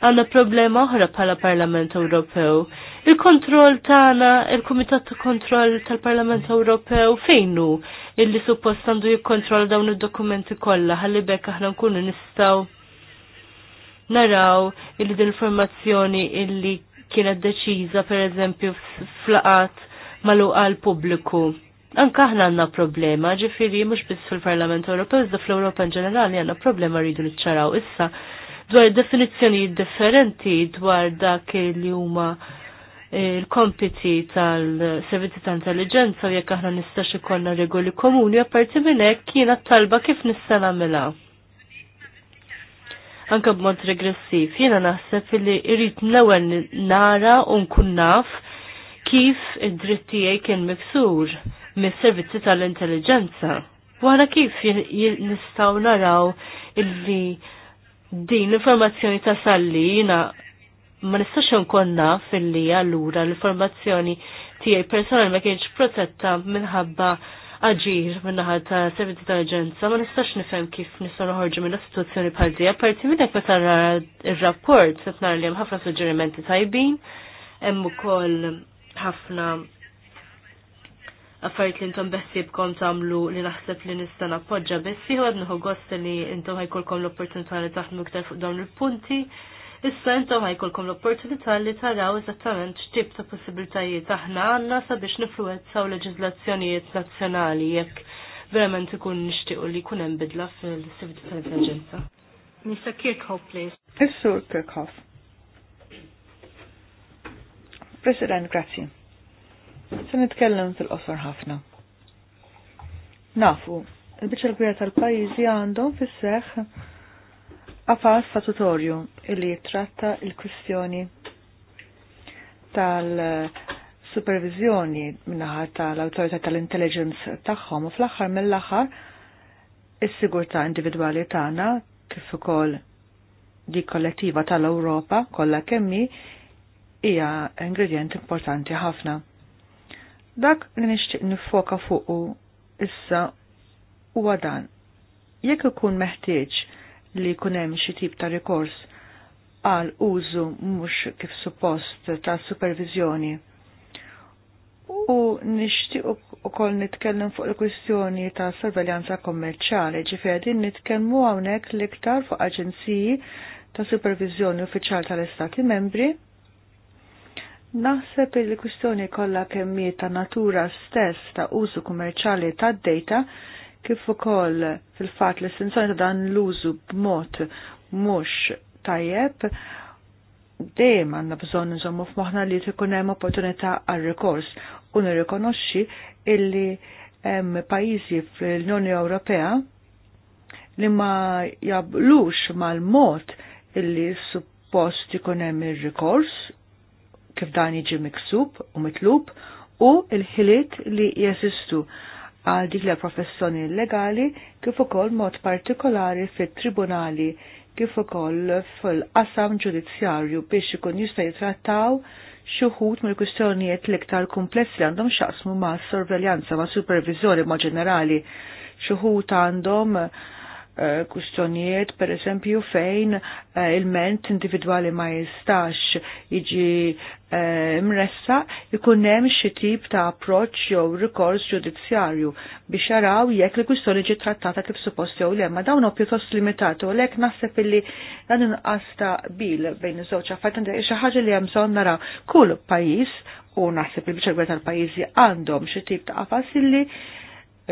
E: għandna problema oħra bħala Parlament Ewropew. Il-kontroll tagħna, il-Kumitat ta' Kontroll tal-Parlament Ewropew fejnu illi suppost għandu jikkontroll dawn id-dokumenti kollha ħalli bekk aħna nkunu nistgħu naraw illi din informazzjoni illi kienet deċiża pereżempju flaqat maluqa għal pubbliku. Anka aħna għandna problema, ġifiri mhux biss fil-Parlament Ewropew, iżda fl-Ewropa in ġenerali għandna problema rridu niċċaraw issa dwar definizzjonijiet differenti dwar dak li huma il-kompiti eh, tal-servizzi ta' intelligenza u jekk aħna nistax ikollna regoli komuni apparti minn hekk kienet talba kif nista' nagħmilha. Anke b'mod regressiv, jiena naħseb li irrid l-ewwel nara u nkun naf kif id dritti tiegħi kien miksur mis-servizzi tal-intelligenza. Wara kif nistgħu naraw illi din l-informazzjoni ta' salli jina ma nistax nkonna fil-li għallura l-informazzjoni tiegħi personali ma kienx protetta minħabba aġir minnaħa ta' servizi ta' aġenza, ma nistax nifhem kif nistgħu noħorġu minn situazzjoni bħal di. Apparti minn hekk meta nara r-rapport qed nara li hemm ħafna suġġerimenti tajbin, hemm ukoll ħafna affarijiet li intom kom tagħmlu li naħseb li nista' nappoġġa biss ieħor nħu għost li intom ħajkolkom l-opportunità li taħdmu iktar fuq dawn il-punti. Issa intom ħajkolkom l-opportunità li taraw eżattament x'tip ta' possibilitajiet aħna għandna sabiex nifluwezzaw leġiżlazzjonijiet nazzjonali jekk verament ikun nixtiequ li jkun hemm bidla fil-servizz tal-emerġenza.
A: Mr. Kirkhoff, please.
B: is Kirkhoff. President, grazie. Se nitkellem fil-qosor ħafna. Nafu, il-biċċa l-kbira tal-pajjiżi għandhom fis seħ għafas statutorju illi jitratta il-kwistjoni tal-supervizjoni minnaħar tal-autorità tal-intelligence tagħhom u fl-aħħar mill-aħħar is-sigurtà individwali tagħna kif ukoll di kollettiva tal-Ewropa kollha kemmi hija ingredient importanti ħafna. Dak li nixtieq nifoka fuqu issa huwa dan. Jekk ikun meħtieġ li jkun hemm xi tip ta' rikors għal użu mhux kif suppost ta' supervizjoni. U nixtieq ukoll nitkellem fuq il-kwistjoni ta' sorveljanza kommerċjali, ġifier din nitkellmu hawnhekk l-iktar fuq aġenziji ta' supervizjoni uffiċjal tal-Istati membri Naħseb il kwistjoni kollha kemm ta' natura stess ta' użu kummerċali tad data kif ukoll fil-fatt li estensjoni ta' dan l-użu b'mod mhux tajjeb dejjem għandna bżonn nżommu f'moħħna li tkun hemm opportunità għal rikors u nirrikonoxxi illi hemm pajjiżi fl-Unjoni Ewropea li ma jablux mal-mod illi suppost ikun hemm ir-rikors kif dan jiġi miksub u mitlub u l-ħiliet li jeżistu għal dik le professjoni legali kif ukoll mod partikolari fit-tribunali kif ukoll fil-qasam ġudizzjarju biex ikun jista' jitrattaw xi wħud mill-kwistjonijiet l-iktar kumpless li għandhom xaqsmu ma' sorveljanza ma' supervizjoni ma' ġenerali xi wħud għandhom Eh, kustonijiet, per esempio fejn eh, il-ment individuali ma jistax jiġi eh, mressa, ikun hemm xi tip ta' approċċ jew rikors ġudizzjarju biex jaraw jekk li kustjoni ġi trattata kif suppost jew le, ma dawn hu pjuttost limitati u lek naħseb illi dan inqas ta' bil bejn iż-żewġ affarijiet xi ħaġa li hemm bżonn naraw kull pajjiż u naħseb il-biċċergwer tal-pajjiżi għandhom xi tip ta' qafas illi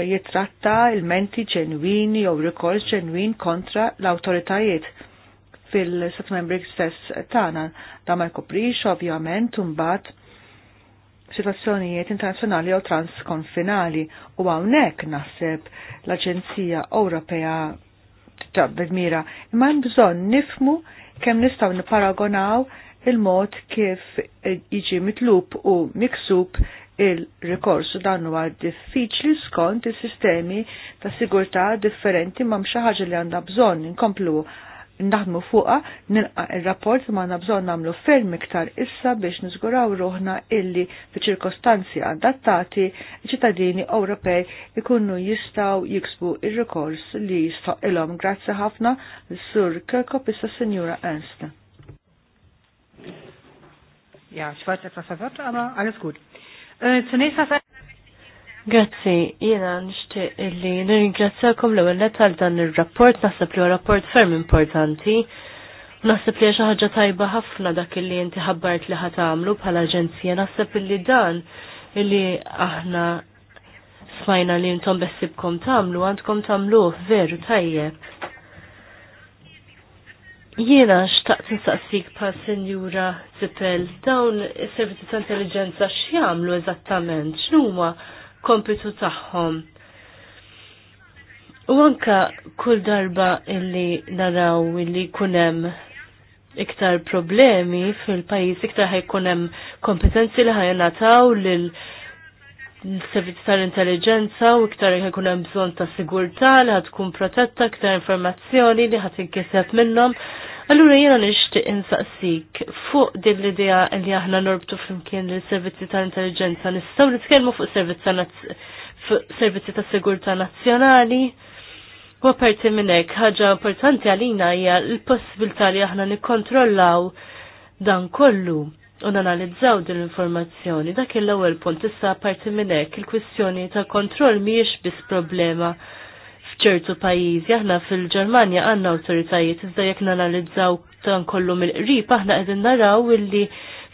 B: jitratta il-menti ġenwini jew rikors ġenwin kontra l-autoritajiet fil-Sat Membri stess tagħna. Da ma jkoprix ovvjament imbagħad situazzjonijiet internazzjonali jew transkonfinali u hawnhekk naħseb l-Aġenzija Ewropea titqabbel mira. Imma hemm bżonn nifmu kemm nistgħu nipparagonaw il-mod kif jiġi mitlub u miksub il-rikorsu dan huwa diffiċli skont is-sistemi ta' sigurtà differenti ma' xi ħaġa li għandha bżonn inkomplu naħdmu fuqa nilqa il-rapport ma għandna bżonn nagħmlu ferm iktar issa biex niżguraw ruħna illi fi ċirkostanzi adattati ċittadini Ewropej ikunu jistaw jiksbu il rikors li jistoqilhom. Grazzi ħafna l-Sur Kirkop issa Sinjura Ernst. Ja, ich weiß etwas verwirrt, aber alles gut. Zunächst eh, auf
E: Grazzi, jena nishti illi nirringrazzjakom l ewwel għal dan ir-rapport, naħseb li rapport ferm importanti. Naħseb li xi ħaġa tajba ħafna dak illi inti ħabbart li ħat għamlu bħala aġenzija, naħseb illi dan illi aħna smajna li intom bessibkom tagħmlu għandkom tagħmluh veru tajjeb. Jiena xtaqt nsaqsik pa senjura Zipel, dawn is-servizzi ta' intelligenza x'jamlu eżattament, x'numa kompitu tagħhom. U anka kull darba illi naraw illi kunem iktar problemi fil-pajis, iktar ħajkunem kompetenzi li ħajnataw lil servizi tal-intelligenza u iktar jkun hemm bżonn ta' sigurtà li ħad tkun protetta, iktar informazzjoni li ħad inkiseb minnhom Allura jena nixtieq insaqsik fuq din l-idea li aħna norbtu flimkien li servizzi tal-intelligenza nistgħu nitkellmu fuq servizzi ta' sigurtà nazzjonali. U għaperti minnek, ħaġa importanti għalina hija l-possibilità li aħna nikkontrollaw dan kollu u nanalizzaw din l-informazzjoni. Dak l-ewwel punt issa parti minnek il-kwistjoni ta' kontroll mhijiex biss problema ċertu pajjiżi aħna fil-Ġermanja għandna awtoritajiet iżda jekk nanalizzaw dan kollu mill-qrib aħna qegħdin naraw illi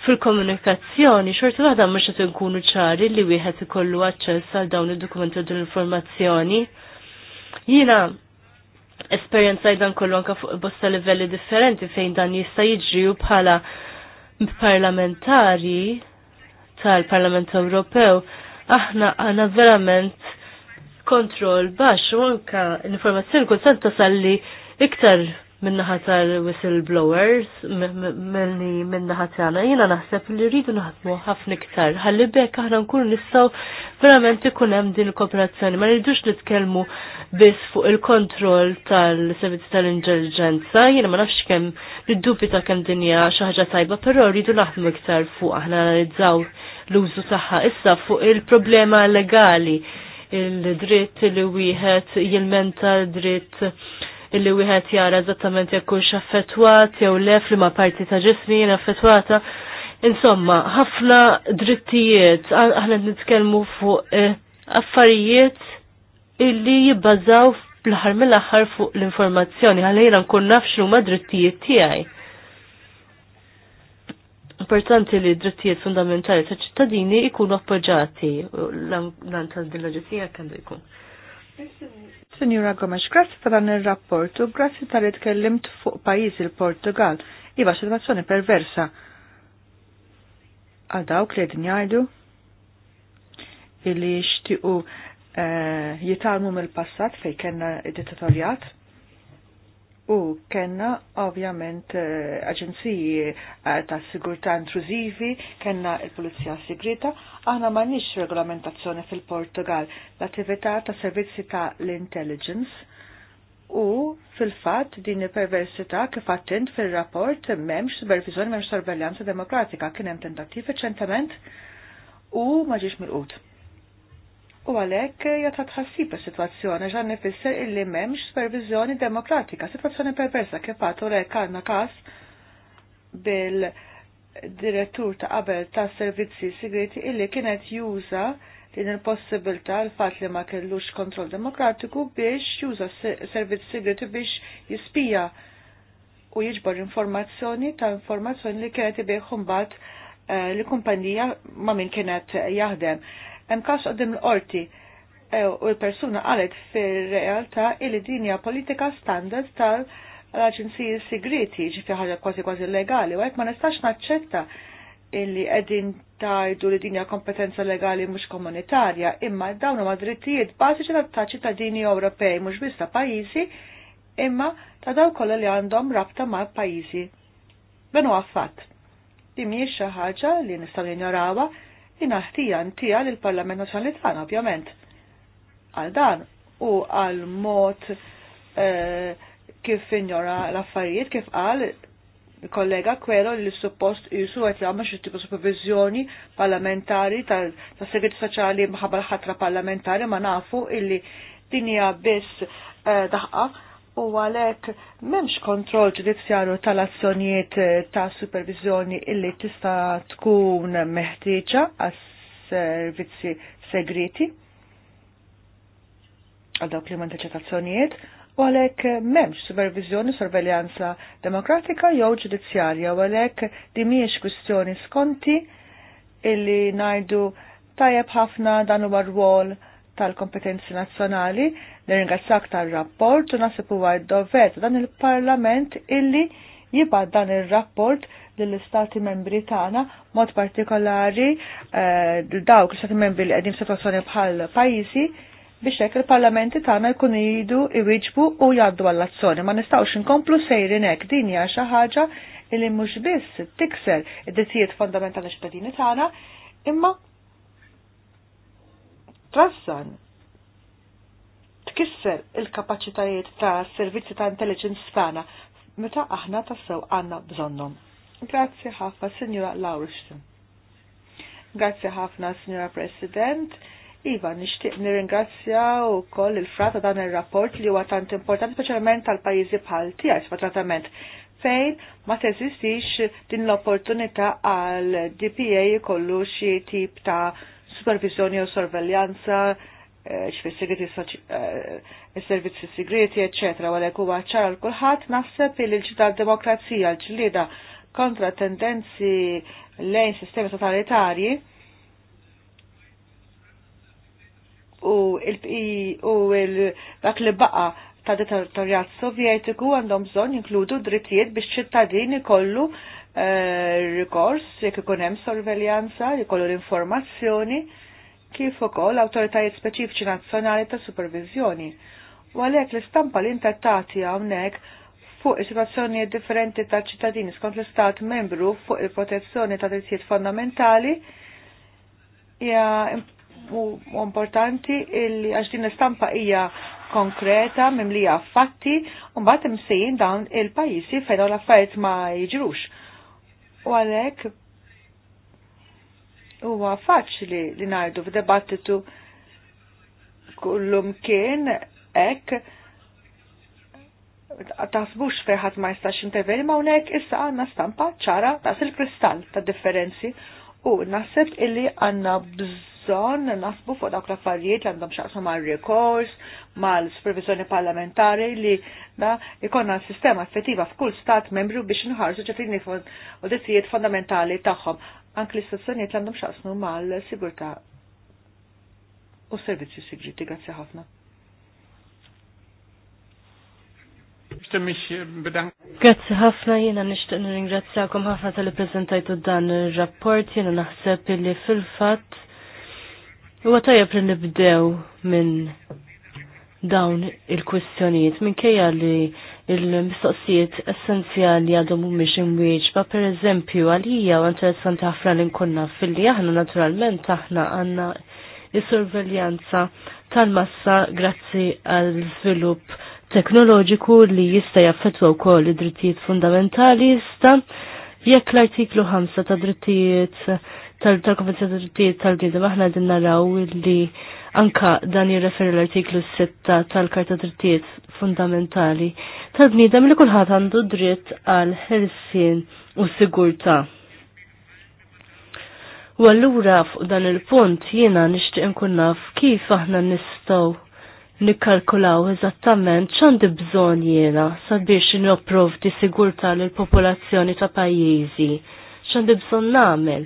E: fil-komunikazzjoni xorti waħda mhux qed inkunu ċari li wieħed ikollu aċċess għal dawn id-dokumenti u l-informazzjoni. Jiena esperjenzaj dan kollu anke fuq bosta livelli differenti fejn dan jista' jiġri u bħala parlamentari tal-Parlament Ewropew aħna għana verament kontroll baxx u anka l-informazzjoni kultant tasalli iktar minnaħa tal-whistleblowers minni minnaħa tagħna jiena naħseb li rridu naħdmu ħafna iktar ħalli bekk aħna nkunu nistaw verament ikun hemm din il-kooperazzjoni ma rridux nitkellmu biss fuq il-kontroll tal-servizz tal-intelligenza jiena ma nafx kemm ta' kemm dinja xi ħaġa tajba però rridu naħdmu iktar fuq aħna analizzaw l-użu tagħha issa fuq il-problema legali il-dritt li wieħed jilmenta dritt illi wieħed jara eżattament jekk hux affettwat jew lef li ma parti ta' ġismi jien affettwata. Insomma, ħafna drittijiet, aħna nitkellmu fuq eh, affarijiet illi jibbażaw l-aħħar mill-aħħar fuq l-informazzjoni ħalli jiena nkun naf ma drittijiet tiegħi. Importanti li drittijiet fundamentali ta' ċittadini ikunu appoġġati l-għan ta' din l-ġesija kandu jkun.
B: Senjura Gomes, grazzi ta' dan il-rapport u grazzi li tkellimt fuq pajis il-Portugal. Iva situazzjoni perversa. Għal dawk li din jgħidu illi xtiqu eh, jitalmu mill-passat fej kena dittatorjat U kena ovvjament eh, aġenziji eh, ta' sigurtà intrużivi, kena il-Pulizija Sigrita, aħna nix regolamentazzjoni fil-Portugal l-attività ta' servizzi ta' l-intelligence u fil-fatt din il-perversità kif attent fil-rapport m'hemmx supervizjoni m'hemmx sorveljanza demokratika kien hemm tentattiv reċentament u ma ġiex mill u għalek eh, jata tħassib situazzjoni ġan nifisser illi memx supervizjoni demokratika, situazzjoni perversa kif għatu rek għanna kas bil-direttur ta' qabel ta' servizzi segreti illi kienet juża din il-possibilità l-fat li ma kellux kontroll demokratiku biex juża s-s-servizzi segreti biex jispija u jiġbor informazzjoni ta' informazzjoni li kienet ibieħ mbagħad eh, li kumpanija ma' min kienet jaħdem hemm każ qudiem l-qorti e, u l-persuna qalet fir-realtà illi din hija politika standard tal-aġenziji sigriti ġifi ħaġa kważi kważi legali u hekk ma nistax naċċetta illi qegħdin tajdu li dinja kompetenza legali mhux komunitarja, imma dawn huma drittijiet bażiċi ta' ċittadini Ewropej mhux biss ta' pajjiżi, imma ta' daw kollha li għandhom rabta ma' pajjiżi. Benu huwa fatt. Din mhijiex xi ħaġa li nistgħu ignorawha, jina ħtijan tija l parlament Nazjonali tħana, ovvjament. Għal dan u għal mod eh, kif injora l-affarijiet kif għal kollega kwero li suppost jisu għet jgħamma xie tipu supervizjoni parlamentari tal-segretu soċali mħabba l-ħatra parlamentari ma nafu illi dinja biss e, daħqa u għalek memx kontrol ġudizzjaru tal-azzjonijiet ta' supervizjoni illi tista tkun meħtieġa għas servizzi segreti għal dawk li manteċetazzjonijiet u għalek memx supervizjoni sorveljanza demokratika jew ġudizzjarja u għalek dimiex kwistjoni skonti illi najdu tajab ħafna dan huwa rwol tal-kompetenzi nazzjonali, nirringrazzjak tal-rapport u nasib huwa dover dan il-Parlament illi jibad dan ir-rapport lill-Istati membri tagħna mod partikolari eh, dawk l-Istati membri li qegħdin situazzjoni bħal pajjiżi biex hekk il-parlamenti tagħna jkunu jridu iwiġbu u jgħaddu għall-azzjoni. Ma nistgħux inkomplu sejrin hekk din hija xi ħaġa li mhux biss tikser id-dizzijiet fondamentali ċittadini tagħna, imma trassan tkisser il-kapacitajiet ta' servizzi ta' intelligence tagħna meta aħna tassew għandna bżonnhom. Grazzi ħafna, Sinjura Lauriston. Grazzi ħafna, Sinjura President. Iva, nixtieq nirringrazzja wkoll il-frata dan ir rapport li huwa tant importanti, speċjalment tal pajjiżi bħal tiegħi sfatratament fejn ma teżistix din l-opportunità għal DPA kollu xi tip ta' supervisjoni u sorveljanza, ċfis-segreti, eh, eh, eh, servizzi segreti, eccetera, għalek huwa ċar għal kulħadd naħseb li l-ġdal demokrazija l-ġlida kontra tendenzi lejn sistemi totalitarji u dak li baqa ta' dittatorjat sovjetiku għandhom bżonn jinkludu drittijiet biex ċittadini kollu Eh, rikors jekk ikun hemm sorveljanza jkollu l-informazzjoni kif ukoll awtoritajiet speċifiċi nazzjonali ta' supervizjoni. U għalhekk l-istampa li intattati hawnhekk fuq is situazzjoni differenti ta' ċittadini skont l-Istat membru fuq il-protezzjoni ta' drittijiet fondamentali hija importanti illi għax din l-istampa hija konkreta mimlija fatti u mbagħad imsejjin dawn il-pajjiżi fejn l-affarijiet ma jiġrux U għalhekk huwa faċli li ngħidu f'debattitu kullum kien hekk taħsbux feħat ma jistax interveni ma unek issa għanna stampa ċara tas il-kristall ta' differenzi u naħseb illi għanna bżon bżonn nasbu fuq dawk l-affarijiet li għandhom xaqsu mal-rekors, mal supervisjoni parlamentari li da ikonna sistema effettiva f'kull stat membru biex nħarsu ċittadini u dettijiet fondamentali tagħhom, Anki l-istazzjonijiet li għandhom xaqsnu mal-sigurtà u servizzi sigriti. Grazzi ħafna.
C: Grazzi
E: ħafna jiena nixtieq nirringrazzjakom ħafna tal ippreżentajtu dan ir-rapport jiena naħseb li fil-fatt Huwa tajja li nibdew minn dawn il-kwistjonijiet minkejja li il-mistoqsijiet essenzjali għadhom mhumiex per pereżempju għalija u interessanti ħafna li nkunna fil-li aħna naturalment aħna għandna il sorveljanza tal-massa grazzi għal svilup teknoloġiku li jista' jaffettwa wkoll id-drittijiet fundamentali jista' Jekk l-artiklu 5 ta' drittijiet tal-konvenzjoni ta' drittijiet tal-bniedem aħna din naraw li anka dan jirreferi l-artiklu 6 tal-Karta Drittijiet Fundamentali tal-bniedem li kulħadd għandu dritt għal ħelsien u sigurtà. U allura fuq dan il-punt jiena nixtieq nkun naf kif aħna nistgħu nikkalkulaw eżattament x'għandi bżonn jiena sabiex di sigurtà lill popolazzjoni ta' pajjiżi. X'għandi bżonn nagħmel.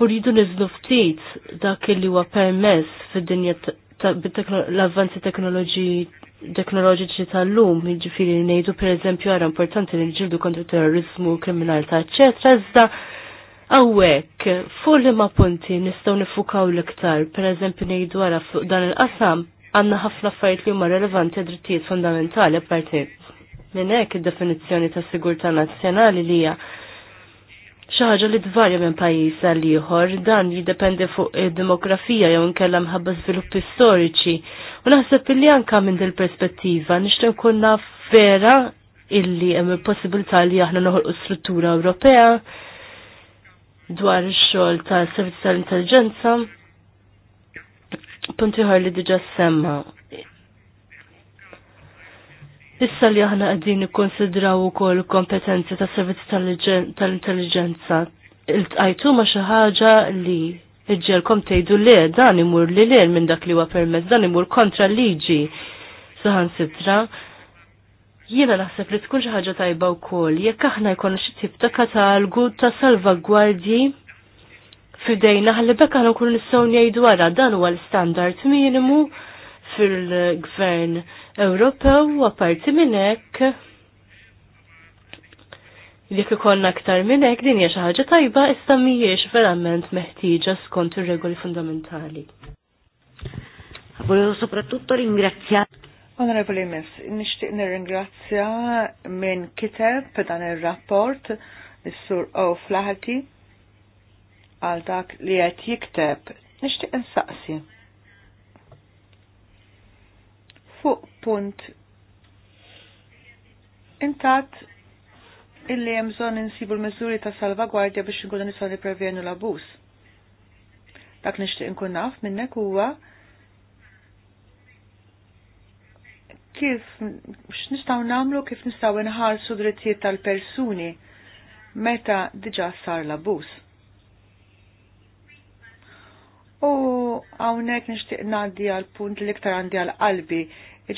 E: U rridu niżlu ftit dak li huwa permess fid-dinja l-avvanzi teknoloġiċi tal-lum, nejdu jiġifieri ngħidu pereżempju għara importanti li ġildu kontra terrorizmu, kriminalità, eċetera, iżda għawek, fuq li ma punti nistaw nifukaw l-iktar, per eżempju nejdu għara fuq dan il-qasam, għanna ħafna affarijiet li huma relevanti għad drittijiet fundamentali apparti minn hekk id-definizzjoni ta' sigurtà nazzjonali li hija xi ħaġa li tvarja minn pajjiż għal ieħor, dan jiddependi fuq id-demografija jew inkella mħabba żviluppi storiċi. U naħseb illi anka minn dil perspettiva nixtieq nkun naf vera illi hemm il-possibilità li aħna noħolqu struttura Ewropea dwar ix-xogħol tal-servizz tal-intelligenza punti ħar li diġa semma. Issa li aħna għaddin ikkonsidraw ukoll kompetenzi ta' servizzi tal-intelligenza. Il-tqajtu ma xi ħaġa li iġġelkom tgħidu le dan imur li le minn dak li huwa permezz dan imur kontra liġi saħansitra. Jiena naħseb li tkun xi ħaġa tajba wkoll jekk aħna jkollna xi ta' katalgu ta' salvagwardji fidejna ħalli bekk aħna nkunu nistgħu ngħidu wara dan huwa l-standard minimu fil-Gvern Ewropew apparti minn hekk li ikonna aktar minn hekk din hija xi ħaġa tajba issa mhijiex verament meħtieġa
B: skont ir-regoli fundamentali. Volevo soprattutto ringraziare Onorevoli Miss, nishtiq nirringrazzja minn kiteb dan ir rapport is-Sur O'Flaherty għal dak li qed jikteb nixtieq insaqsi. Fuq punt intat illi hemm bżonn insibu l-miżuri ta' salvagwardja biex inkunu nistgħu nipprevjenu l abus Dak nixtieq inkun naf minnek huwa kif nistaw nagħmlu kif nistgħu nħarsu drittijiet tal-persuni meta diġà sar l abus U għawnek nishtiq naddi għal punt li iktar għandi għal qalbi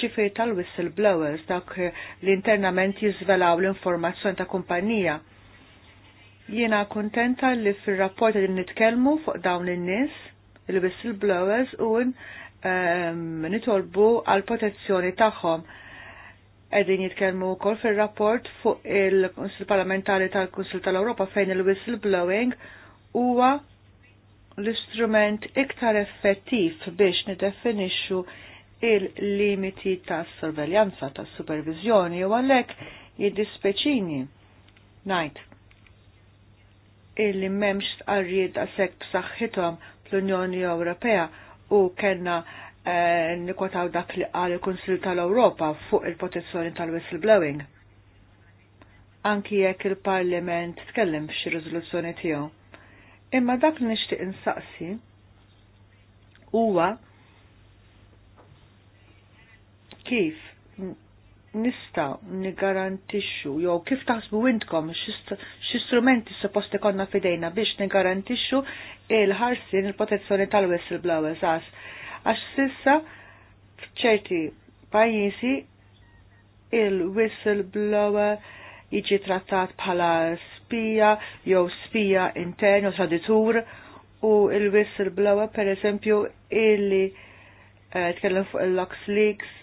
B: ġifiri tal-whistleblowers dak li internament jizvelaw l-informazzjoni ta' kumpanija. Jiena kontenta li fil-rapport li nitkelmu fuq dawn in-nies, il-whistleblowers, u um, nitolbu għal protezzjoni tagħhom għedin jitkelmu kol fil-rapport fuq il-Konsil Parlamentari tal-Konsil tal-Europa fejn il-whistleblowing huwa l-istrument iktar effettiv biex nidefinixxu il-limiti ta' sorveljanza ta' supervizjoni u għalhekk jiddispeċini ngħid illi m'hemmx għarrid għasek b'saħħithom fl-Unjoni Ewropea u kellna eh, nikwotaw dak li qal il konsil tal-Ewropa fuq il-protezzjoni tal-whistleblowing. Anki jekk il-Parlament tkellem f'xi riżoluzzjoni tiegħu Imma dak li nixtieq insaqsi huwa kif nista nigarantixxu jew kif taħsbu intkom x'istrumenti suppost ikonna fidejna biex nigarantixxu il-ħarsin il-protezzjoni tal-whistleblowers għas. Għax sissa f'ċerti pajjiżi il-whistleblower jiġi trattat bħala spija jew spija intern u traditur u il-whistleblower per eżempju illi eh, tkellem fuq il-Lux Leaks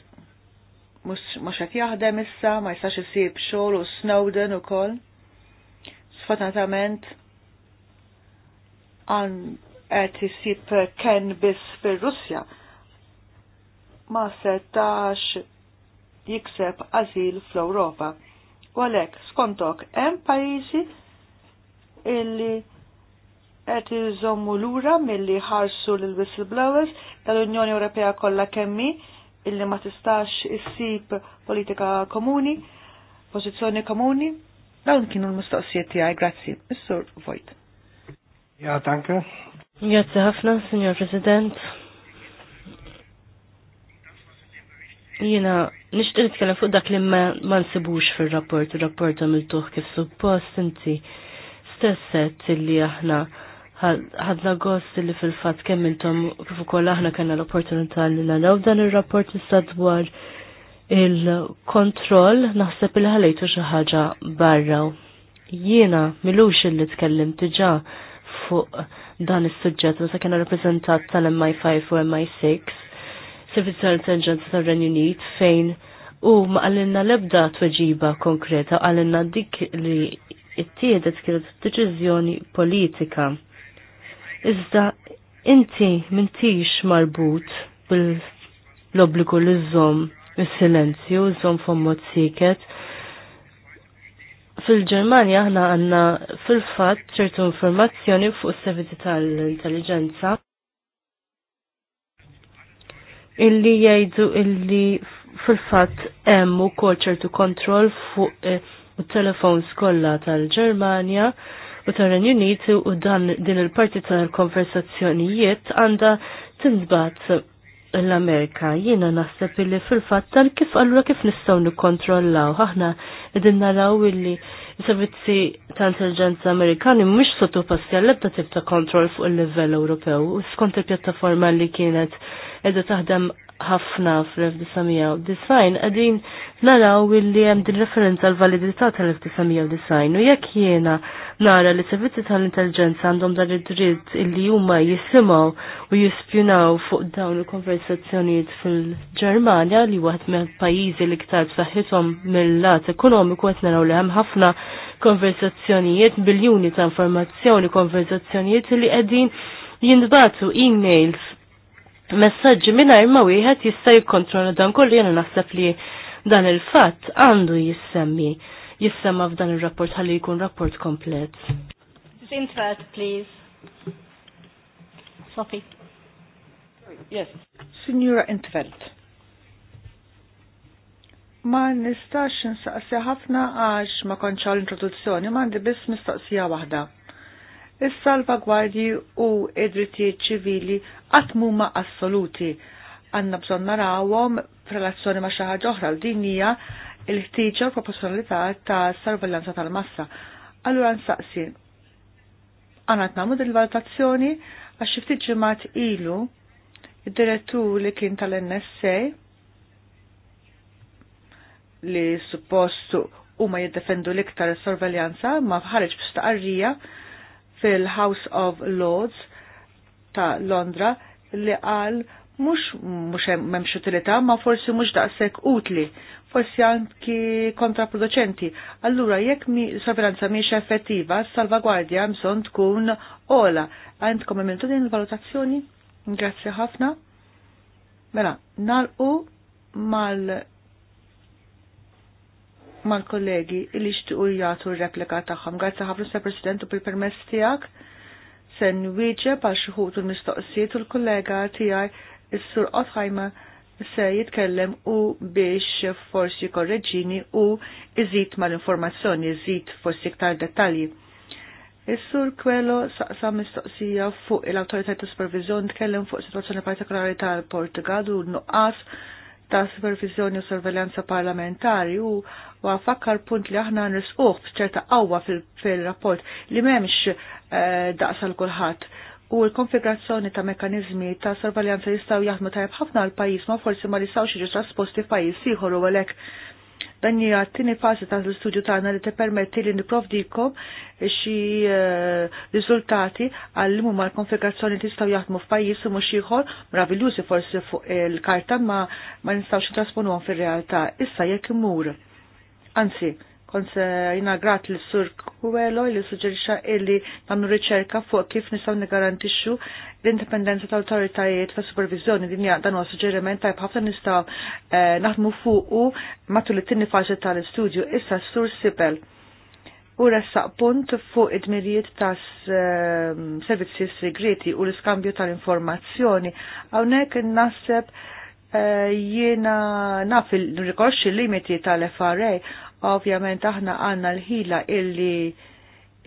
B: mux għet jahdem issa, ma jistax jisib xol u Snowden u kol. Sfortunatament, għan għet jisib ken bis fil-Russja. Ma setax jikseb azil fl-Europa. U għalek, skontok, hemm pajjiżi illi qed iżommu lura milli ħarsu l whistleblowers tal-Unjoni Ewropea kollha kemmi illi ma tistax issib politika komuni, pożizzjoni komuni. Dawn kienu l-mistoqsijiet tiegħi, grazzi. is Vojt. Ja, danke. Grazie ħafna, Signor President.
E: Jina, nishtir nitkellem fuq dak li ma nsibux fil-rapport, il-rapport għamiltuħ kif suppost inti stesset li aħna ħadna gost li fil-fat kemm intom kif ukoll aħna kellna l-opportunità li naraw dan ir-rapport issa dwar il-kontroll naħseb il ħalejtu xi ħaġa barra. Jiena milux illi tkellim diġà fuq dan is-suġġett sa kena rappreżentat tal-MI5 u MI6 servizz tal-intelligenza tal-Renju Unit fejn u ma għallinna lebda tweġiba konkreta għallinna dik li it-tiedet kienet deċiżjoni politika. Iżda inti mintix marbut bil-obbligu li zom il-silenzju, żomm fommot siket. fil ġermania aħna għanna fil-fatt ċertu informazzjoni fuq s-servizzi tal-intelligenza illi jgħidu illi fil-fatt hemm ukoll ċertu kontroll fuq it-telefons eh, skolla tal-Ġermanja u tar-Renju Unit u dan din il-parti tal-konversazzjonijiet għandha tinsbat l-Amerika. Jiena naħseb illi fil-fatt tal kif allura kif nistgħu nikkontrollaw aħna qegħdin naraw illi servizzi ta' intelligenza Amerikani mhux sottopassi għall-ebda tip ta' kontroll fuq il-livell Ewropew u skont il-pjattaforma li kienet edha taħdem ħafna fl-1990 għadin naraw illi hemm din referenza l validità tal-1990 u jekk jiena nara li servizzi tal-intelligenza għandhom dan id-dritt illi huma jisimgħu u jispjunaw fuq dawn il-konversazzjonijiet fil-Ġermanja li waħed minn pajjiżi li ktar b'saħħithom mill-lat ekonomiku qed naraw li hemm ħafna konversazzjonijiet, biljuni ta' informazzjoni, konversazzjonijiet li qegħdin jindbatu e-mails messaġġi mingħajr ma wieħed jista' jikkontrolla dan kollu jiena naħseb li dan il-fatt għandu jissemmi jissemma f'dan ir-rapport ħalli jkun rapport komplet.
A: Intrat, please.
B: Sophie. Yes. Signora Intveld. Ma nistax nsaqsi ħafna għax ma konċal l-introduzzjoni, ma għandi biss mistoqsija waħda is-salvagwardji u id-drittijiet ċivili qatt assoluti. Għandna bżonn narawhom f'relazzjoni ma' xi ħaġa oħra l din hija l-ħtieġa u proporzjonalità ta' sorveljanza tal-massa. Allura nsaqsi. Għana nagħmlu il valutazzjoni għax xi ftit ilu id-direttur li kien tal-NSA li u huma jiddefendu l-iktar sorveljanza ma ħareġ b'staqarrija fil-House of Lords ta' Londra li qal mux mux memx utilità ma forsi mux daqsek utli forsi anki kontraproducenti. Allura, jekk mi sovranza miex effettiva, salvagwardja mżon tkun ola. Għand kommentu din il-valutazzjoni? Grazie ħafna. Mela, nalqu mal mal-kollegi li xtiqu jgħatu r-replika tagħhom. Grazzi ħafna se President u bil-permess tiegħek se nwieġeb għal xi ħut il-mistoqsijiet u l-kollega tiegħi is-Sur Othheimer se jitkellem u biex forsi korreġini u iżid mal-informazzjoni, iżid forsi iktar dettalji. Is-sur kwello saqsa mistoqsija fuq il-autorità ta' supervizjoni tkellem fuq situazzjoni partikolari tal-Portugal u nuqqas ta' supervizjoni u sorveljanza parlamentari u u għafakkar punt li aħna nrisquh f'ċerta qawwa fil-rapport li m'hemmx eh, daqsa l-kulħadd u l-konfigurazzjoni ta' mekanizmi ta' sorvaljanza jistgħu jaħdmu tajb ħafna għal pajjiż ma forsi ma jistgħux jiġu trasposti f'pajjiż ieħor u għalhekk dan hija t-tieni fażi ta' l-istudju tagħna li tippermetti li nipprovdikom xi eh, riżultati għal huma l-konfigurazzjoni tistgħu jaħdmu f'pajjiż u mhux ieħor mravilluzi forsi fuq il-karta ma ma nistgħux trasponuhom fir-realtà issa jekk imur Anzi, kont eh, jina grat li sur Kuelo li suġġerixxa illi nagħmlu riċerka fuq kif nistgħu nigarantixxu l-indipendenza tal-autoritajiet ta' supervizjoni din hija dan huwa suġġeriment tajb ħafna nistgħu eh, naħdmu fuqu matul it-tieni fażi tal-istudju issa sur Sibel. U ressaq punt fuq id-mirijiet ta' eh, servizzi segreti u l-iskambju tal-informazzjoni. Hawnhekk naħseb Eh, jiena naf il-rikorx il-limiti tal-FRA, ovvjament aħna għanna l-ħila illi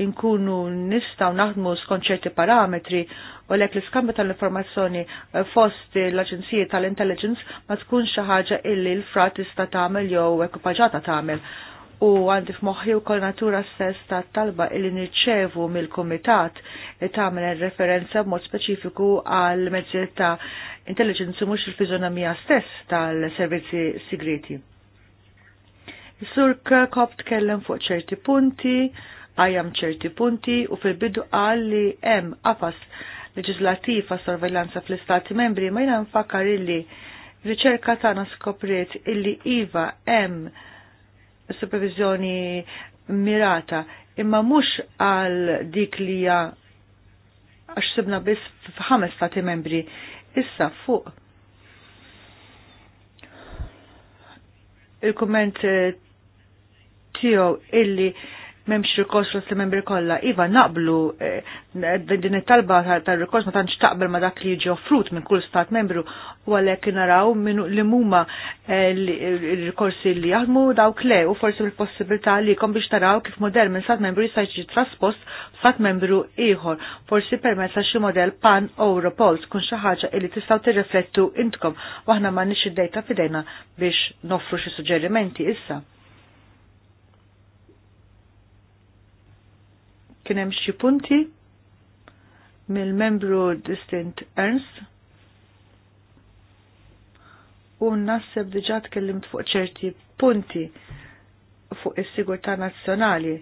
B: inkunu nistaw naħdmu skont ċerti parametri u lek l-iskambju tal-informazzjoni fost l aġenzija tal-Intelligence ma tkunx xi ħaġa illi l-frat tista' tagħmel jew ekwipaġata tagħmel. Ta u għandi f'moħħi wkoll natura stess ta' talba li nirċevu mill-Kumitat tagħmel referenza b'mod speċifiku għal mezzi ta' intelligence mhux il-fiżonomija stess tal-servizzi segreti. Sur Kirkop tkellem fuq ċerti punti, għajam ċerti punti u fil-bidu qal li hemm qafas leġislattiv għas sorveljanza fl-Istati membri ma jina nfakkar illi riċerka tagħna skopriet illi iva hemm supervizjoni mirata imma mhux għal dik li hija għax sibna biss f'ħames stati membri issa fuq. Il-komment eh, tiegħu illi memx rikors l membri kolla. Iva, naqblu eh, din it-talba tal-rikors ma tantx taqbel ma dak li jiġi offrut minn kull stat membru u għalhekk naraw minn li huma eh, il-rikorsi eh, li jaħdmu dawk le u forsi bil-possibilità li jkom biex taraw kif modell minn stat membru jista' jiġi traspost stat membru ieħor. Forsi permezz xi modell pan Europol tkun xi ħaġa li tistgħu tirriflettu intkom u aħna m'għandniex id-dejta f'idejna biex noffru xi suġġerimenti issa. kien hemm xi punti mill-membru distint Ernst u nasseb diġa tkellimt fuq ċerti punti fuq is-sigurtà nazzjonali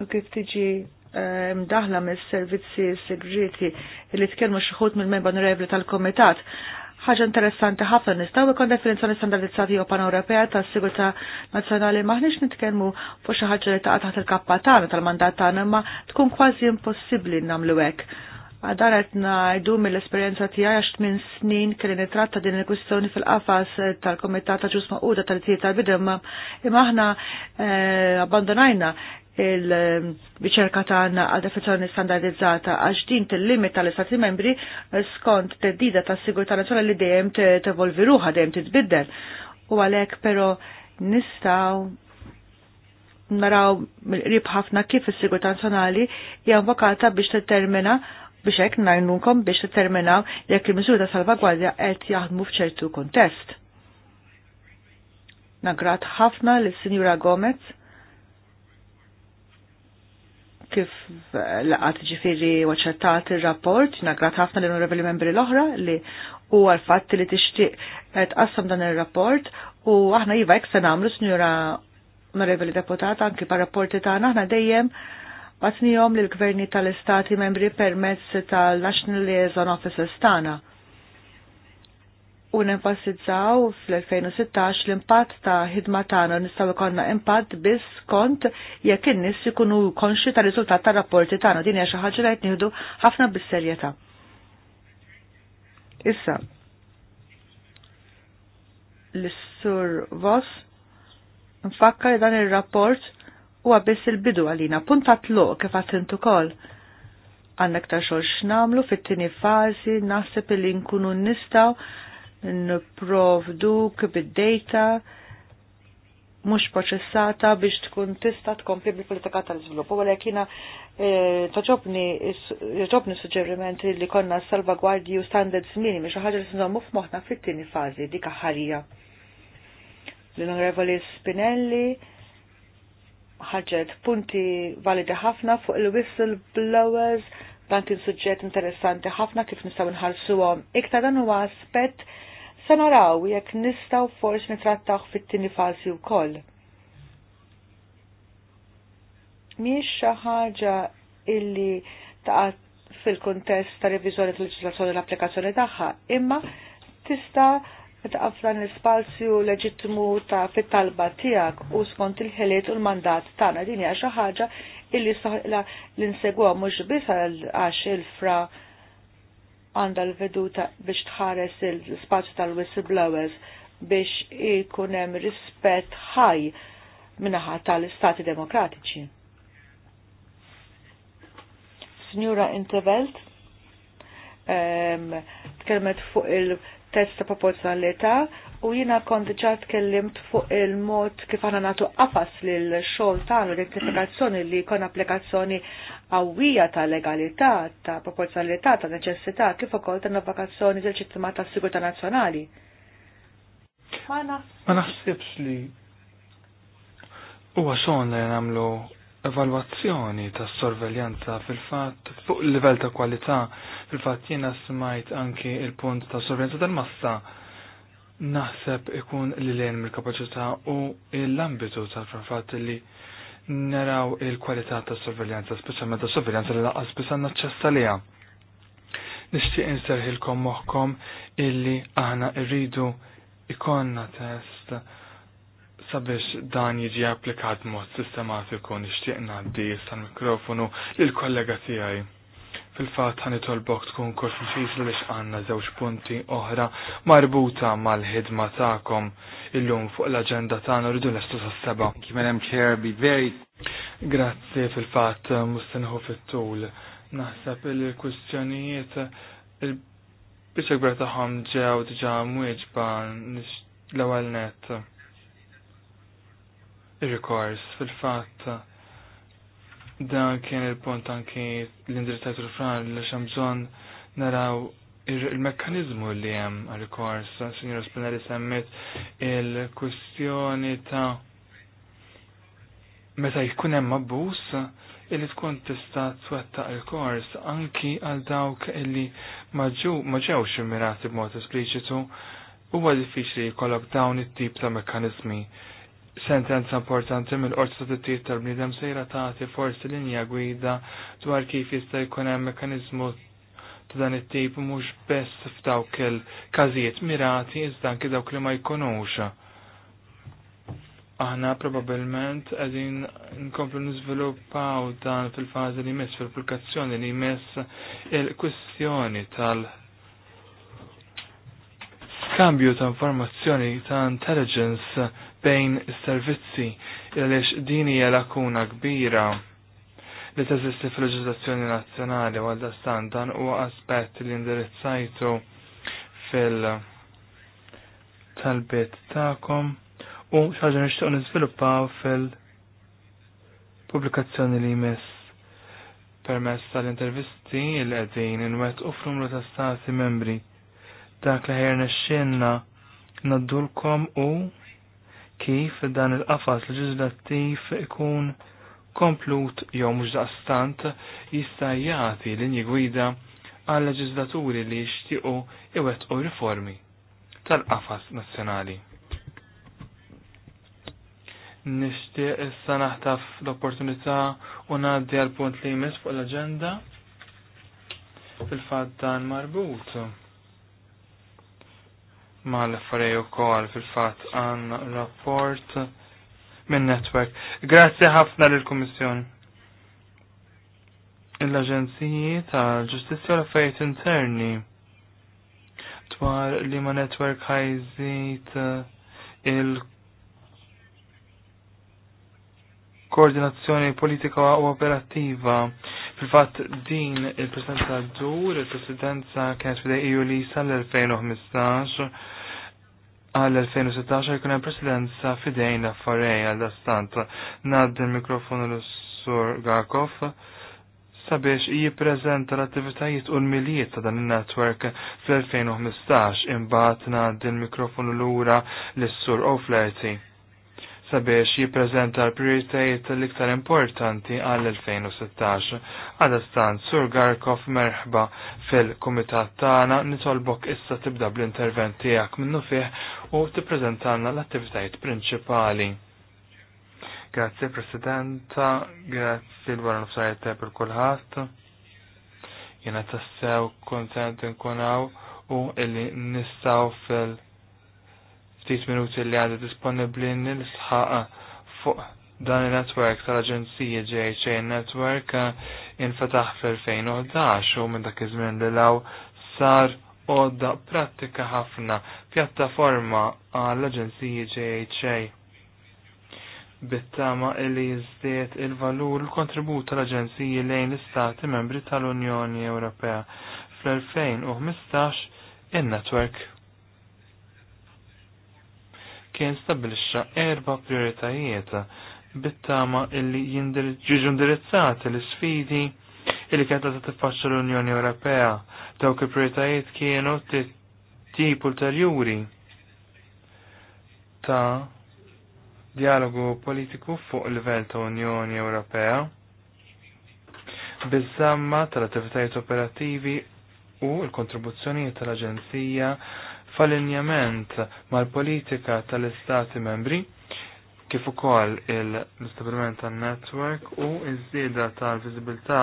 B: u kif tiġi eh, mdaħla mis servizzi segreti li tkellmu xi mill-membru onorevoli tal-Komitat ħaġa interessanti ħafna nistgħu ikun definizzjoni standardizzati u pan-Ewropea tas-sigurtà nazzjonali maħniex nitkellmu fuq xi ħaġa li taqa' taħt il-kappa tagħna tal-mandat tagħna imma tkun kważi impossibbli nagħmlu hekk. Għadar qed najdu mill esperienza tiegħi għax minn snin kelli nitratta din il-kwistjoni fil-qafas tal komitata ġusma Ġus Maquda tal tieta tal-Bidem imma aħna eh, abbandonajna il ta' tagħna għal defezzjoni standardizzata għax din til-limit tal istati membri skont teddida tas sigurtà nazzjonali li dejjem tevolvi ruħha dejjem titbiddel. U għalhekk però nistgħu naraw mill-qrib ħafna kif is-sigurtà Nazjonali hija invokata biex t-termina biex hekk najnunkom biex determinaw jekk il mizur ta' salvagwardja qed jaħdmu f'ċertu kuntest. Nagrat ħafna lis-Sinjura Gomez kif eh, laqat ġifiri waċċettat il-rapport, nagrat ħafna l-onorevoli membri l-oħra li u għal-fatt li tixtieq eh, tqassam dan il-rapport u aħna jiva jek se nagħmlu sinjura onorevoli deputata anki par rapporti tagħna aħna dejjem li l gverni tal-istati membri permezz tal-National Liaison Officers tagħna u nenfasizzaw fl-2016 l-impatt ta' ħidma tagħna nistgħu ikollna impatt biss kont jekk in-nies ikunu konxi ta' riżultat ta' rapporti tagħna din hija xi ħaġa li qed nieħdu ħafna bis-serjetà. Issa l-Sur Vos nfakkar dan ir-rapport huwa biss il-bidu għalina puntat tluq kif qatt ukoll għanna ta' xol namlu fit-tini fazi naħseb li nkunu nistaw nprovduk bid-data mhux proċessata biex tkun tista' tkompli bil-politika tal-iżvilupp. U għalhekk jiena eh, toġobni suġġerimenti li konna salvagwardji u standards minimi xi ħaġa li f-moħna fit-tieni fażi dik ħarija. L-Onorevoli Spinelli ħaġet punti validi ħafna fuq il-whistleblowers dan kien suġġett interessanti ħafna kif nistgħu nħarsuhom. Iktar dan huwa aspett Se naraw jekk nistgħu forsi nitrattaw fit-tieni falsi wkoll. koll. xi ħaġa illi taqat fil-kontest ta' revizjoni tal-leġislazzjoni l-applikazzjoni tagħha, imma tista' taqfran l-spazju leġittimu ta' fit-talba tiegħek u skont il-ħiliet u l-mandat tagħna din hija xi ħaġa illi soħla l-insegwa mhux biss għax il-fra għandha l-veduta biex tħares il-spazju tal-whistleblowers biex ikun hemm rispett ħaj minnaħa tal-Istati Demokratiċi. Signora Intervelt, um, tkellmet fuq il-test ta' proporzjonalità u jina kont diġa tkellimt fuq il-mod kif aħna nagħtu qafas lil xogħol tagħna l-implikazzjoni li jkun applikazzjoni qawwija ta' legalità, ta' proporzjonalità, ta' neċessità, kif ukoll ta' innovazzjoni ċittima ta' sigurtà nazzjonali.
F: Ma
D: naħsibx li huwa xogħol li nagħmlu evalwazzjoni ta' sorveljanza fil-fat fuq il-livell ta' kwalità fil-fat jiena smajt anki il-punt ta' sorveljanza tal-massa naħseb ikun li lejn mill-kapacità u l-ambitu tal-fat li naraw il-kwalità ta' sorveljanza, speċjalment ta' sorveljanza li laqas biss naċċessa liha. Nixtieq inserħilkom moħħkom illi aħna rridu ikonna test sabiex dan jiġi applikat mod sistematiku nixtieq ngħaddi sal mikrofonu lill kollega tiegħi. Fil-fat ħan tolbok tkun kol fil li għanna żewġ punti oħra marbuta mal-ħidma tagħkom illum fuq l-aġenda tagħna rridu lestu sas-seba. Madam Chair, be very Grazzi fil-fat eh, mustenħu fit-tul. Naħseb il-kwistjonijiet il-biċċa kbira tagħhom ġew diġà mwieġba l-ewwel net. ir rekors fil-fatt Dan kien il-punt anki l indirittat fran li xamżon naraw il-mekkanizmu li jem għal-kors, signor Spinelli semmit il-kustjoni ta' meta jkun hemm abbuż illi tkun tista' twettaq il-kors anki għal dawk illi ma ġewx immirati b'mod espliċitu huwa diffiċli jkollok dawn it-tip ta' mekkaniżmi sentenza importanti mill-qorti ta' tittir tal-bniedem sejra tagħti forsi linja gwida dwar kif jista' jkun hemm mekanizmu ta' dan it-tip mhux bess f'dawk il-każijiet mirati iżda anke dawk li ma jkunux. Aħna probabbilment qegħdin nkomplu nżviluppaw dan fil-fażi li jmiss fil-applikazzjoni li jmiss il-kwistjoni tal- skambju ta' informazzjoni ta' intelligence bejn is-servizzi għaliex din hija lakuna kbira li teżisti fil ġizazzjoni nazzjonali u għal dan huwa aspett li indirizzajtu fil-talbiet tagħkom u xaġa nixtieq niżviluppaw fil-pubblikazzjoni li jmiss permess tal-intervisti li in-wet u fl-numru ta' stati membri dak li ħajr nixxielna naddulkom u kif dan il-qafas leġislattiv ikun komplut jew mhux daqstant jista' jagħti linji gwida għal leġislaturi li jixtiequ iwettqu riformi tal-qafas nazzjonali. Nixtieq issa naħtaf l-opportunità u ngħaddi għal punt li jmiss fuq l-aġenda fil-fatt dan marbut mal-affarej u kol fil-fat għan rapport minn network. Grazie ħafna l-Komissjon. L-Aġenziji tal-Ġustizja u l-Affarijiet Interni dwar li ma network ħajżit eh, il- koordinazzjoni politika u operattiva. Fil-fatt din il-presidenza dur, il-presidenza kienet fidej EU li sal-2015 għal 2016 jkun hemm presidenza fidejn affarej għal dastant ngħaddi l-mikrofonu l-Sur Garkov sabiex jippreżenta l-attivitajiet u l-miliet ta' dan il-network fl-2015 imbagħad ngħaddi l-mikrofonu lura lis-Sur Oflerti sabiex jippreżenta l-prioritajiet l-iktar importanti għall-2016. Għada stan, Sur Garkov merħba fil-Kumitat tagħna nitolbok issa tibda bl-intervent tiegħek minnu fih u tippreżentanna l-attivitajiet prinċipali. Grazie Presidenta, grazie l-wara nofsajt teb il-kulħat. Jena tassew kontent nkunaw u illi nistaw fil- ftit minuti li għadha disponibbli nilsħaq fuq dan il-network tal-Aġenzija JHA Network eh, infetaħ fl-2011 u minn dak iż-żmien li law sar għodda prattika ħafna pjattaforma għall-Aġenzija JHA bittama illi jizdiet il-valur l-kontribut tal-Aġenziji lejn l-Istati membri tal-Unjoni Ewropea. Fl-2015 il-network kien stabilixxa erba' prioritajiet bit-tama illi jiġu indirizzati l-sfidi illi kienet għadha tiffaċċa l-Unjoni Ewropea. Dawk il-prioritajiet kienu tip ulterjuri ta' dialogu politiku fuq livell ta' Unjoni Ewropea bizzamma tal-attivitajiet operattivi u l-kontribuzzjonijiet tal-Aġenzija f'allinjament mal-politika tal-Istati membri kif ukoll l-istabilment tan-network u iż-żieda tal-viżibilità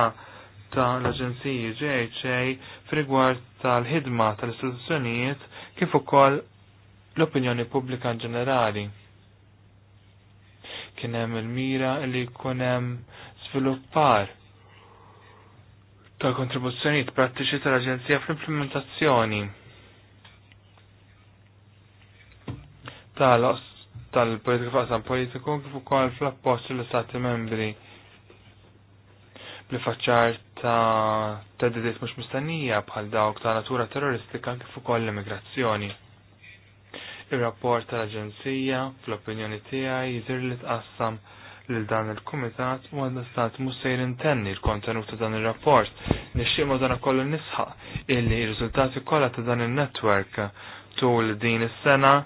D: tal-Aġenziji GHA f'rigward tal-ħidma tal-istituzzjonijiet kif ukoll l-opinjoni pubblika ġenerali. Kien hemm il-mira li jkun hemm sviluppar ta' kontribuzzjonijiet prattiċi tal-Aġenzija fl-implementazzjoni tal-politika faqsam politiku kif ukoll fl-appoġġ l istati membri li faċċar ta' teddidiet mhux mistennija bħal dawk ta' natura terroristika kif ukoll l-immigrazzjoni. Ir-rapport tal-Aġenzija fl-opinjoni tiegħi jidher li tqassam lil dan il-Kumitat u għandna stat mussejr intenni l-kontenut ta' dan il-rapport. ma dan kollu nisħaq illi il-riżultati kollha ta' dan il-netwerk tul din is-sena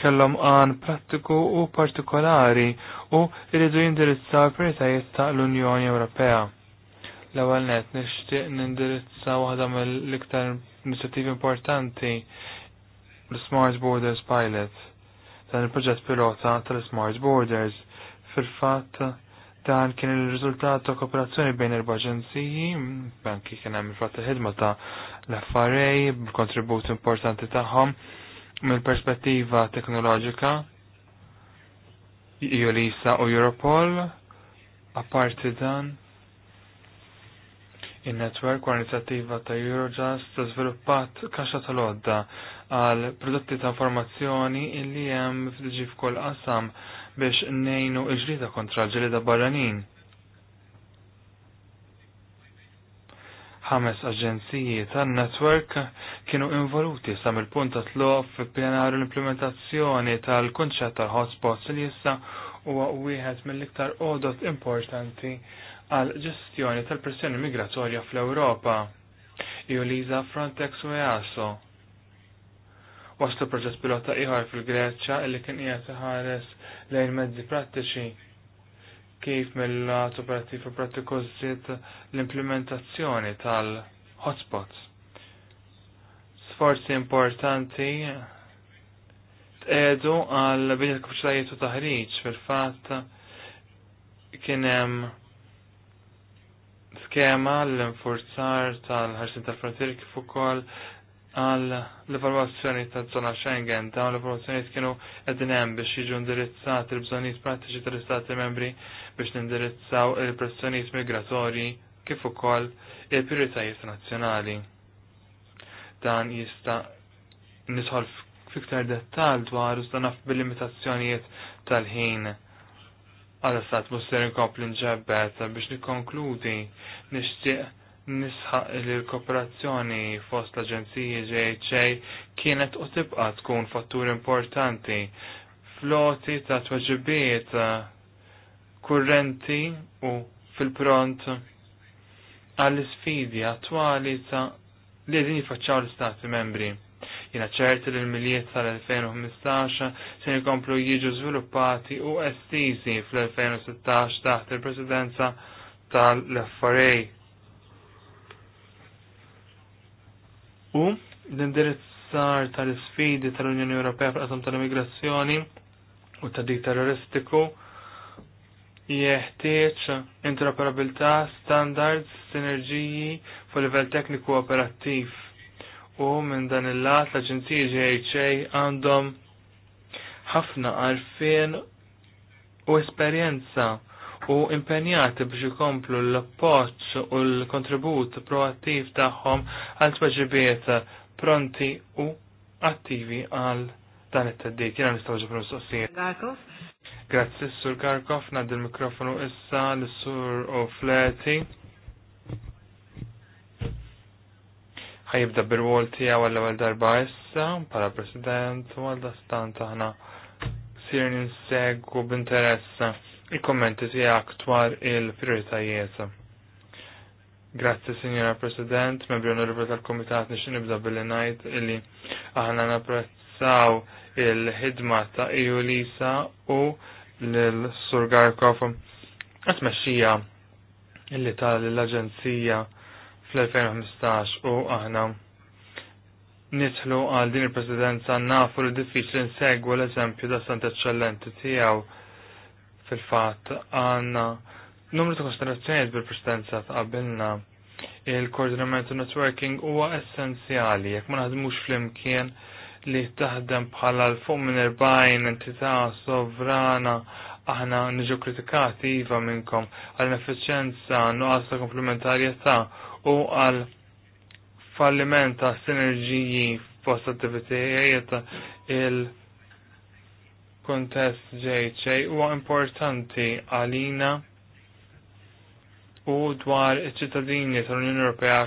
D: kellhom għan prattiku u partikolari u jridu jindirizzaw prioritajiet ta' l-Unjoni Ewropea. L-ewwel net nixtieq nindirizza waħda mill-iktar inizjattivi importanti l-Smart Borders Pilot dan il-proġett pilota tal-Smart Borders. Fil-fatt dan kien il-riżultat ta' kooperazzjoni bejn erba' baġenziji anki kien hemm il-fatt il-ħidma ta' l-FRA b'kontribut importanti tagħhom mill-perspettiva teknoloġika Jolisa u Europol apparti dan il-network u inizjattiva ta' Eurojust żviluppat kaxa tal-odda għal prodotti ta' informazzjoni illi hemm f'diġi f'kull qasam biex nejnu iġrida kontra l-ġrida barranin ħames aġenziji tan-network kienu involuti sa mill-punt ta' tluq f'pjanar l-implementazzjoni tal-kunċett tal-hotspots li jissa huwa wieħed mill-iktar odot importanti għal ġestjoni tal-pressjoni migratorja fl-Ewropa. Iuliza Frontex u EASO. Waslu proġett pilota ieħor fil greċja li kien qiegħed iħares lejn mezzi prattiċi kif mill-lat operattiv pratiku żied l-implementazzjoni tal-hotspots. Sforzi importanti t'edu għal bidja kapċlajiet u taħriġ fil-fat kienem skema l-infurzar tal-ħarsin tal-frontier kif ukoll għal l-evalwazzjoni ta' zona Schengen, ta' l evaluazzjoni kienu ed hemm biex jiġu indirizzati l-bżonijiet pratiċi tal-Istati membri biex nindirizzaw il-pressjonijiet migratorji kif ukoll il-prijoritajiet nazzjonali. Dan jista' nisħol fiktar dettal dwar użdanaf bil-limitazzjonijiet tal-ħin. Għal-istat musser inkompli nġebbet biex nikonkludi nixtieq nisħaq li l-kooperazzjoni fost l-Aġenziji JHA kienet u tibqa tkun fattur importanti floti ta' tweġibiet eh, kurrenti u fil-pront għall-sfidi attwali ta' li din jifacċaw l-Stati membri. Jina ċerti li l-miliet tal-2015 se jkomplu jiġu sviluppati u estizi fl-2016 taħt il-presidenza tal-FRA U l-indirizzar tal-sfidi tal-Unjoni Ewropea fl qasam tal-immigrazzjoni u tad-dik terroristiku jeħtieġ interoperabilità, standards, sinerġiji fuq livell tekniku operattiv. U minn dan il-lat l aġenzija GHA għandhom ħafna għarfien u esperjenza u impenjati biex ikomplu l-appoġġ u l-kontribut proattiv tagħhom għal tweġibiet pronti u attivi għal dan it-teddit. Jiena nistgħu ġifru mistoqsijiet. Grazzi Sur Karkov, nad il-mikrofonu issa l-Sur O'Fleti. ħajibda bil-wol tijaw għall ewwel darba issa, pala president, u għal-dastant aħna sir ninsegwu b'interess il-kommenti tiegħek dwar il-prioritajiet. Grazzi, Signora President, membri onorevoli tal-Komitat, nix nibda billi ngħid illi aħna napprezzaw il-ħidma ta' EU Lisa u l-Sur Garkov għatmexxija illi tal l-Aġenzija fl-2015 u aħna nitħlu għal din il-presidenza nafu li diffiċli nsegwu l-eżempju da' sant eccellenti tiegħu fil-fat għanna numru ta' konsiderazzjoniet bil-presidenza ta' qabilna il-koordinament u networking huwa essenzjali jekk ma naħdmux flimkien li taħdem bħala l fum minn erbajn entità sovrana aħna niġu kritikati iva minnkom għal efficienza nuqqas ta' komplementarjetà u għal falliment ta' sinerġiji f'post attivitajiet il- kontest ġejċej huwa importanti għalina u dwar iċ-ċittadini tal-Unjoni Ewropea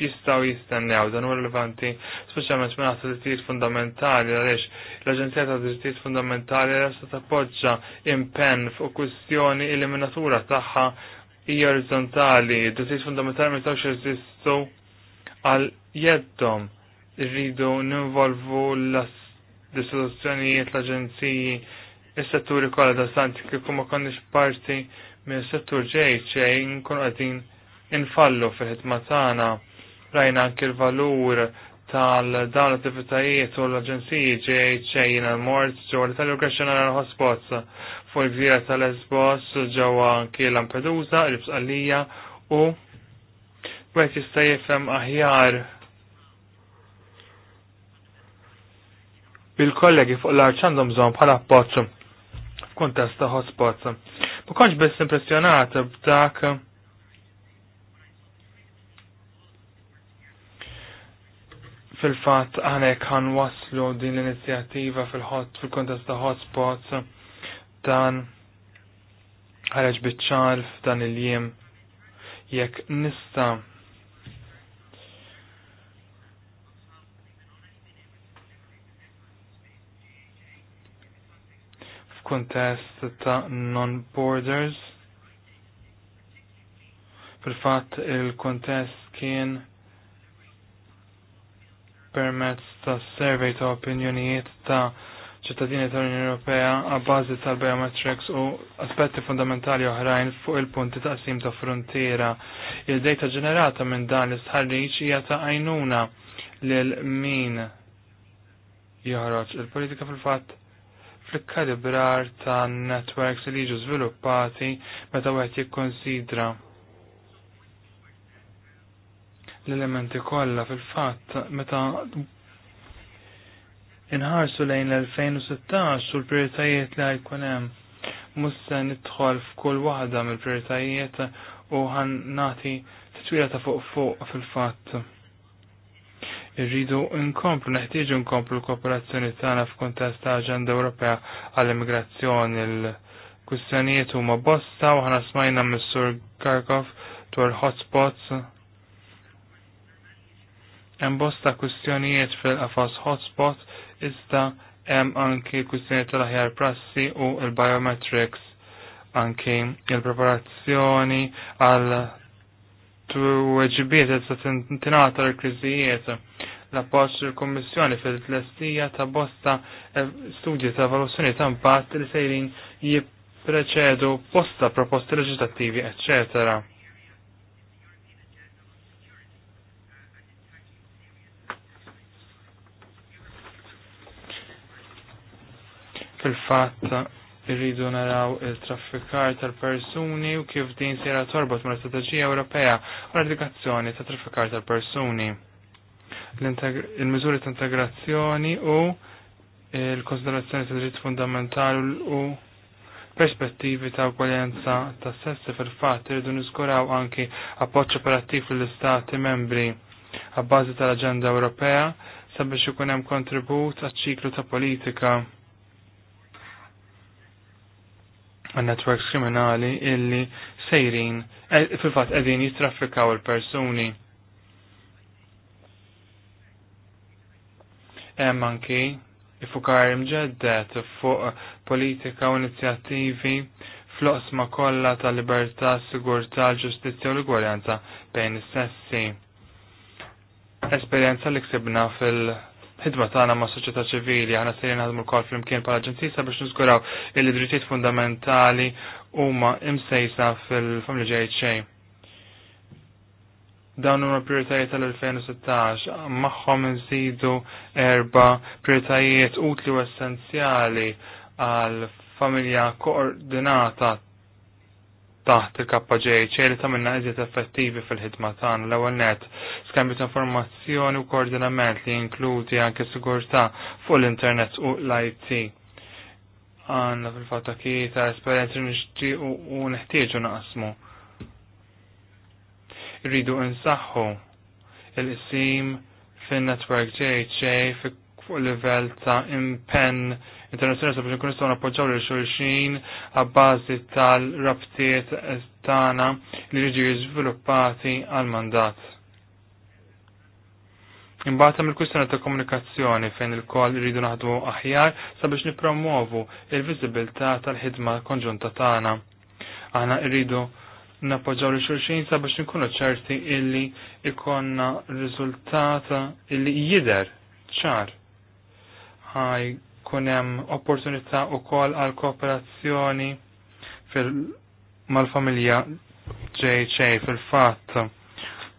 D: jistaw jistennew dan huwa relevanti speċjalment minn għasta drittijiet fundamentali għaliex l-Aġenzija ta' Drittijiet Fundamentali ta' tappoġġa impenn fuq kwistjoni eliminatura tagħha hija orizzontali, drittijiet fundamentali ma jistgħux jeżistu għal jeddhom irridu ninvolvu l-ass l l-aġenziji, il-setturi kolla da stanti kif ma konniex parti minn settur ġejċe nkun għadin infallu fil-ħidma tagħna rajna anke l-valur tal-dawn attivitajiet u l-aġenziji ġejċejn l mort ġew l tal l hotspots fuq il-gżira tal-Lesbos ġewwa anke Lampedusa, il-Bsqalija u wieħed jista' jifhem aħjar bil-kollegi fuq l-arċ għandhom bżonn bħala appoġġ f'kuntest ta' hotspots. Ma kontx biss impressjonat b'dak fil-fatt għanek għan waslu din l-inizjattiva fil-kontest ta' hotspots dan ħareġ bitċar f'dan il-jiem jekk nista' kontest ta' non-borders. Fil-fatt il-kuntest kien permezz ta' survey ta' opinjonijiet ta' ċittadini tal-Unjoni Ewropea għabbażi tal-biometrics u aspetti fundamentali oħrajn fuq il-punti ta' sim ta' frontiera. Il-data ġenerata minn dan l-istħarriċ hija ta' għajnuna lil min joħroġ. Il-politika fil-fatt fl-kalibrar ta' networks li jiġu sviluppati meta wieħed jikkonsidra l-elementi kollha fil-fatt meta inħarsu lejn l-2016 u l-prioritajiet li għajkunem hemm mussa nidħol f'kull waħda mill-prioritajiet u ħan nagħti titwila ta' fuq fuq fil-fatt irridu nkomplu, neħtieġu nkomplu l-kooperazzjoni tagħna f'kuntest ta' Aġenda Ewropea għall-Immigrazzjoni l-kwistjonijiet huma bosta u ħana smajna mis-Sur Karkov dwar hotspots. Hemm bosta kwistjonijiet fil-qafas hotspot iżda hemm anki kwistjonijiet tal-aħjar prassi u l-biometrics anki il-preparazzjoni għal tweġibiet ta' tintinata l-kriżijiet l-appoġġ il-Kommissjoni fil-tlestija ta' bosta eh, studji ta' evoluzzjoni ta' impatt li sejrin jippreċedu posta proposti leġislattivi, eccetera. fil-fatt irridu naraw il-traffikar tal-persuni u kif din sejra torbot mal-strategija Ewropea u l-addikazzjoni ta' traffikar tal-persuni il-miżuri ta' integrazzjoni u il-konsiderazzjoni ta' dritt fundamentali u perspettivi ta' ugwaljanza ta' sessi fil-fatt irridu niskuraw anki appoġġ operattiv lill-istati membri għabbażi tal-Aġenda Ewropea sabiex ikun hemm kontribut għaċ-ċiklu ta' politika għan-networks kriminali illi sejrin eh, fil-fatt qegħdin jitraffikaw il-persuni. hemm anki ifukar imġeddet fuq politika u inizjattivi fl-osma kollha ta' libertà, sigurtà, ġustizzja u l-igwaljanza bejn is-sessi. Esperjenza li ksibna fil-ħidma tagħna ma' soċjetà ċivili aħna se naħdmu wkoll flimkien bħala ġenzisa biex niżguraw li drittijiet fundamentali huma imsejsa fil-familja ġejt xejn dawn huma prioritajiet tal-2016 magħhom nżidu erba' prioritajiet utli u essenzjali għal familja koordinata taħt il kjc li ta' minna iżiet effettivi fil-ħidma tagħna l-ewwel net skambju ta' informazzjoni u koordinament li jinkludi anke sigurtà fuq l-internet u l-IT. Għanna fil-fatta ki ta' esperjenzi nixtiequ u neħtieġu naqsmu rridu nsaħħu il-qsim fin-network JHA fuq livell ta' impenn internazzjonali sabiex nkunu nistgħu nappoġġaw lil xulxin għabbażi tal-rabtiet tagħna li jiġu żviluppati għal mandat. Imbagħad hemm il-kwistjoni ta' komunikazzjoni fejn il-koll iridu naħdmu aħjar sabiex nippromovu il-viżibilità tal-ħidma konġunta tagħna. Aħna rridu nappoġġaw li xulxin sabiex nkunu ċerti illi ikonna riżultata illi jider ċar. Għaj kunem opportunità u kol għal kooperazzjoni mal-familja JJ fil-fat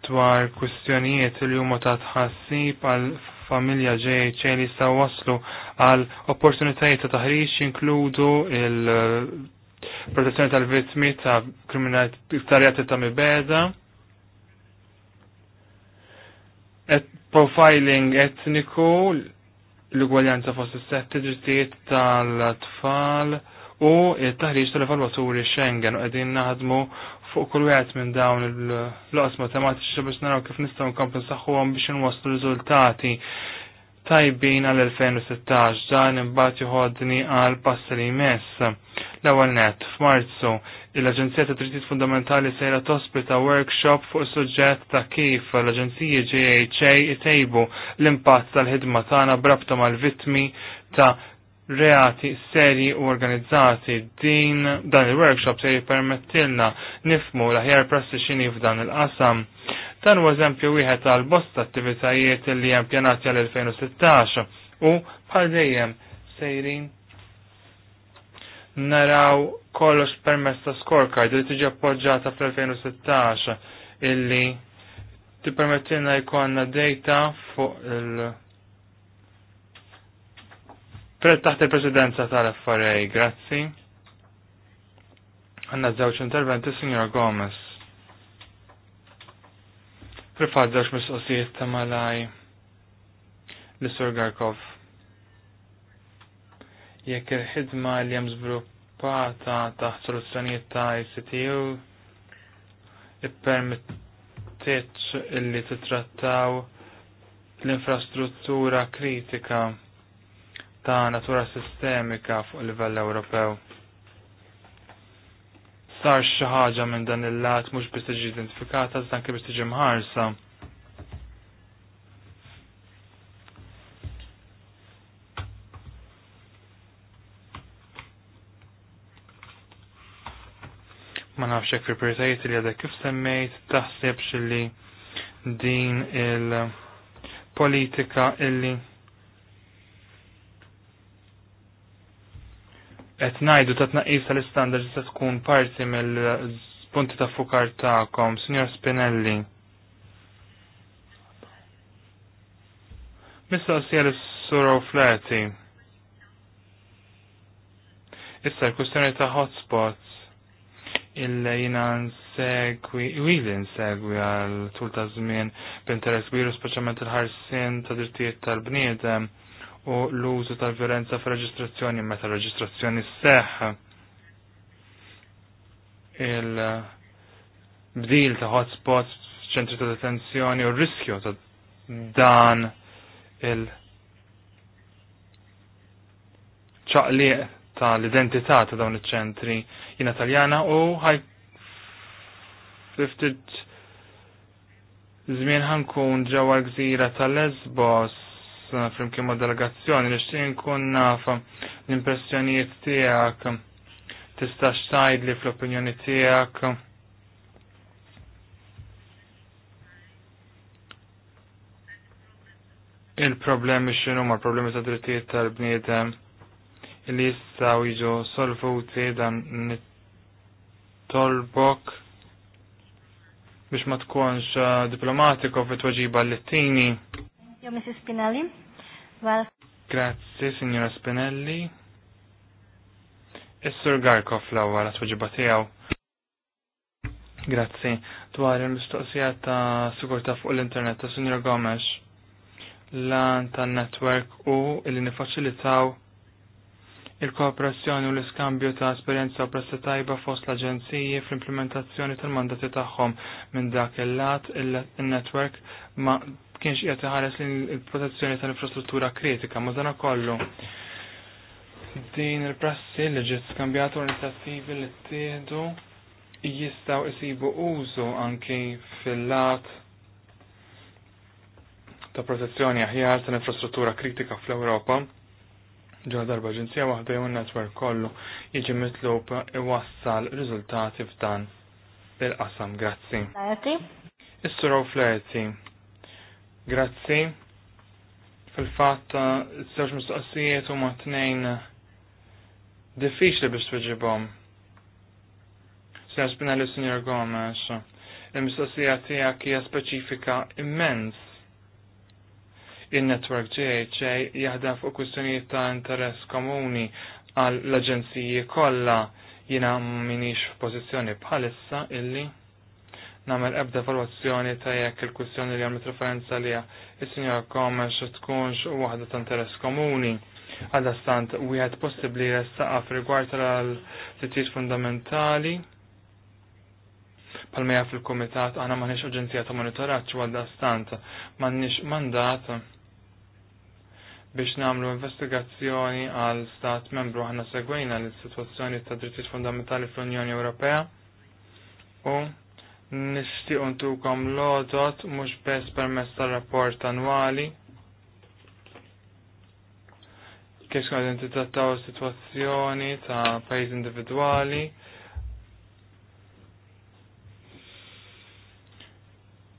D: dwar kwistjonijiet li huma ta' tħassib għal familja JJ li sa' waslu għal opportunitajiet ta' taħriġ inkludu il- protezzjoni tal-vittmi ta' kriminalità ta' mibeda, et profiling etniku, l-ugwaljanza fost is-setti drittijiet tal-tfal u il-taħriġ tal-evalwaturi Schengen u qegħdin naħdmu fuq kull wieħed minn dawn il osma tematiċi biex naraw kif nistgħu nkomplu saħħuhom biex inwasslu riżultati tajbin għal 2016 dan imbagħad joħodni għal passeri li L-ewwel net, f'Marzu, l-Aġenzija ta' Drittijiet Fundamentali sejra tospita workshop fuq suġġett ta' kif l-Aġenzija GHA itejbu l-impatt tal-ħidma tagħna brabta mal-vittmi ta' reati seri u organizzati din dan il-workshop se jipermettilna nifmu l-ħjar prassi xini f'dan il-qasam. Dan u eżempju wieħed għal bosta attivitajiet li hemm pjanati għal 2016 u bħal dejjem sejrin naraw kollox permess ta' scorecard li tiġi appoġġata fl-2016 illi tippermettina jkollna data fuq il- taħt il-presidenza tal affarej grazzi. Għanna żewġ interventi, Signor Gomez. Rifad mis-qosijiet ta' malaj l-Sur Garkov jekk il-ħidma li hemm żviluppata taħt soluzzjonijiet ta' ICTU ippermettitx illi titrattaw l-infrastruttura kritika ta' natura sistemika fuq livell Ewropew. Sar xi ħaġa minn dan il-lat mhux biss tiġi identifikata, iżda kif biss tiġi mħarsa. ma nafxek fi prioritajiet li għadek kif semmejt, taħseb li din il-politika illi qed ngħidu ta' tnaqis tal istandard se tkun parti mill-punti ta' fukar tagħkom, Signor Spinelli. Mistoqsija li sura flati. Issa l-kustjoni ta' hotspots il-jina nsegwi, wili nsegwi għal tul ta' zmin b'interess kbiru speċjalment il-ħarsin ta' drittijiet tal-bniedem u l-użu tal-violenza f'reġistrazzjoni meta reġistrazzjoni seħ il-bdil ta' hotspots ċentri ta' detenzjoni u riskju ta' dan il- ċaqliq tal-identità ta' dawn iċ-ċentri jina taljana u ħaj fiftit żmien ħankun ġewwa l-gżira tal-Lesbos flimkien ma' delegazzjoni li xtien kun naf l-impressjonijiet tiegħek tista' xtajd li fl-opinjoni tiegħek il-problemi x'inhuma l-problemi ta' drittijiet tal-bniedem li jistaw jiġu solvuti dan nittolbok biex ma tkunx uh, diplomatiko fi tweġiba l-tini.
A: Jo, Mrs. Spinelli. Well.
D: Grazzi, Signora Spinelli. Is-Sur Garkov l-ewwel għat-tweġiba tiegħu. Grazzi. Dwar il-mistoqsija ta' sigurta fuq l-internet ta' Signora Gomes. Lan tan netwerk u illi nifaċilitaw il-kooperazzjoni u l-iskambju ta' esperjenza u pressa tajba fost l-aġenziji fl-implementazzjoni tal-mandati tagħhom minn dak il-lat il-network ma kienx qiegħed iħares il-protezzjoni tal-infrastruttura kritika madana kollu. Din il-prassi li ġiet skambjat u inizjattivi li ttieħdu jistgħu isibu użu anki fil-lat ta' protezzjoni aħjar tal-infrastruttura kritika fl-Ewropa ġo darba ġenzija waħda jew netwerk kollu jiġi mitlub iwassal riżultati f'dan il-qasam. Grazzi. Is-suraw flerti. Grazzi. Fil-fatt, s-sewġ mistoqsijiet huma tnejn diffiċli biex tweġibhom. Sena spina li Sinjor Gomes, il-mistoqsija tiegħek hija speċifika immens in-network GHA jaħdem fuq kwistjonijiet ta' interess komuni għal l-aġenziji kollha jiena minix f'pożizzjoni bħalissa illi namel ebda valwazzjoni ta' jekk il-kwistjoni li għamilt referenza li is-sinjor Komex tkunx waħda ta' interess komuni għadda stant u għed possibli jessaqaf rigward tal-tittijiet fundamentali palmeja fil-komitat għana maħnix aġenzija ta' monitoraċ għadda stant maħnix mandat biex namlu investigazzjoni għal stat membru ħana segwejna l situazzjoni ta' drittijiet fundamentali fl-Unjoni Ewropea u nishtiqu ntukom lodot mhux bes permezz tar-rapport annwali kiex identità ta' situazzjoni ta' pajjiż individwali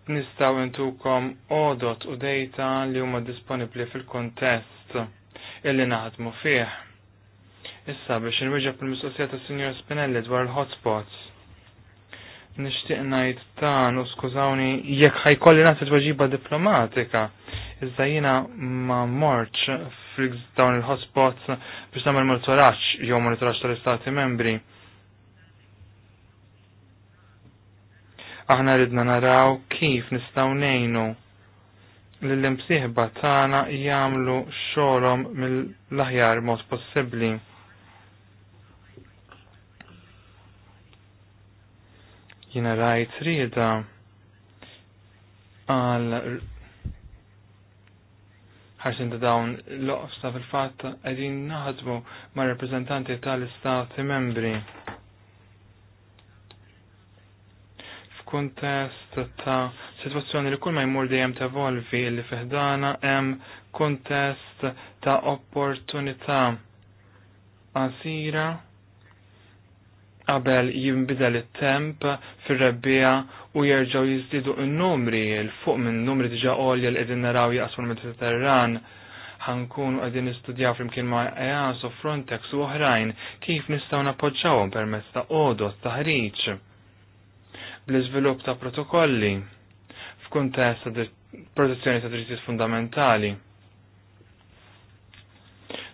D: nistaw intukom odot u dejta li huma disponibli fil-kontest illi naħdmu fih. Issa biex nwiġab il-mistoqsija ta' Sinjor Spinelli dwar il-hotspots. Nixtieq ngħid tan u skużawni jekk ħajkolli nagħti tweġiba diplomatika. Iżda jiena ma morċ fil dawn il-hotspots biex nagħmel monitoraġġ jew monitoraġġ tal-Istati Membri Aħna ridna naraw kif nistgħu ngħinu l-imsieħba tagħna jagħmlu xorom mill-aħjar mod possibbli. Jiena rajt rida għal ħarsin ta' dawn l-oqsta fil-fatt għedin naħdmu ma' rappresentanti tal-istati membri. Kontest ta' situazzjoni li kull ma jmur dejjem tevolvi li fiħdana hemm kuntest ta' opportunità għasira qabel jinbidel it-temp fir-rebbija u jerġgħu jiżdiedu n-numri l fuq minn numri diġà għolja li qegħdin naraw jaqsmu l-Mediterran ħankunu għedin nistudjaw flimkien ma' EAS u Frontex u oħrajn kif nistaw nappoġġawhom permezz ta' odos, ħriġ l-iżvilupp ta' protokolli f'kuntest ta' protezzjoni ta' drittijiet fundamentali.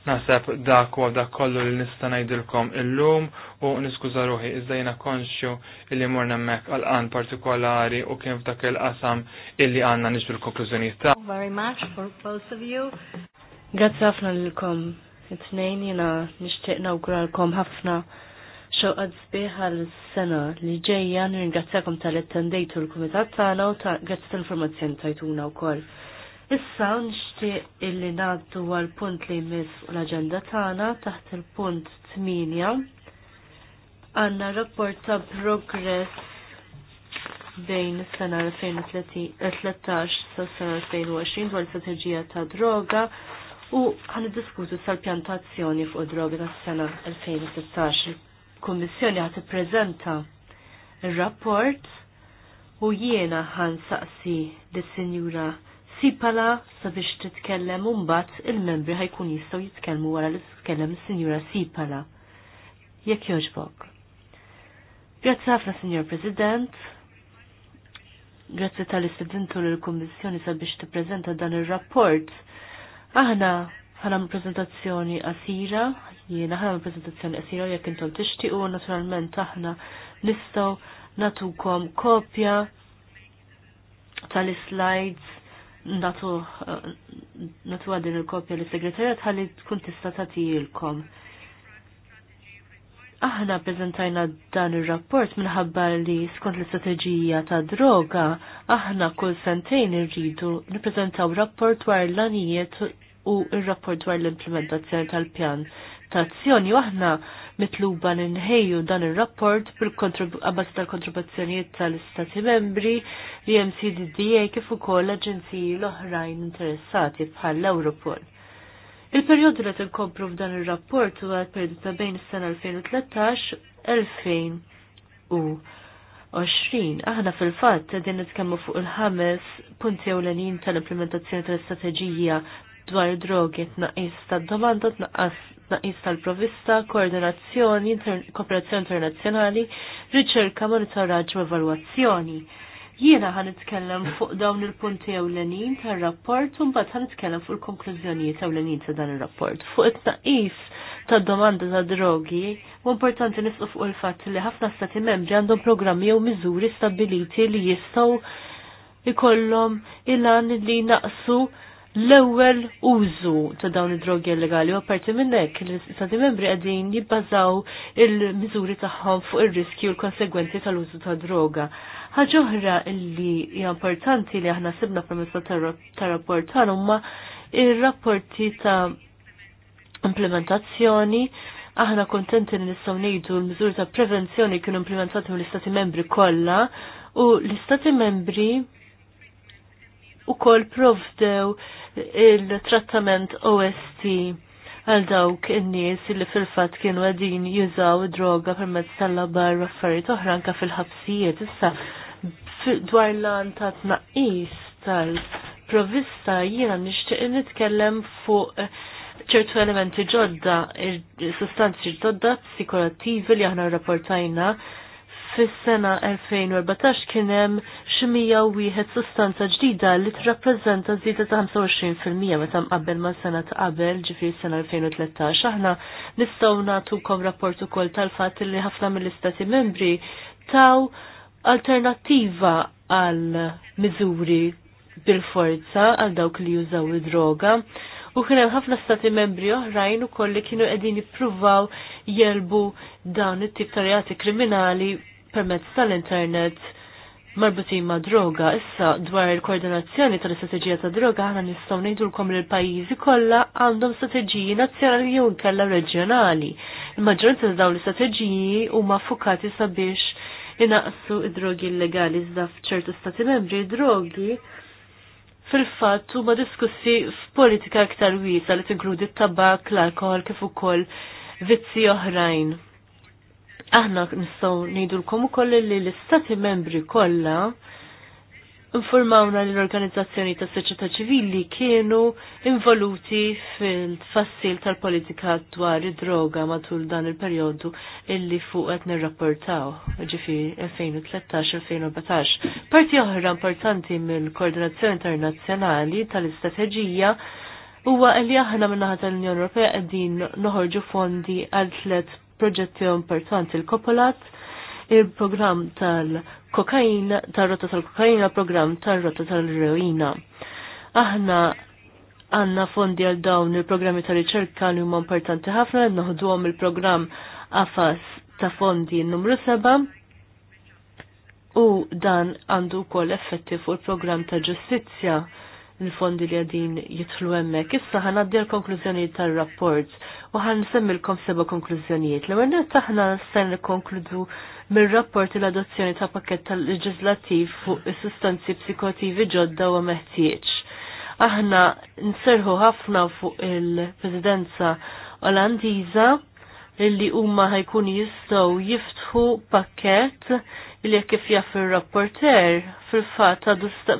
D: Naħseb dak u dak kollu li nista' ngħidilkom illum u niskuża ruħi iżda jiena konxju illi morna hemmhekk għalqan partikolari u kien f'dak il-qasam illi għandna niġbdu l-konklużjonijiet ta' very much for both of you.
E: Grazzi ħafna lilkom it-tnejn jiena nixtieq nawguralkom ħafna ċoqad sbieħa l-sena li ġejja nirringrazzjakom tal-attendejtu l-Kumitat tagħna u ta' grazzi tal-informazzjoni tajtuna wkoll. Issa nixtieq illi ngħaddu għal punt li jmiss l-aġenda tagħna taħt il-punt 8 għandna rapport ta' progress bejn is-sena 2013 sa' sena 2020 dwar strateġija ta' droga u għan diskutu sal-pjantazzjoni fuq id-droga tas sena 2016 kommissjoni kummissjoni prezenta ippreżenta rapport u jiena għan saqsi di sinjura Sipala sabiex titkellem u mbagħad il-membri ħajkun jistgħu jitkellmu wara li titkellem is-Sinjura Sipala. Jekk jogħġbok. Grazzi ħafna, Signor President. Grazzi tal-istudintu l-Kummissjoni sabiex tippreżenta dan ir-rapport. Aħna ħanam prezentazzjoni qasira, jiena ħanam prezentazzjoni qasira jekk intom tixtiequ, naturalment aħna nistgħu natukom kopja tal-slides natu għadin il-kopja li segretarjat ħalli tkun tista' tagħtihilkom. Aħna prezentajna dan ir-rapport minħabba li skont l-istrateġija ta' droga, aħna kull sentejn irridu nippreżentaw rapport dwar l-anijiet u r-rapport dwar l-implementazzjoni tal-pjan ta' azzjoni aħna mitluba li dan ir-rapport bil tal-kontribuzzjonijiet tal-Istati membri li hemm CDDA kif ukoll aġenziji l-oħrajn interessati bħal Europol. Il-perjodu li tinkompru f'dan ir-rapport huwa l-perjodu ta' bejn is-sena 2013-2000 20. Aħna fil-fatt din nitkellmu fuq il-ħames punti ewlenin tal-implementazzjoni tal-istrateġija dwar drogi tnaqis tad-domanda, tnaqis tal-provista, koordinazzjoni, kooperazzjoni internazzjonali, riċerka, monitoraġġ u evalwazzjoni. Jiena ħan itkellem fuq dawn il-punti ewlenin tar-rapport u mbagħad ħan itkellem fuq il-konklużjonijiet ewlenin ta' dan ir-rapport. Fuq it-tnaqis ta' domanda ta' drogi, u importanti nisqu fuq il-fatt li ħafna stati membri għandhom programmi jew miżuri stabiliti li jistgħu ikollhom il-għan li naqsu l-ewwel użu ta' dawn id-drogi illegali u apparti minn hekk l-istati membri qegħdin jibbażaw il-miżuri tagħhom fuq ir-riski u l-konsegwenzi tal-użu ta' droga. Ħaġa oħra li hija importanti li aħna sibna permezz ta' rapport tagħna huma ir-rapporti ta' implementazzjoni aħna kontenti li nistgħu ngħidu l-miżuri ta' prevenzjoni kienu implementati mill-istati membri kollha u l-istati membri u kol provdew il-trattament OST għal dawk in-nies li fil-fat kienu għadin jużaw droga permezz tal-labar u affarijiet oħra anke fil-ħabsijiet issa dwar lan ta' tnaqqis tal-provista jiena nixtieq nitkellem fuq ċertu elementi ġodda, sustanzi ġodda psikolativi li aħna rapportajna fis-sena 2014 kien hemm wieħed sustanza ġdida li tirrappreżenta żieda ta' 25% meta mqabbel ma' sena ta' qabel ġifieri sena 2013 aħna nistgħu nagħtukom rapport ukoll tal-fatt li ħafna mill-istati membri taw alternattiva għal miżuri bil-forza għal dawk li jużaw id-droga. U kien hemm ħafna stati membri oħrajn ukoll li kienu qegħdin jippruvaw jelbu dawn it-tip ta' reati kriminali permezz tal-internet marbutin ma' droga. Issa dwar il-koordinazzjoni tal-istrateġija ta' droga ħana nistgħu ngħidulkom li l-pajjiżi kollha għandhom strateġiji nazzjonali jew inkella reġjonali. Il-maġġoranza ta' dawn l-istrateġiji huma ffukati sabiex inaqsu id-drogi illegali iżda f'ċertu stati membri drogi fil-fatt huma diskussi f'politika aktar wiesa li tinkludi t-tabak, l-alkohol kif ukoll vizzi oħrajn Aħna nistgħu ngħidulkom ukoll li l-istati membri kollha informawna li l-organizzazzjoni ta' soċjetà ċivili kienu involuti fil fassil tal-politika dwar id-droga matul dan il-perjodu illi fuq qed nirrapportaw, ġifi 2013-2014. Parti oħra importanti mill-Koordinazzjoni Internazzjonali tal-Istrateġija huwa li aħna minnaħat tal-Unjoni Ewropea qegħdin noħorġu fondi għal tliet proġetti importanti il-Kopolat, il-program tal-kokaina, tal-rotta tal-kokaina, program tal-rotta tal-heroina. Aħna għanna fondi għal dawn il-programmi ta' riċerka li huma importanti ħafna, naħdu għom il-programm AFAS ta' fondi numru 7 u dan għandu kol effetti fuq il-programm ta' ġustizzja il-fondi li għadin jitħlu emmek. Issa ħan għaddi l-konklużjonijiet tal-rapport u ħan l seba konklużjonijiet. L-għenna taħna sen konkludu mir-rapport l-adozzjoni ta' pakket tal-leġislativ fuq is-sustanzi psikotivi ġodda u meħtieġ. Aħna nserħu ħafna fuq il-Presidenza Olandiża illi huma ħajkun jistgħu jiftħu pakket li kif jaff il-rapporter fil-fat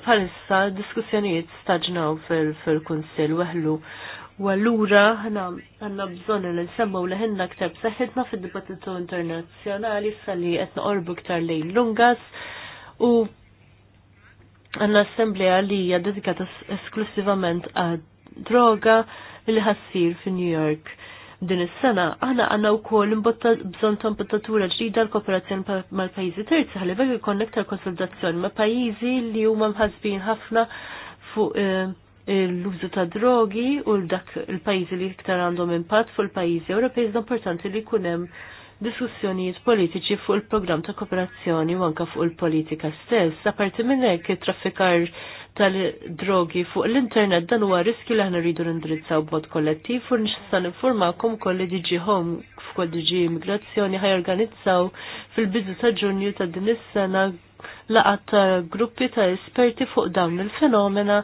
E: palissa diskussjonijiet staġnaw fil-Kunsil weħlu. U allura għanna bżon li nsemmaw ħinna ktab b'saħħitna fil-dibattitu internazzjonali sali qed noqorbu ktar lejn lungas u għanna assemblea li hija dedikata esklusivament għad droga li ħassir fil New York din is-sena, aħna għandna wkoll bżonn ta' imbottatura ġdida l-kooperazzjoni mal-pajjiżi terzi ħalli bekk ikun iktar konsultazzjoni ma' pajjiżi li huma mħasbin ħafna fuq eh, l-użu ta' drogi u l dak il-pajjiżi li iktar għandhom impatt fuq il-pajjiżi Ewropej iżda importanti li jkun hemm diskussjonijiet politiċi fuq il-programm ta' kooperazzjoni u anka fuq il-politika stess. Aparti minn hekk traffikar tal-drogi fuq l-internet dan huwa riski li aħna rridu nindirizzaw b'mod kollettiv u nixsa ninformakom kolli DG Home f'kol DG Immigrazzjoni ħajorganizzaw fil-bidu ta' Ġunju ta' din is-sena laqgħat ta' gruppi ta' esperti fuq dawn il-fenomena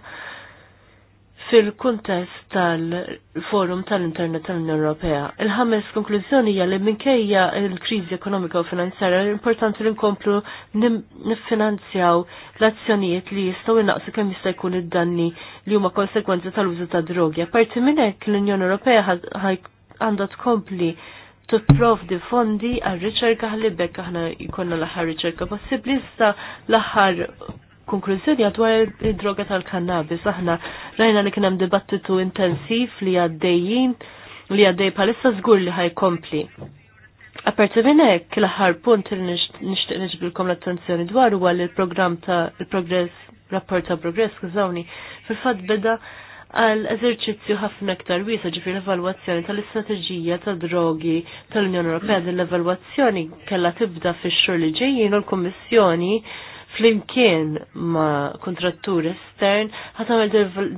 E: fil-kuntest tal-Forum tal-Internet tal-Unjoni Ewropea. Il-ħames konklużjoni hija li minkejja l-kriżi ekonomika u finanzjarja importanti li nkomplu niffinanzjaw l-azzjonijiet li jistgħu innaqsu kemm jista' jkun id-danni li huma konsegwenza tal-użu ta' drogi. Apparti minn hekk l-Unjoni Ewropea għandha tkompli di fondi għal riċerka għal bekk aħna jkollna l-aħħar riċerka possibbli issa l-aħħar konklużjoni għadwar id-droga tal-kannabis. Aħna rajna li kien hemm dibattitu intensiv li għaddejjin li għaddej palissa żgur li ħajkompli. Aperti minn hekk ħar aħħar punt li nixtieq niġbilkom l-attenzjoni dwar huwa li l program ta' il-progress rapport ta' progress skużawni fil-fatt beda għal eżerċizzju ħafna aktar wiesa ġifir l-evalwazzjoni tal-istrateġija ta' drogi tal-Unjoni Ewropea din l-evalwazzjoni kellha tibda fix xur li ġejjin u l-Kummissjoni flimkien ma' kontrattur estern ħatamel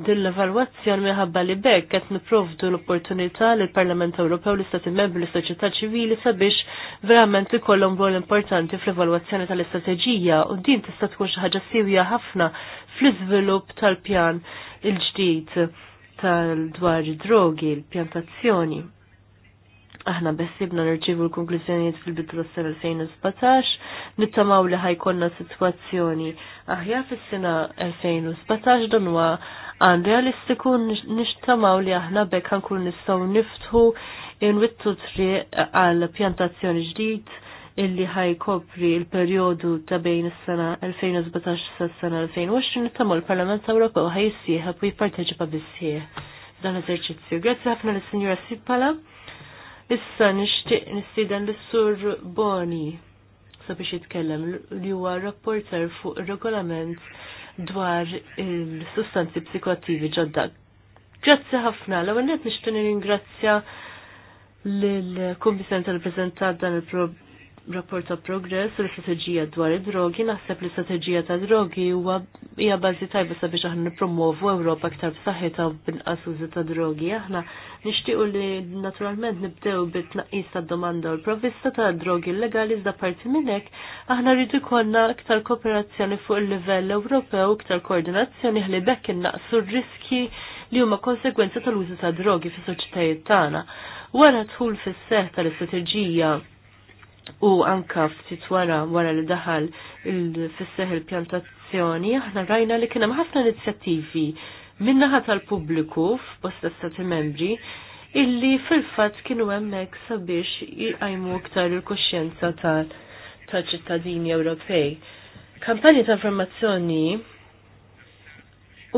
E: din l-evalwazzjoni minħabba li bekk qed niprovdu l-opportunità l parlament Ewropew l-Istati Membri l-Soċjetà Ċivili sabiex verament kollom rol importanti fl-evalwazzjoni tal-istrateġija u din tista' tkun xi ħaġa sewja ħafna fl-iżvilupp tal-pjan il-ġdid tal-dwar drogi, l-pjantazzjoni aħna bessibna nirċivu l-konklużjonijiet fil-bidu s sena 2017, nittamaw li ħajkonna situazzjoni aħjar fis-sena 2017 dan huwa għan realistiku nittamaw li aħna bekk ħankun nistgħu niftħu inwittu tri għal pjantazzjoni ġdid illi ħajkopri il-periodu ta' bejn is-sena 2017 sa' s-sena 2020 nittamaw l-Parlament Ewropew ħajissieħab u jipparteċipa bissieħ dan eżerċizzju. Grazzi ħafna l-Sinjura Sipala. Issa nixtieq nistieden lis-sur Boni sabiex jitkellem li huwa rapporter fuq regolament dwar il-sustanzi psikoattivi ġodda. Grazzi ħafna, l-għu nishtiq nishtu ringrazzja l-Kommissjon tal-prezentat dan il problem rapport ta' progress u l-istrateġija dwar id-drogi, naħseb li strategija ta' drogi huwa hija bażi tajba sabiex aħna nippromovu Ewropa aktar b'saħħitha b'inqas użi ta' drogi. Aħna nixtiequ li naturalment nibdew bit-tnaqqis ta' domanda u l-provvista ta' drogi illegali iżda parti minn hekk aħna rridu jkollna aktar kooperazzjoni fuq il-livell Ewropew, aktar koordinazzjoni ħli bekk innaqsu r-riski li huma konsekwenza tal-użu ta' drogi fis-soċjetajiet tagħna. Wara tħul fis-seħħ tal-istrateġija u anka ftit wara wara li daħal fis-seħ il-pjantazzjoni aħna rajna li kien hemm ħafna inizjattivi min-naħa tal-pubbliku f'bosta stati membri illi fil-fatt kienu hemmhekk sabiex jqajmu iktar il-kuxjenza tal-ċittadini Ewropej. Kampanji ta' informazzjoni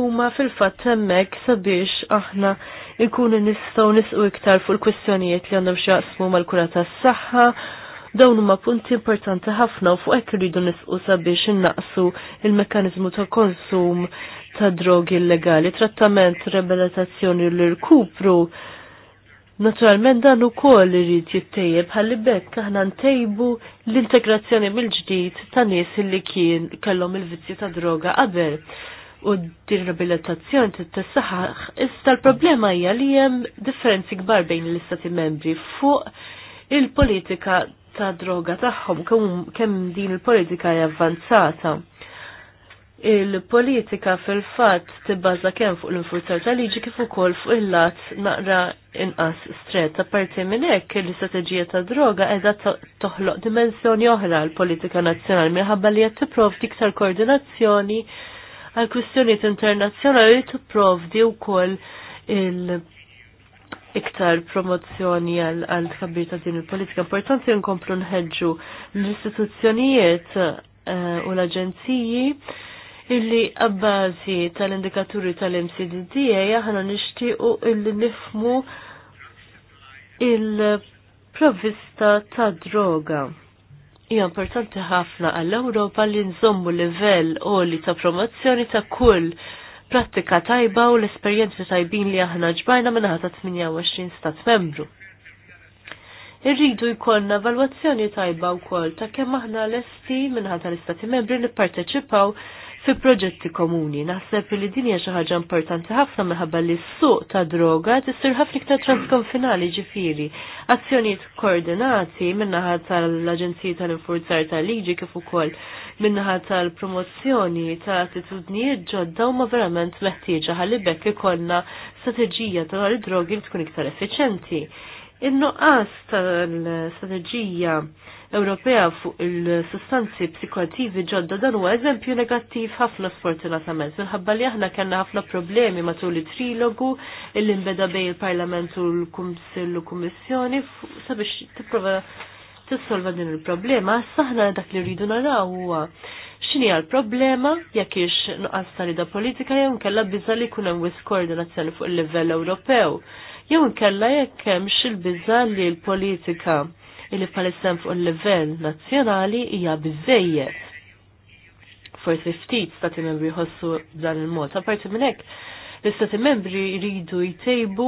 E: huma fil-fatt hemmhekk sabiex aħna ikunu nistgħu nisqu iktar fuq il-kwistjonijiet li għandhom x'jaqsmu mal-kura tas-saħħa, Dawn huma punti importanti ħafna u fuq hekk irridu nisqu sabiex innaqsu il-mekkaniżmu ta' konsum ta' drogi illegali, trattament, rehabilitazzjoni u l-irkupru. Naturalment dan ukoll irid jittejjeb ħalli bekk aħna ntejbu l-integrazzjoni mill-ġdid ta' nies li kien kellhom il-vizzju ta' droga qabel u d-dirabilitazzjoni t-tessaħħaħ, issa l-problema hija li hemm differenzi kbar bejn l-istati membri fuq il-politika ta' droga tagħhom kemm din il-politika javvanzata. avvanzata. Il-politika fil-fatt tibbaza kemm fuq l infurtar ta' liġi kif ukoll fuq il-lat naqra inqas stret. Apparti minn hekk l-istrateġija ta' droga qiegħda toħloq dimensjoni oħra l-politika nazzjonali minħabba li qed tipprovdi iktar koordinazzjoni għal kwistjonijiet internazzjonali tipprovdi wkoll il- iktar promozzjoni għal tkabbir ta' din il-politika. Importanti nkomplu nħedġu l-istituzzjonijiet eh, u l-aġenziji illi għabbażi tal-indikaturi tal-MCDDA jaħna u illi nifmu il-provvista ta' droga. Hija importanti ħafna għall-Ewropa li nżommu livell li ta' promozzjoni ta' kull prattika tajba u l-esperjenzi tajbin li aħna ġbajna minn ħata 28 stat membru. Irridu jkollna valwazzjoni tajba wkoll ta' kemm aħna lesti minn ħata l-istati membri li parteċipaw fi proġetti komuni. Naħseb li din hija xi ħaġa importanti ħafna minħabba li s-suq ta' droga tisir ħafna iktar transkonfinali ġifieri. Azzjonijiet koordinati minnaħa tal-Aġenziji tal-Infurzar tal-Liġi kif ukoll minnaħa tal-promozzjoni ta' attitudnijiet ġodda huma verament meħtieġa ħalli bekk ikollna strateġija tal-drogi li tkun iktar effiċenti. In-nuqqas tal-strateġija Ewropea fuq il-sustanzi psikoattivi ġodda dan huwa eżempju negattiv ħafna sfortunatament. Minħabba li aħna kellna ħafna problemi matul it-trilogu illi nbeda bej il-Parlament u l-Kumsill u Kummissjoni sabiex tipprova tissolva din il-problema. Saħna dak li rridu naraw huwa x'inhi l-problema jekk ix nuqqas salida politika jew nkella biża li jkun hemm wis koordinazzjoni fuq il-livell Ewropew. Jew nkella jekk hemm il-biża li l-politika illi palissem fuq il-livell nazzjonali hija biżejjed. Forsi ftit stati membri jħossu dan il-mod. Aparti minn hekk, l-istati membri jridu jtejbu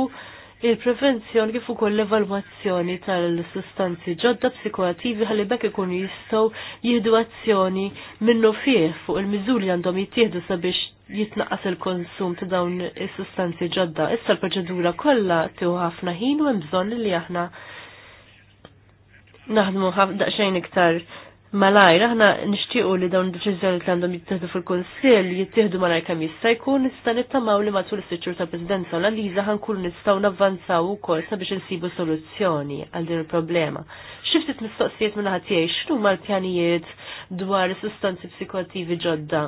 E: il-prevenzjoni kif ukoll l-evalwazzjoni tal-sustanzi ġodda psikoattivi ħalli bekk ikunu jistgħu jieħdu azzjoni minnu fih fuq il-miżuri għandhom jittieħdu sabiex jitnaqqas il-konsum ta' dawn is-sustanzi ġodda. Issa l-proċedura kollha tieħu ħafna ħin u hemm bżonn li aħna naħdmu daqsxejn iktar malajr, aħna nixtiequ li dawn id-deċiżjoni li għandhom jittieħdu fil-Kunsill jittieħdu malajr kemm jista' jkun nista' nittamaw li matul is-siċċur ta' Presidenza Olandiża ħankun nistgħu navvanzaw ukoll sabiex insibu soluzzjoni għal din il-problema. Xiftit mistoqsijiet minn ħadd jgħid x'huma l-pjanijiet dwar is-sustanzi psikoattivi ġodda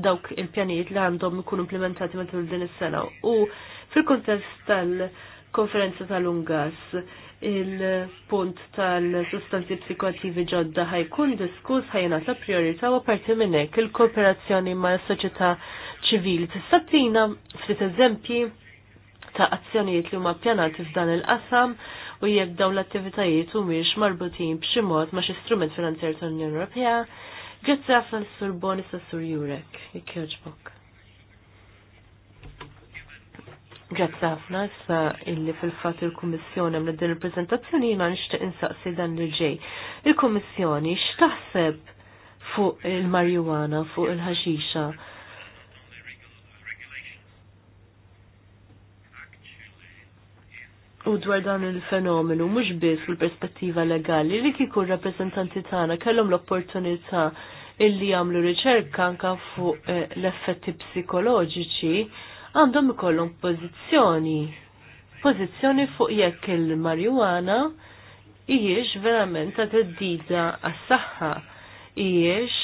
E: dawk il-pjanijiet li għandhom ikunu implementati matul din is-sena u fil kuntest tal-konferenza tal-Ungas il-punt tal-sustanzi psikoattivi ġodda ħajkun diskuss ħajna ta' priorità u parti minn hekk il-kooperazzjoni ma' soċjetà ċivili. Tistatina tina ftit eżempji ta' azzjonijiet li huma ppjanati f'dan il-qasam u jekk dawn l-attivitajiet humiex marbutin b'xi mod ma' xi strument finanzjar tal-Unjoni Ewropea. Grazzi ħafna l-Sur Boni sa' Sur Jurek, jekk jogħġbok. Grazzi ħafna issa illi fil-fatt il-Kummissjoni għamlet din il-preżentazzjoni jiena nixtieq insaqsi dan li ġej. Il-Kummissjoni x'taħseb fuq il-marijuana, fuq il-ħaxixa? U dwar dan il-fenomenu mhux biss fil-perspettiva legali li kieku r tana tagħna kellhom l-opportunità illi jagħmlu riċerka anke fuq eh, l-effetti psikoloġiċi għandhom ikollhom pożizzjoni. Pożizzjoni fuq jekk il-marijuana hijiex verament ta' teddida għas-saħħa, hijiex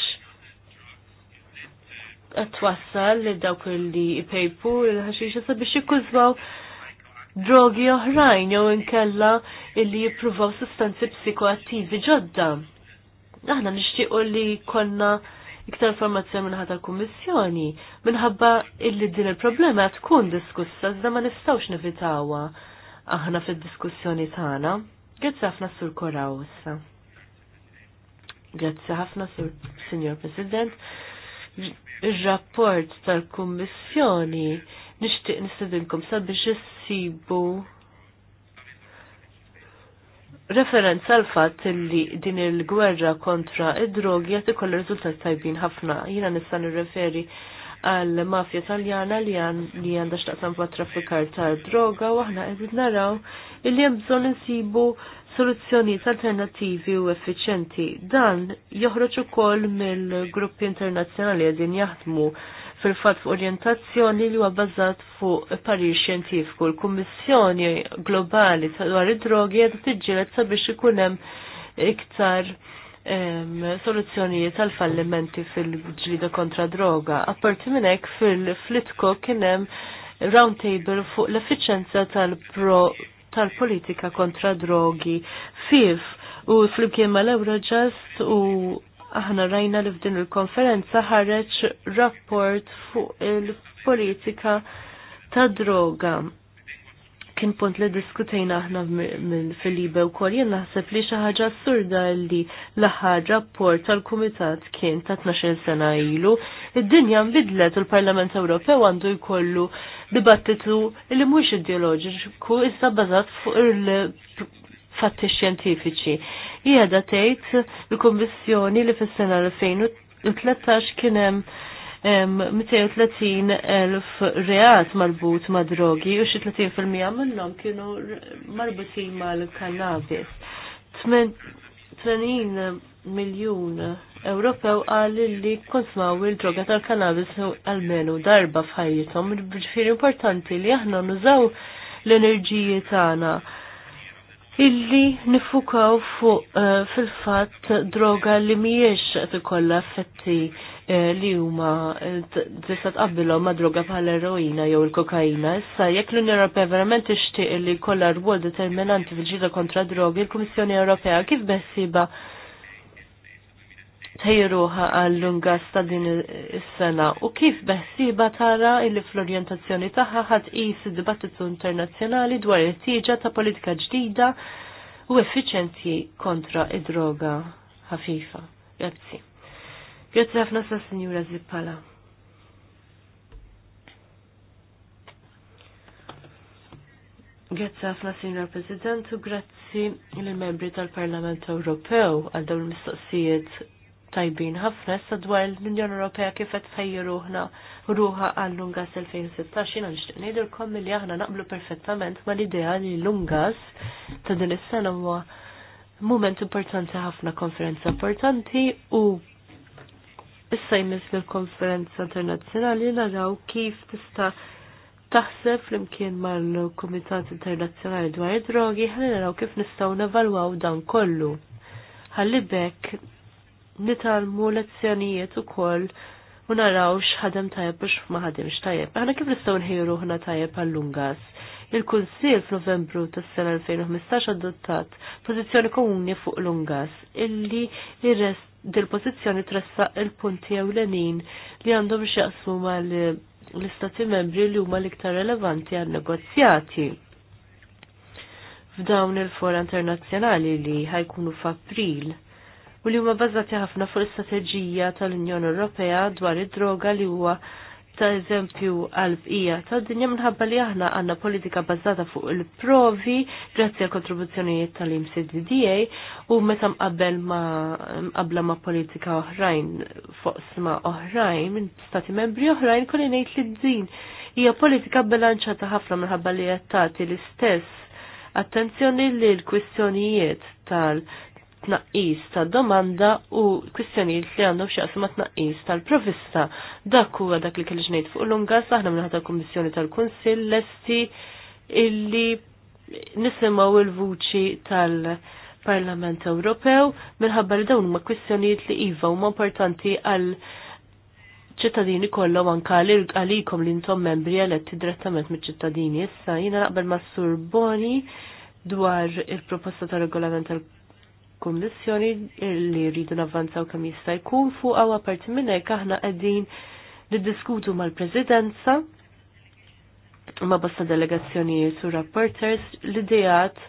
E: qed twassal li dawk li jpejpu il-ħaxixa sabiex jikkużwaw drogi oħrajn jew inkella illi jippruvaw sustanzi psikoattivi ġodda. Aħna nixtiequ li konna iktar informazzjoni minnħat tal-Kummissjoni minħabba illi din il-problema tkun diskussa iżda ma nistgħux nivitawha aħna fid-diskussjoni tagħna. Grazzi ħafna sur Koraw issa. Grazzi ħafna sur Sinjor President. Ir-rapport tal-Kummissjoni nixtieq nistedilkom sabiex issibu referenza għal fatt li din il-gwerra kontra id-drogi għati koll riżultat tajbin ħafna. Jina nista' nirreferi għal mafja taljana li għandha xtaqsam ma' traffikar ta' droga u aħna qegħdin naraw li hemm bżonn insibu soluzzjonijiet alternattivi u effiċenti. Dan joħroġ ukoll mill-gruppi internazzjonali qegħdin jaħdmu fil-fatt fuq orientazzjoni li huwa bbażat fuq parir xjentifiku. L-Kummissjoni Globali dwar id-drogi qed tiġġieled sabiex ikun hemm iktar soluzzjonijiet tal-fallimenti fil-ġlida kontra droga. Apparti minn hekk fil-flitko kien hemm roundtable fuq l-effiċenza tal-pro tal-politika kontra drogi fif u fl-imkien mal-Eurojust u aħna rajna li f'din il-konferenza ħareġ rapport fuq il-politika ta' droga. Kien punt li diskutejna aħna fil-libe u kol jenna naħseb li xi ħaġa assurda li l-aħħar rapport tal-Kumitat kien ta' 12 sena ilu, id-dinja mbidlet u l-Parlament Ewropew għandu jkollu dibattitu li mhux ideoloġiku issa bażat fuq il fatti xjentifiċi. Jieda tgħid il-Kummissjoni li fis-sena 2013 kien hemm 230 elf reat marbut ma' drogi u xi 30% minnhom kienu marbutin mal-kannabis. 80 miljun Ewropew għalli li konsmaw il-droga tal-kannabis għalmenu darba f'ħajjithom. Ġifieri importanti li aħna nużaw l-enerġiji tagħna illi nifukaw fuq eh, fil-fat droga li miex tikolla effetti eh, li huma eh, tista' tqabbilhom ma' droga bħal eroina jew il-kokaina. Issa jekk l-Unjoni Ewropea verament tixtieq li jkollha rwol determinanti fil-ġida kontra drogi, il-Kummissjoni Ewropea kif beħsiba tejruħa għall-lungas ta' din is-sena u kif beħsiba tara il fl-orjentazzjoni tagħha ħadd qis id-dibattitu internazzjonali dwar it-tieġa ta' politika ġdida u effiċenti kontra id-droga ħafifa. Grazzi. Grazzi ħafna sa' Sinjura Zippala. Grazzi ħafna Sinjura Presidentu, grazzi il membri tal-Parlament Ewropew għal dawn il-mistoqsijiet tajbin ħafna issa dwar l-Unjoni Ewropea kif qed tħejjer ruħna ruħa għal lungas 2016 jiena nixtieq ngħidilkom milli aħna naqblu perfettament mal-idea li lungas ta' din is-sena huwa moment importanti ħafna konferenza importanti u issa jmiss l-konferenza internazzjonali naraw kif tista' taħseb flimkien mal-Kumitat Internazzjonali dwar id-drogi ħalli naraw kif nistgħu nevalwaw dan kollu. Ħalli bekk nitalmu lezzjonijiet ukoll u naraw x'ħadem tajjeb ma ħademx tajjeb. Aħna kif nistgħu nħiru ħna tajjeb għall-lungas. Il-Kunsil f'Novembru tas-sena 2015 adottat pożizzjoni komuni fuq lungas illi il-rest dil-pożizzjoni tressa il-punti ewlenin li għandhom x'jaqsmu mal l-istati membri li huma l-iktar relevanti għan negozjati f'dawn il-fora internazzjonali li ħajkunu f'April u li huma bażati ħafna fuq l-istrateġija tal-Unjoni Ewropea dwar id-droga li huwa ta' eżempju għal-bqija ta' dinja minħabba li aħna għanna politika bazzata fuq il-provi grazzi għal kontribuzzjonijiet tal mcdda u meta mqabbel ma mqabla ma politika oħrajn fuq sma oħrajn minn stati membri oħrajn kolli ngħid li din hija politika bilanċata ħafna minħabba li qed tagħti l-istess attenzjoni lill kwistjonijiet tal- tnaqqis ta' domanda u kwistjonijiet li għandhom x'jaqsmu ma' tnaqqis tal-provista. Dak huwa dak li kelli ġnejt fuq l-ungas aħna minn tal-Kummissjoni tal-Kunsill lesti illi nisimaw il-vuċi tal- Parlament Ewropew minħabba li dawn huma kwistjonijiet li iva huma importanti għal ċittadini kollu anka anke għalikom li intom membri eletti direttament mit ċittadini. Issa jina naqbel ma' Sur Boni dwar il-proposta ta' regolament tal kummissjoni li rridu navvanzaw kemm jista' jkun fuq għaw apparti minn hekk aħna qegħdin niddiskutu mal-Presidenza ma bosta delegazzjonijiet u rapporters l-idejat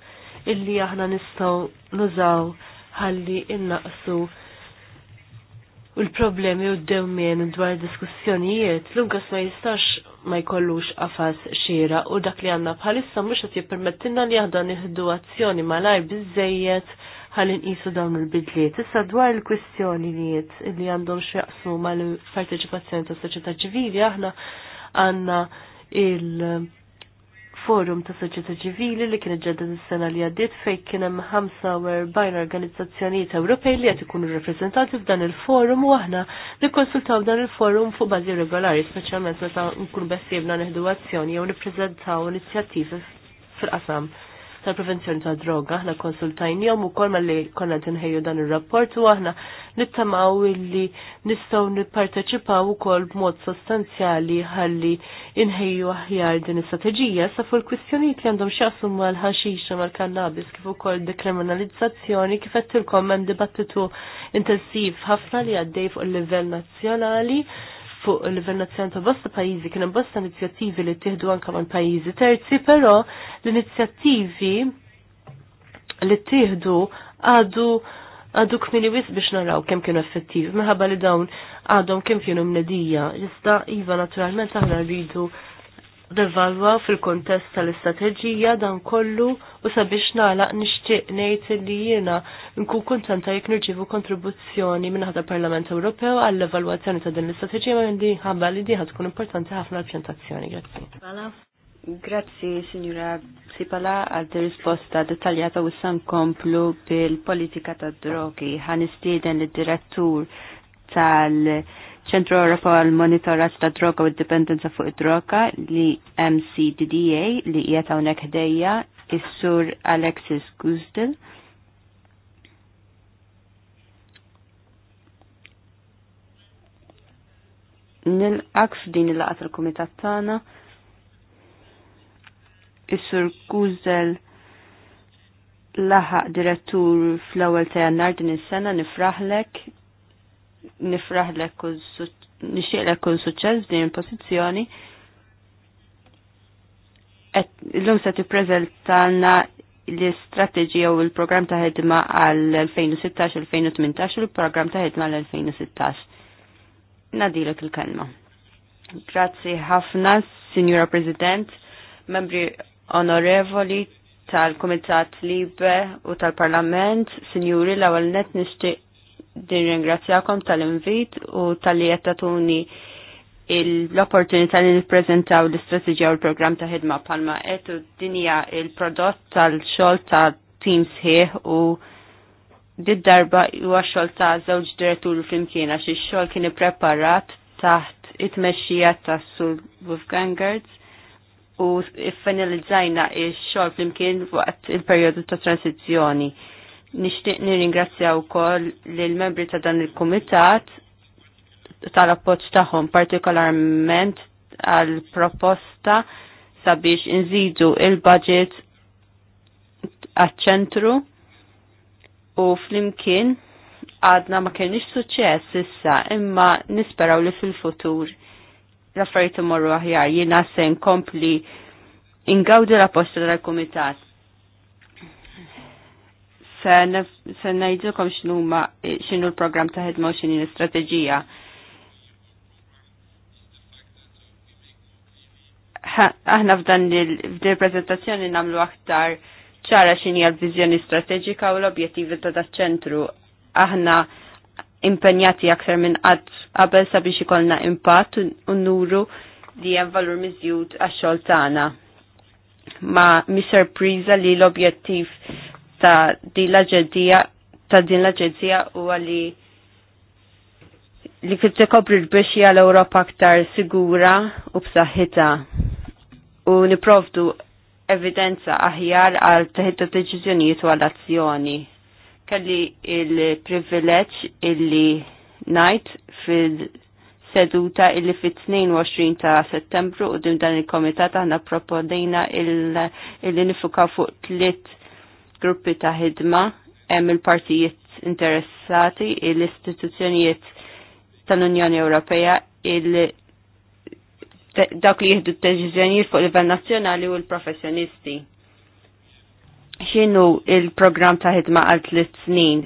E: illi aħna nistgħu nużaw ħalli innaqsu u l-problemi u d-dewmien dwar diskussjonijiet l-unkas ma jistax ma jkollux qafas xira u dak li għanna bħalissa mux għat jippermettinna li għadda nihdu azzjoni malaj bizzejiet ħallin jisu dawn il-bidliet. Issa dwar il kwistjoni li għandhom x'jaqsmu mal-parteċipazzjoni tas soċjetà ċivili aħna għandna il- forum ta' soċjetà ċivili li kien ġedda is-sena li għaddiet fejn kien hemm 45 organizzazzjonijiet Ewropej li qed ikunu rappreżentati f'dan il-forum u aħna nikkonsultaw dan il-forum fuq bażi regolari, speċjalment meta nkunu bessiebna neħdu azzjoni jew nippreżentaw inizjattivi fil-qasam tal-prevenzjoni ta' droga. Aħna jom u kol li konna tinħejju dan il-rapport u aħna nittamaw illi nistaw nipparteċipaw u kol b'mod sostanzjali ħalli inħeju aħjar din istrateġija sa fuq il-kwistjonijiet li għandhom xaqsu mal-ħaxixa mal-kannabis kif ukoll dekriminalizzazzjoni kif qed hemm dibattitu intensiv ħafna li għaddej fuq il-livell nazzjonali fuq il-livell nazzjonali ta' bosta pajjiżi kien hemm bosta inizjattivi li ttieħdu anke mal pajjiżi terzi, però l-inizjattivi li ttieħdu għadu għadu kmini wis biex naraw kemm kienu effettivi, minħabba li dawn għadhom kemm kienu mnedija, jista' iva naturalment aħna rridu devalwa fil-kontest tal-istrateġija dan kollu u sabiex nalaq nixtieq ngħid li jiena nkun kuntenta jekk nirċievu kontribuzzjoni minn parlament Ewropew għall evalwazzjoni ta' din l-istrateġija ma li ħabba li din tkun importanti ħafna l-pjantazzjoni. Grazzi.
F: Grazzi, Signora Sipala, għal risposta dettaljata u sankomplu bil-politika ta' drogi. Ħanistieden l direttur tal- ċentru Ewropa għal monitoraġġ ta' droga u dipendenza fuq id-droga li MCDDA li qiegħed hawnhekk ħdejja is-sur Alexis Guzdil. Nilqak f'din il-laqat il-kumitat tagħna. Is-sur Guzdil laħaq direttur fl-ewwel ta' jannar din is-sena nifraħlek nifraħlek l nixtieqlek u suċċess din il-pożizzjoni. Illum se prezentana l-istrateġija u l-programm ta' ħedma għal 2016-2018 u l-programm ta' ħedma għal 2016. Nadilek il-kelma. Grazzi ħafna, Signora President, membri onorevoli tal-Komitat Libe u tal-Parlament, Sinjuri, l-ewwel net nixtieq din ringrazzjakom tal-invit u tal-li jettatuni l-opportunità li nippreżentaw l-istrateġija u l-programm ta' ħidma palma etu u dinja il-prodott tal-xogħol ta' teams sħiħ u did darba huwa xogħol ta' żewġ direttur flimkien għax ix-xogħol kien ippreparat taħt it-tmexxija ta' Sul Wolfgangards u finalizzajna ix-xogħol flimkien waqt il-perjodu ta' transizjoni. Nixtieq u wkoll lill membri ta' dan il-kumitat tal-appoġġ tagħhom partikolarment għal proposta sabiex inżidu il-budget għaċ-ċentru u flimkien għadna ma kienix suċċess issa imma nisperaw li fil-futur l-affarijiet imorru aħjar jiena se nkompli ingawdu l-apposta tal-kumitat se ngħidilkom x'numa x'inhu l-programm ta' ħidma u x'inhi l strategija Aħna f'dan il-prezentazzjoni nagħmlu aktar ċara x'inhi l-viżjoni strateġika u l-objettivi ta' daċ-ċentru. Aħna impenjati aktar minn qatt qabel sabiex ikollna impatt u nuru li hemm valur miżjud għax-xogħol tagħna. Ma mi sorpriża li l-objettiv ta' din l-aġenzija ta' din l-aġenzija u għalli li kif tikopri l-bixja l-Ewropa aktar sigura u b'saħħitha u niprovdu evidenza aħjar għal teħid deċiżjonijiet u għal azzjoni. Kelli il-privileġġ illi najt fil- seduta illi fit-22 ta' settembru u dim dan il-komitat aħna proponejna illi nifuka fuq tliet gruppi ta' ħidma hemm il-partijiet interessati, l-istituzzjonijiet tal-Unjoni Ewropea, il- dawk li jihdu t deċiżjonijiet fuq livell nazzjonali u l-professjonisti. X'inhu il-programm ta' ħidma għal tliet snin?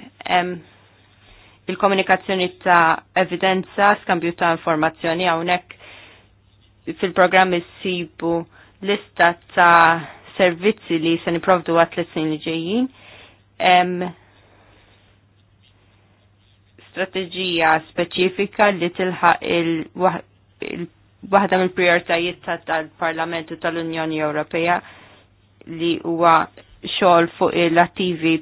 F: Il-komunikazzjoni ta' evidenza, skambju ta' informazzjoni hawnhekk fil-programm issibu lista ta' servizzi li se niprovdu għat tliet snin li ġejjin. Strateġija speċifika li tilħaq il waħda mill prioritajiet tal-Parlament u tal-Unjoni Ewropea li huwa xogħol fuq il attivi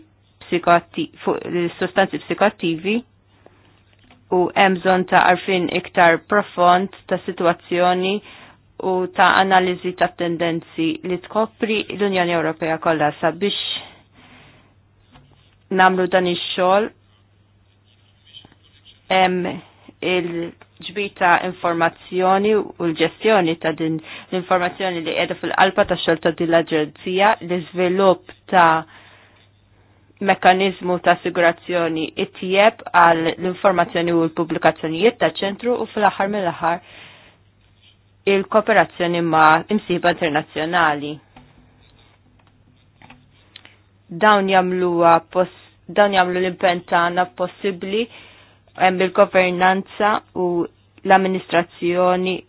F: fuq l-sostanzi psikoattivi u hemm bżonn ta' arfin iktar profond ta' sitwazzjoni u ta' analiżi ta' tendenzi li tkopri l-Unjoni Ewropea kollha sabiex namlu dan ix-xogħol hemm il-ġbita informazzjoni u l-ġestjoni ta' din l-informazzjoni li qiegħda fil-qalba ta' xogħol ta' din l-aġenzija, l-iżvilupp ta' mekanizmu ta' assigurazzjoni ittieb għal l-informazzjoni u l-pubblikazzjonijiet ta' ċentru u fl-aħħar mill-aħħar il-kooperazzjoni ma' imsiba internazzjonali. Dawn jamluwa dawn jamlu l-impentana possibli hemm il-governanza u l-amministrazzjoni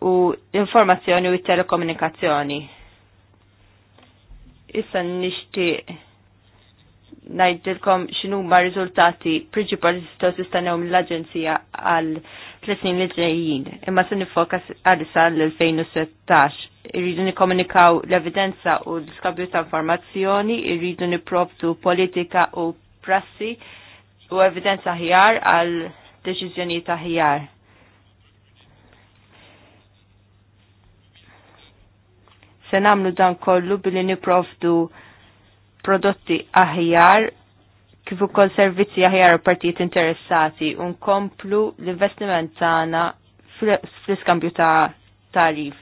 F: u l-informazzjoni u t-telekomunikazzjoni. Issa nixtieq najdilkom xinu ma rizultati principali tistaw tistanew mill-Aġenzija għal 30 li ġejjin, imma se nifokas għadisa l-2016. Irridu nikomunikaw l-evidenza u l-skabju ta' informazzjoni, irridu niprovdu politika u prassi u evidenza ħjar għal deċizjoni ta' ħjar. Se namlu dan kollu billi niprovdu prodotti aħjar kif ukoll servizzi aħjar partijiet interessati u nkomplu l-investiment tagħna fl-iskambju ta' tarif.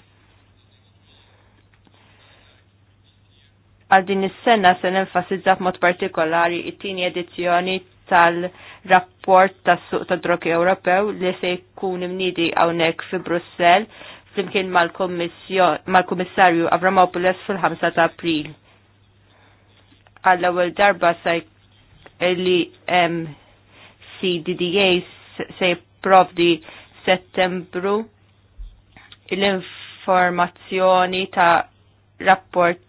F: Għal din is-sena se nenfasizza b'mod partikolari it-tieni edizzjoni tal-rapport tas-suq ta' drogi Ewropew li se jkun imnidi hawnhekk fi Brussell flimkien mal-Kummissarju Avramopoulos fil-5 ta' April għall ewwel darba se li um, CDDA se jipprovdi settembru l-informazzjoni ta' rapport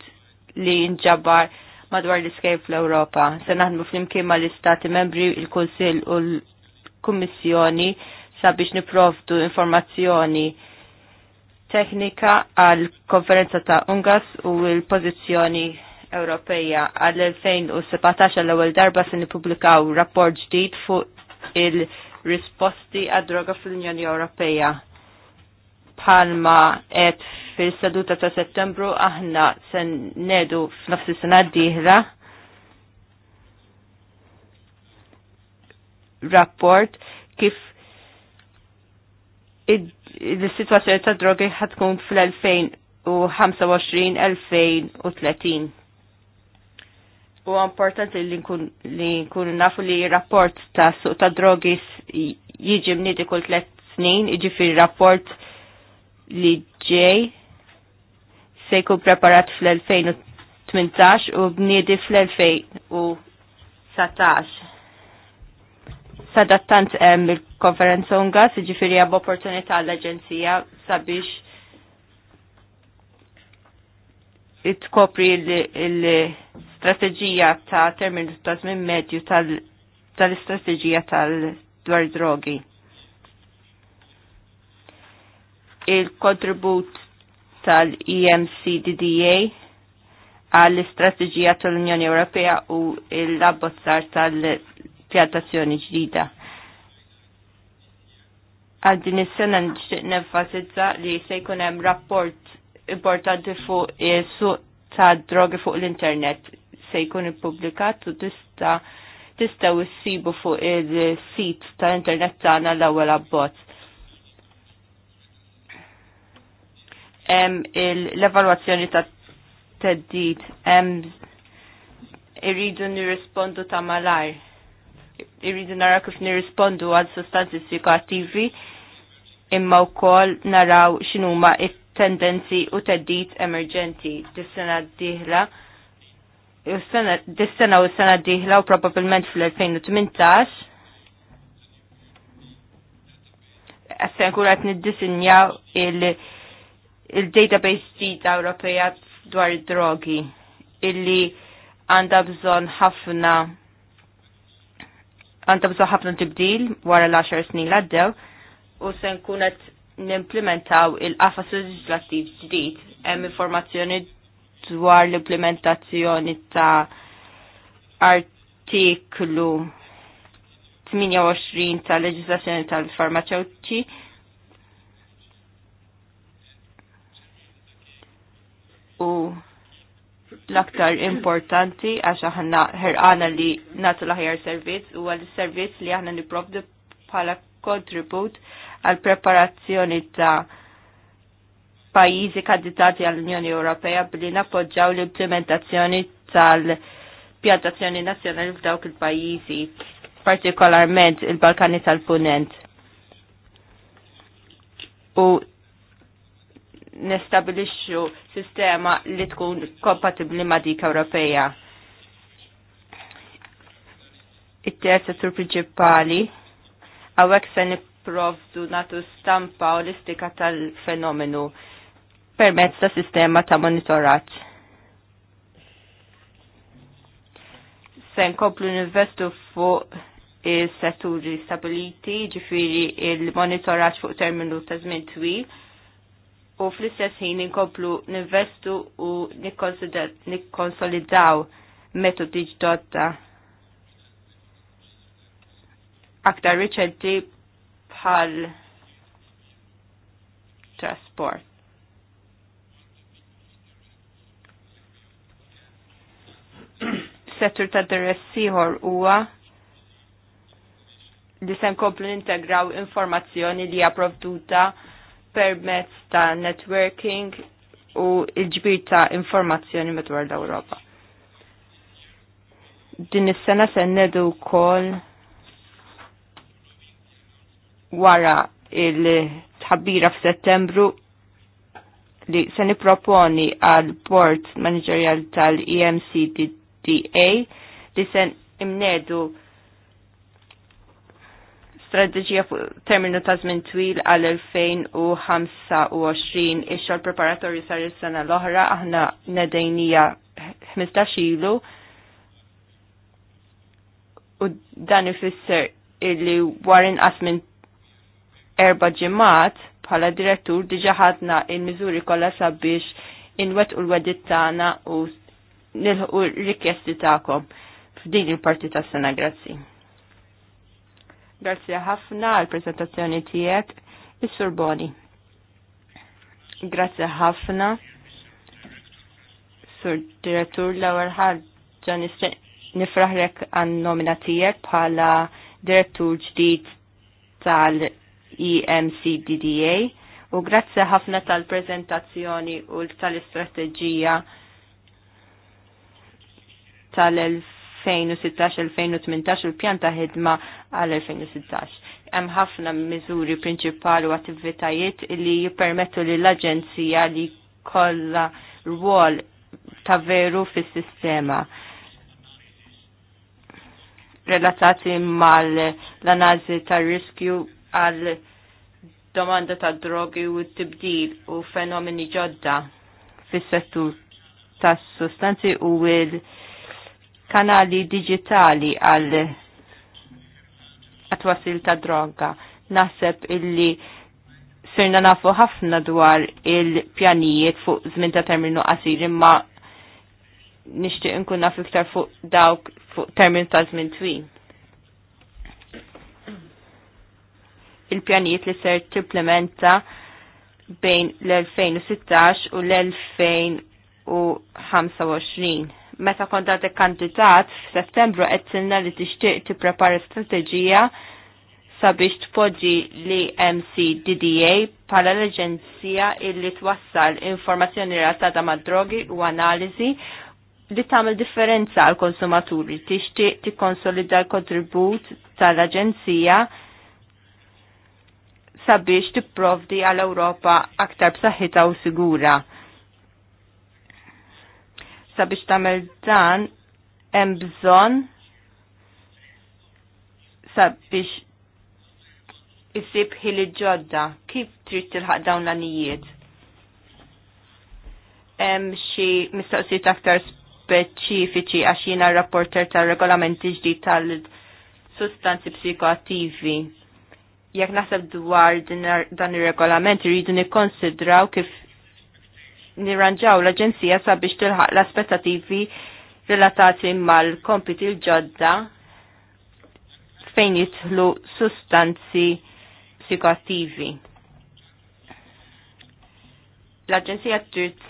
F: li nġabar madwar l-iskejf fl-Europa. Se naħdmu fl-imkien ma l-Istati membri, il-Kunsil u l-Kummissjoni sabiex niprovdu informazzjoni teknika għal konferenza ta' Ungas u l-pozizjoni Ewropeja għal-2017 l-ewwel darba se nippubblikaw rapport ġdid fuq il-risposti għad-droga fl-Unjoni Ewropeja. Palma et fil-seduta ta' Settembru aħna se nedu f'nofs is-sena d-dieħla rapport kif il-situazzjoni ta' drogi ħatkun fl-2025-2030 u importanti li nkun li nkun nafu li rapport ta' suq ta' drogis jiġi mnidi kull tlet snin, jiġi rapport li ġej se jkun preparat fl-2018 u bniedi fl-2019. Sadattant hemm il-konferenza unga, siġifieri għab opportunità l-Aġenzija sabiex It tkopri l-strategija ta' terminu ta' żmien medju tal-istrateġija tal-dwar drogi. Il-kontribut tal-EMCDDA għall-istrateġija tal-Unjoni Ewropea u l-abbozzar tal-pjantazzjoni ġdida. Għal din is-sena nixtieq nenfasizza li se jkun hemm rapport importanti fuq jessu ta' drogi fuq l-internet se jkun ippubblikat u tista' tistgħu issibu fuq il-sit tal-internet tagħna l-ewwel abbozz. l-evalwazzjoni ta' teddid, hemm irridu nirrispondu ta' malar. Irridu nara kif nirrispondu għal sostanzi psikoattivi imma wkoll naraw x'inhuma it tendenzi u teddit emerġenti dis-sena d dis-sena u s-sena d u probabilment fl-2018 għassan kurat nid disinjaw il-database ġdida Ewropeja dwar id drogi illi għanda bżon ħafna għanda bżon ħafna tibdil wara l-10 snin l-għaddew u sen kunet nimplementaw il-qafas leġislattiv ġdid hemm informazzjoni dwar l-implementazzjoni ta' artiklu 28 ta' leġislazzjoni tal-farmaceutiċi u l-aktar importanti għax aħna ħerqana li natu l-ħajar servizz u għal-servizz li aħna niprovdu bħala kontribut għal preparazzjoni ta' pajjiżi kandidati għall-Unjoni Ewropea billi nappoġġaw l-implementazzjoni tal-pjantazzjoni nazzjonali f'dawk il-pajjiżi, partikolarment il-Balkani tal-Punent. U nestabilixxu sistema li tkun kompatibbli ma' dik Ewropea. It-terz settur prinċipali għawek se Provdu natu stampa olistika tal-fenomenu permezz ta' sistema ta' monitoraġġ. Se nkomplu investu fuq is-setturi stabiliti, ġifiri il-monitoraġġ fuq terminu ta' żmien twil, u fl-istess ħin inkomplu ninvestu u nikkonsolidaw metodi ġdodda aktar riċenti bħal trasport. settur ta' dressiħor huwa li se nkomplu nintegraw informazzjoni li hija provduta permezz ta' networking u l-ġbir ta' informazzjoni madwar l-Ewropa. Din is-sena se nedu wkoll wara il-tħabbira f'Settembru li se niproponi għal port Managerial tal-EMCDDA li se imnedu strategija fuq terminu ta' żmien twil għal 2025 ix-xogħol preparatorju sar is-sena l-oħra aħna nedejnija 15 ilu u dan ifisser illi war inqas minn erba ġimat bħala direttur diġa ħadna il-miżuri kollha sabiex inwet u l-wedit tagħna u nilħu r-rikjesti tagħkom f'din il-parti tas sena grazzi. Grazzi ħafna għal prezentazzjoni tiegħek is-Sur Boni. Grazzi ħafna. Sur Direttur l-ewwel ħaġa nifraħrek għan nomina tiegħek bħala direttur ġdid tal EMCDDA u grazzi ħafna tal-prezentazzjoni u tal-istrateġija tal-2016-2018 u l-pjan ta' ħidma għal-2016. Hemm ħafna miżuri prinċipali u attivitajiet li jippermettu li l-Aġenzija li kollha rwol ta' veru fis-sistema relatati mal analizi tar riskju għal domanda ta' drogi u tibdil u fenomeni ġodda fis-settur tas sustanzi u il-kanali digitali għal għatwasil ta' droga. Naħseb illi sirna nafu ħafna dwar il-pjanijiet fuq żmien ta' terminu qasir imma nixtieq nkun naf iktar fuq dawk fuq terminu ta' żmien twin. il-pjanijiet li ser timplementa bejn l-2016 u l-2025. Meta kont għadek kandidat f'Settembru qed tilna li tixtieq tipprepara strateġija sabiex tpoġġi li MCDDA bħala l-Aġenzija illi twassal informazzjoni relatata mad drogi u analiżi li tagħmel differenza għal konsumaturi tixtieq tikkonsolida l-kontribut tal-Aġenzija sabiex tipprovdi għal Ewropa aktar b'saħħitha u sigura. Sabiex tagħmel dan hemm bżonn sabiex isib ħili ġodda, kif trid tilħaq dawn l-anijiet? Hemm xi mistoqsijiet aktar speċifiċi għax jiena rapporter tar-regolamenti ġdid tal-sustanzi psikoattivi jekk naħseb dwar dan ir-regolament rridu nikkonsidraw kif nirranġaw l-Aġenzija sabiex tilħaq l-aspettativi relatati mal-kompiti l-ġodda fejn jitħlu sustanzi psikoattivi. L-Aġenzija trid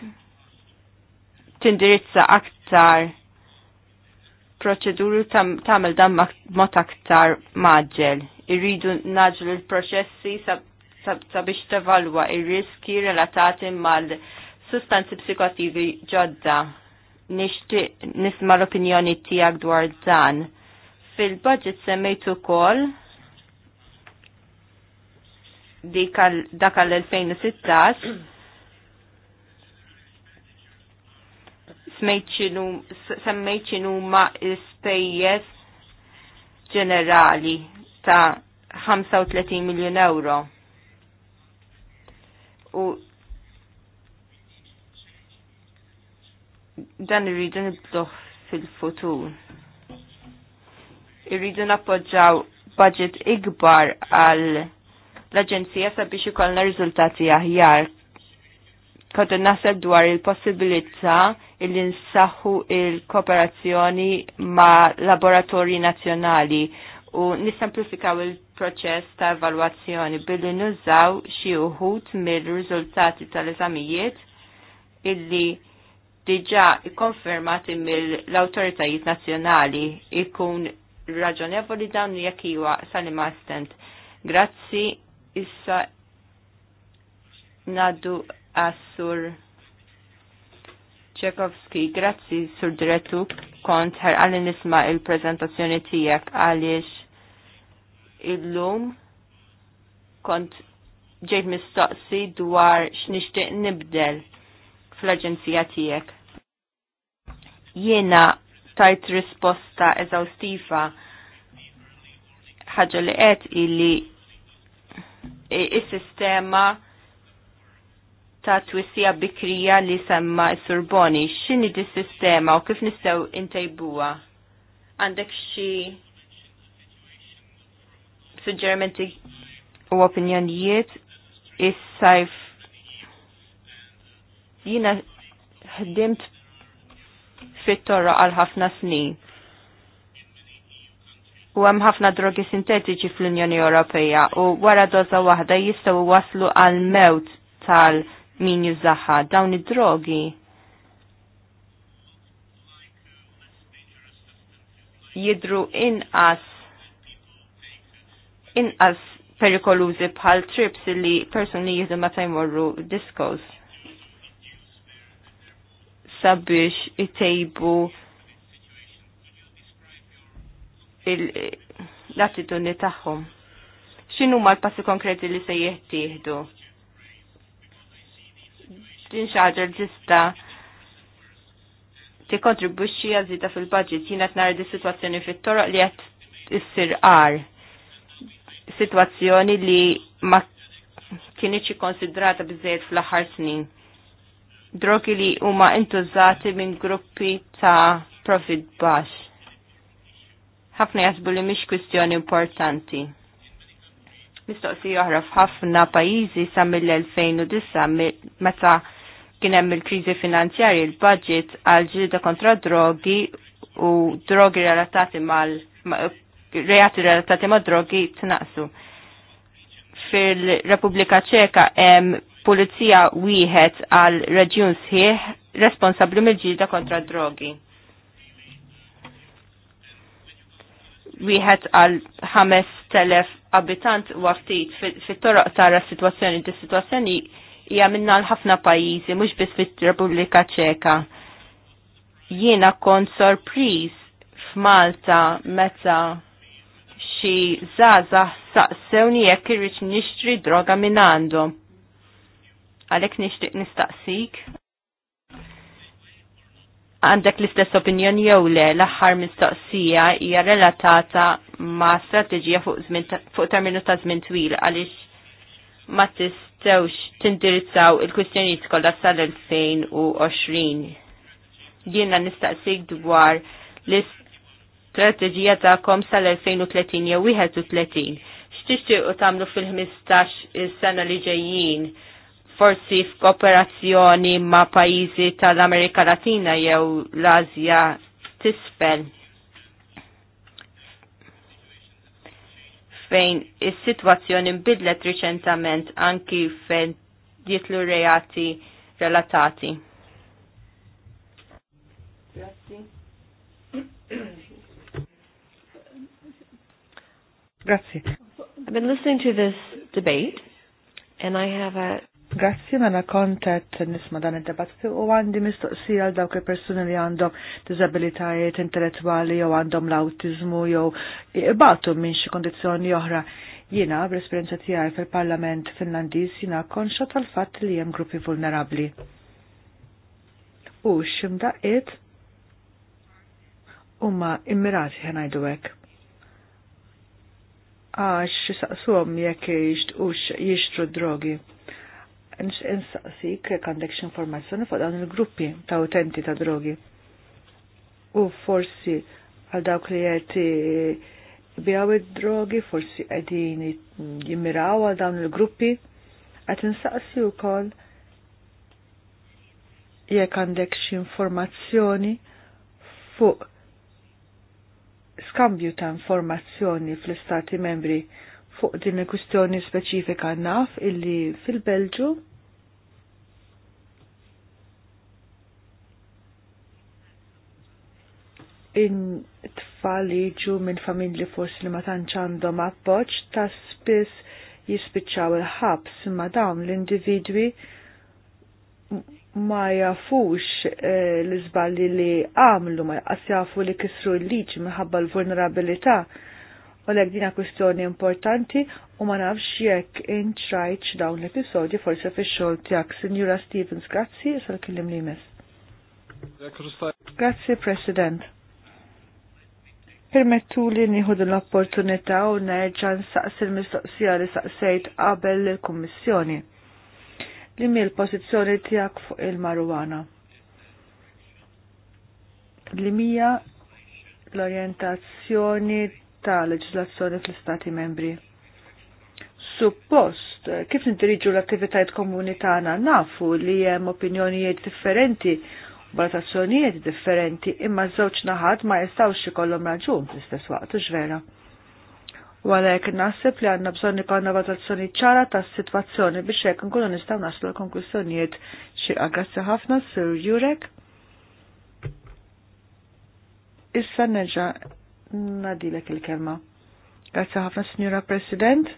F: tindirizza aktar proċeduru tagħmel dan mod aktar maġġel irridu naġlu l-proċessi sabiex tevalwa il riski relatati mal-sustanzi psikotivi ġodda. Nishti, nisma l-opinjoni tiegħek dwar dan. Fil-budget semmejtu ukoll dakal l 2016 semmejt xinu ma spejjes ġenerali ta' 35 miljon euro. U dan irridu nibdluħ fil-futur. Irridu nappoġġaw budget ikbar għal l-Aġenzija sabiex ikollna riżultati aħjar. Kodu naħseb dwar il-possibilità il nsaħħu il-kooperazzjoni ma' laboratorji nazzjonali u nisemplifikaw il-proċess ta' evalwazzjoni billi nużaw xi uħut mill-riżultati tal-eżamijiet illi diġa ikkonfermati mill-autoritajiet nazzjonali ikun raġonevoli dawn jekk iwa salima stent. Grazzi issa nadu għassur Tchaikovsky. Grazzi sur direttu kont ħarqalli nisma il-prezentazzjoni tijak għaliex illum kont ġejt mistoqsi dwar x'nixtieq nibdel fl-aġenzija tiegħek. Jiena tajt risposta eżawstiva ħaġa li qed illi is-sistema ta' twissija bikrija li semma s-Surboni, x'inhi di sistema u kif nistgħu intejbuha? Għandek xi suġġerimenti u opinjonijiet is-sajf jina ħdimt fit-torra għal ħafna snin. U hemm ħafna drogi sintetiċi fl-Unjoni Ewropea u wara doża waħda jistgħu waslu għal mewt tal min jużaha dawn id-drogi. Jidru inqas inqas perikolużi bħal trips li li jihdu meta jmorru diskos sabiex itejbu l-attitudni tagħhom. X'inhu ma l-passi konkreti li se jeħtieħdu? Din xi ħaġa ġista' tikkontribwixxi għażida fil-budget jiena qed nara di sitwazzjoni fit-toroq li
B: qed issir qar
F: situazzjoni li ma kienieċ konsidrata bizzejt fl-aħħar snin. Drogi li huma intużati minn gruppi ta' profit baxx. Ħafna jasbu li mhix kwistjoni importanti. Mistoqsi oħra f'ħafna pajjiżi sa mill-2009 meta kien hemm il-kriżi finanzjari il-budget għal ġrida kontra drogi u drogi relatati mal reati relatati ma' drogi tnaqsu. Fil-Repubblika Ċeka hemm pulizija wieħed għal reġjun sħiħ responsabbli mill-ġilda kontra drogi. Wieħed għal 5,000 abitant waftit fit-toroq tara s-sitwazzjoni, dis-sitwazzjoni hija minna l-ħafna pajjiżi, mhux biss fit-Repubblika Ċeka. Jiena kont sorpriż f'Malta meta xi Zaza saqsewni jekk irrid nixtri droga minn għandhom. Għalhekk nixtieq nistaqsik. Għandek l-istess opinjoni jew le l-aħħar mistoqsija hija relatata ma' strateġija fuq, fuq terminu ta' żmien twil għaliex ma tistgħux tindirizzaw il-kwistjonijiet kollha sal-2020. Jiena nistaqsik dwar l istess strategija kom sal-2030 jew 31. X'tixtiequ tagħmlu fil-15 sena li ġejjin? Forsi f'kooperazzjoni ma' pajjiżi tal-Amerika Latina jew l azja tisfel. Fejn is-sitwazzjoni nbidlet riċentament anki fejn ditlu reati relatati.
E: Grazie. Grazzi.
B: I've been listening to this debate and I have a Grazzi ma mela kontet nisma dan id-debattu u għandi mistoqsija għal dawk il-persuni li għandhom disabilitajiet intellettwali jew għandhom l-autizmu jew ibatu minn xi kondizzjoni oħra. Jiena bl-esperjenza tiegħi fil-Parlament Finlandiż jiena konxa tal-fatt li hemm gruppi vulnerabbli. U x'imdaqiet huma immirati ħanajdu hekk għax xisaqsuhom jekk jixtqux jixtru drogi. Nsaqsik jekk għandek informazzjoni fuq dawn il-gruppi ta' utenti ta' drogi. U forsi għal dawk li qed bijaw id-drogi, forsi qegħdin jimmiraw għal dawn il-gruppi. Qed insaqsi wkoll jekk għandek xi informazzjoni fuq skambju ta' informazzjoni fl-istati membri fuq din il-kustjoni speċifika naf illi fil-Belġu in tfal jiġu minn familji forsi li ma tantx għandhom appoġġ ta' spiss jispiċċaw il-ħabs ma dawn l-individwi ma jafux eh, l-izballi li għamlu, ma jqas jafu li kisru l liċ minħabba l-vulnerabilità. U l dina kwistjoni importanti u ma nafx jekk intrajċ dawn l-episodju forse fi xol tijak. Signora Stevens, grazzi, sal kellim li mis. Grazzi, President. Permettu li nieħu l-opportunità u nerġa' nsaqs il-mistoqsija li saqsejt qabel il-Kummissjoni li mi l-pozizjoni tijak fuq il-marwana. Li mija l-orientazzjoni ta' leġislazzjoni fl-Stati membri. Suppost, kif nidiriġu l-attivitajt komuni tagħna nafu li hemm opinjonijiet differenti valutazzjonijiet differenti imma żewġ naħat ma jistgħux ikollhom raġun fl-istess waqt, vera U għalhekk naħseb li għandna bżonn ikollna valutazzjoni ċara tas-sitwazzjoni biex jek nkunu nistgħu naslu l-konklużjonijiet xieqa. Ah, grazzi ħafna Sir Jurek. Issa neġa' nadilek il-kelma. Grazzi ħafna Sinjura President.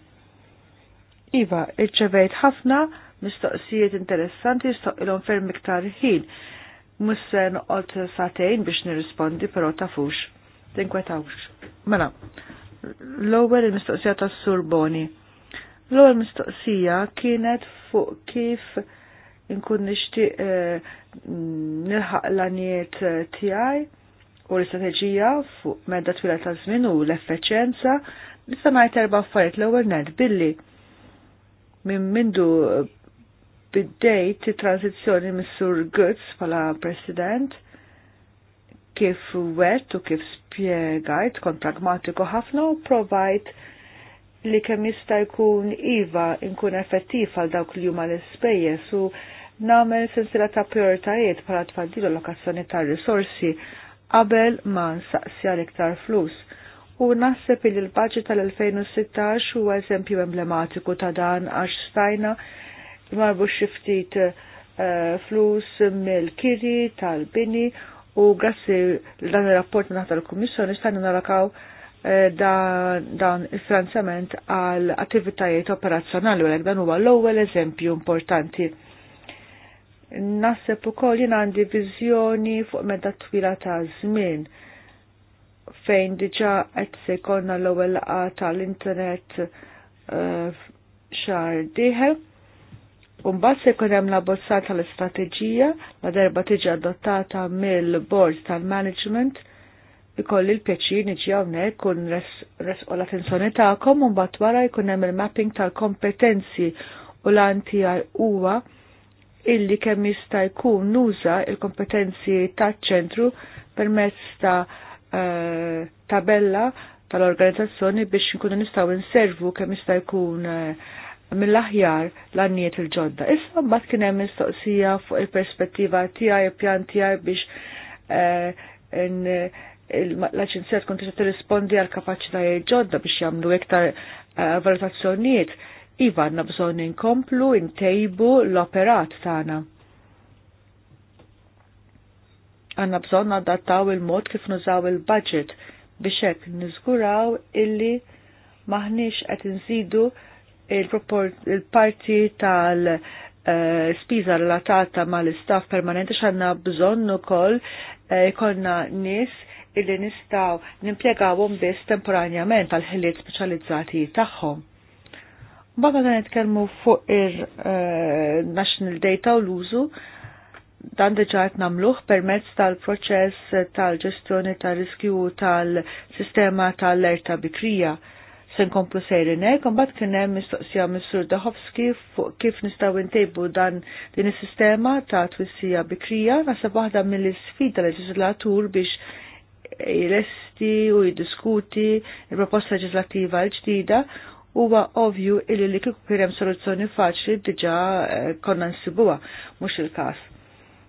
B: Iva, irċevejt ħafna mistoqsijiet interessanti il-on ferm iktar ħin. Musse noqgħod satejn biex nirrispondi però tafux. Tinkwetawx. Mela, L-ewwel il-mistoqsija tas-Sur Boni. L-ewwel mistoqsija kienet fuq kif inkun nixtieq eh, nilħaq l-għaniet eh, tiegħi u l-istrateġija fuq medda twila ta' żmien u l-effiċenza nista' ngħid erba' affarijiet l-ewwel ned billi minn mindu bid-dejt transizzjoni mis-Sur Götz bħala President kif wet u kif spiegajt kon pragmatiku ħafna u provajt li kemm jista' jkun iva nkun effettiv għal dawk li huma l-ispejjeż u nagħmel sensiela ta' prioritajiet bħala tfaddil lokazzjoni tar-risorsi qabel ma saqsja l-iktar flus u nasseb li l-budget tal-2016 huwa eżempju emblematiku ta' dan għax stajna marbu xiftit uh, eh, flus mill-kiri tal-bini u grassi eh, dan il-rapport minnaħta tal-Kummissjoni stanna narakaw dan il franzament għal attivitajiet operazzjonali u dan huwa l-ewwel eżempju importanti. Nasseb ukoll jien għandi viżjoni fuq meta twila ta' żmien fejn diġa qed se jkollna l-ewwel tal-internet eh, xahar dieħel Umbat se jkun hemm l-abbozzat tal-istrateġija la darba tiġi adottata mill-board tal-management ikolli l-pjaċir niġi hawnhekk kun l attenzjoni tagħkom u mbagħad wara jkun hemm il-mapping tal-kompetenzi u l-anti huwa illi kemm jista' jkun nuża il-kompetenzi taċ-ċentru permezz ta' eh, tabella tal-organizzazzjoni biex nkunu nistgħu inservu kemm jista' jkun uh, mill-aħjar l-annijiet il-ġodda. Issa mbagħad kien hemm mistoqsija fuq il-perspettiva tiegħi pjan tiegħi biex eh, l-aċenzija tkun tista' tirrispondi għal kapaċitajiet ġodda biex jagħmlu iktar eh, valutazzjonijiet. Iva għandna bżonn inkomplu, intejbu l-operat tagħna. Għanna bżonn adattaw il-mod kif nużaw il-budget biex hekk niżguraw illi maħniex qed inżidu il-parti tal- eh, spiża relatata mal-istaff permanenti xanna bżonn ukoll jkollna eh, nies illi nistaw nimpiegawhom biss temporanjament għal ħiliet speċjalizzati tagħhom. Bada għan nitkellmu fuq ir-National eh, Data u l-użu dan diġa qed nagħmluh permezz tal-proċess tal-ġestjoni tal-riskju tal-sistema tal-lerta bikrija. tal se nkomplu sejrinek hekk, imbagħad kien hemm mistoqsija Mr. Dahovski fuq kif nistgħu ntejbu dan din is-sistema ta' twissija bikrija, naħseb waħda mill-isfida leġislatur biex jresti u jiddiskuti il-proposta leġislattiva l-ġdida huwa ovju illi li kif kirem soluzzjoni faċli diġa' eh, konna nsibuha mhux il-każ.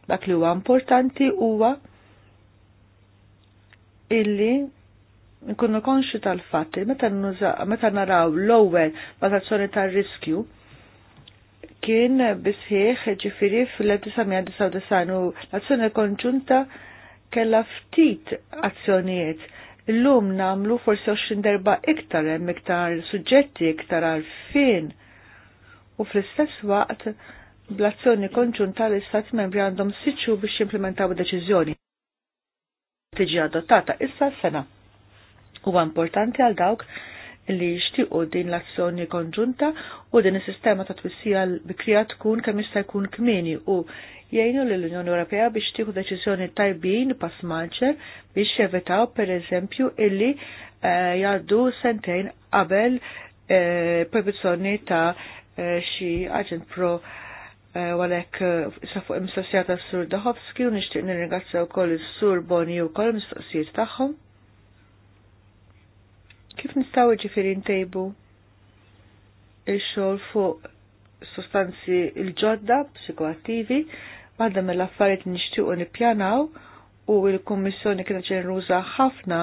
B: Dak li huwa importanti huwa illi nkunu konxi tal fatti meta naraw l-ewwel bazzazzjoni tar-riskju kien bisħieħ ġifiri fil-1999 u l-azzjoni konġunta kella ftit azzjonijiet. Illum namlu forse 20 darba iktar hemm iktar suġġetti iktar għarfien. U fl-istess waqt bl-azzjoni konġunta l-istat membri għandhom siċu biex jimplementaw deċiżjoni tiġi adottata issa sena. Huwa importanti għal dawk li jixtiequ din l-azzjoni konġunta u din is-sistema ta' twissija bikrija tkun kemm jista' jkun kmieni u jgħinu l unjoni Ewropea biex tieħu deċiżjoni tajbin pass maġġer biex jevitaw pereżempju illi eh, jgħaddu sentejn qabel eh, proibizzjoni ta' eh, xi aġent pro għalek safu fuq s-sur Dahovski u nishtiq u kol s-sur Boni u kol mistoqsijiet tagħhom. Kif nistaw ġifiri ntejbu il-xol fuq sostanzi il-ġodda psikoattivi għadda mill-affarijiet nixtiequ nippjanaw u l-Kummissjoni kienet ġeneruża ħafna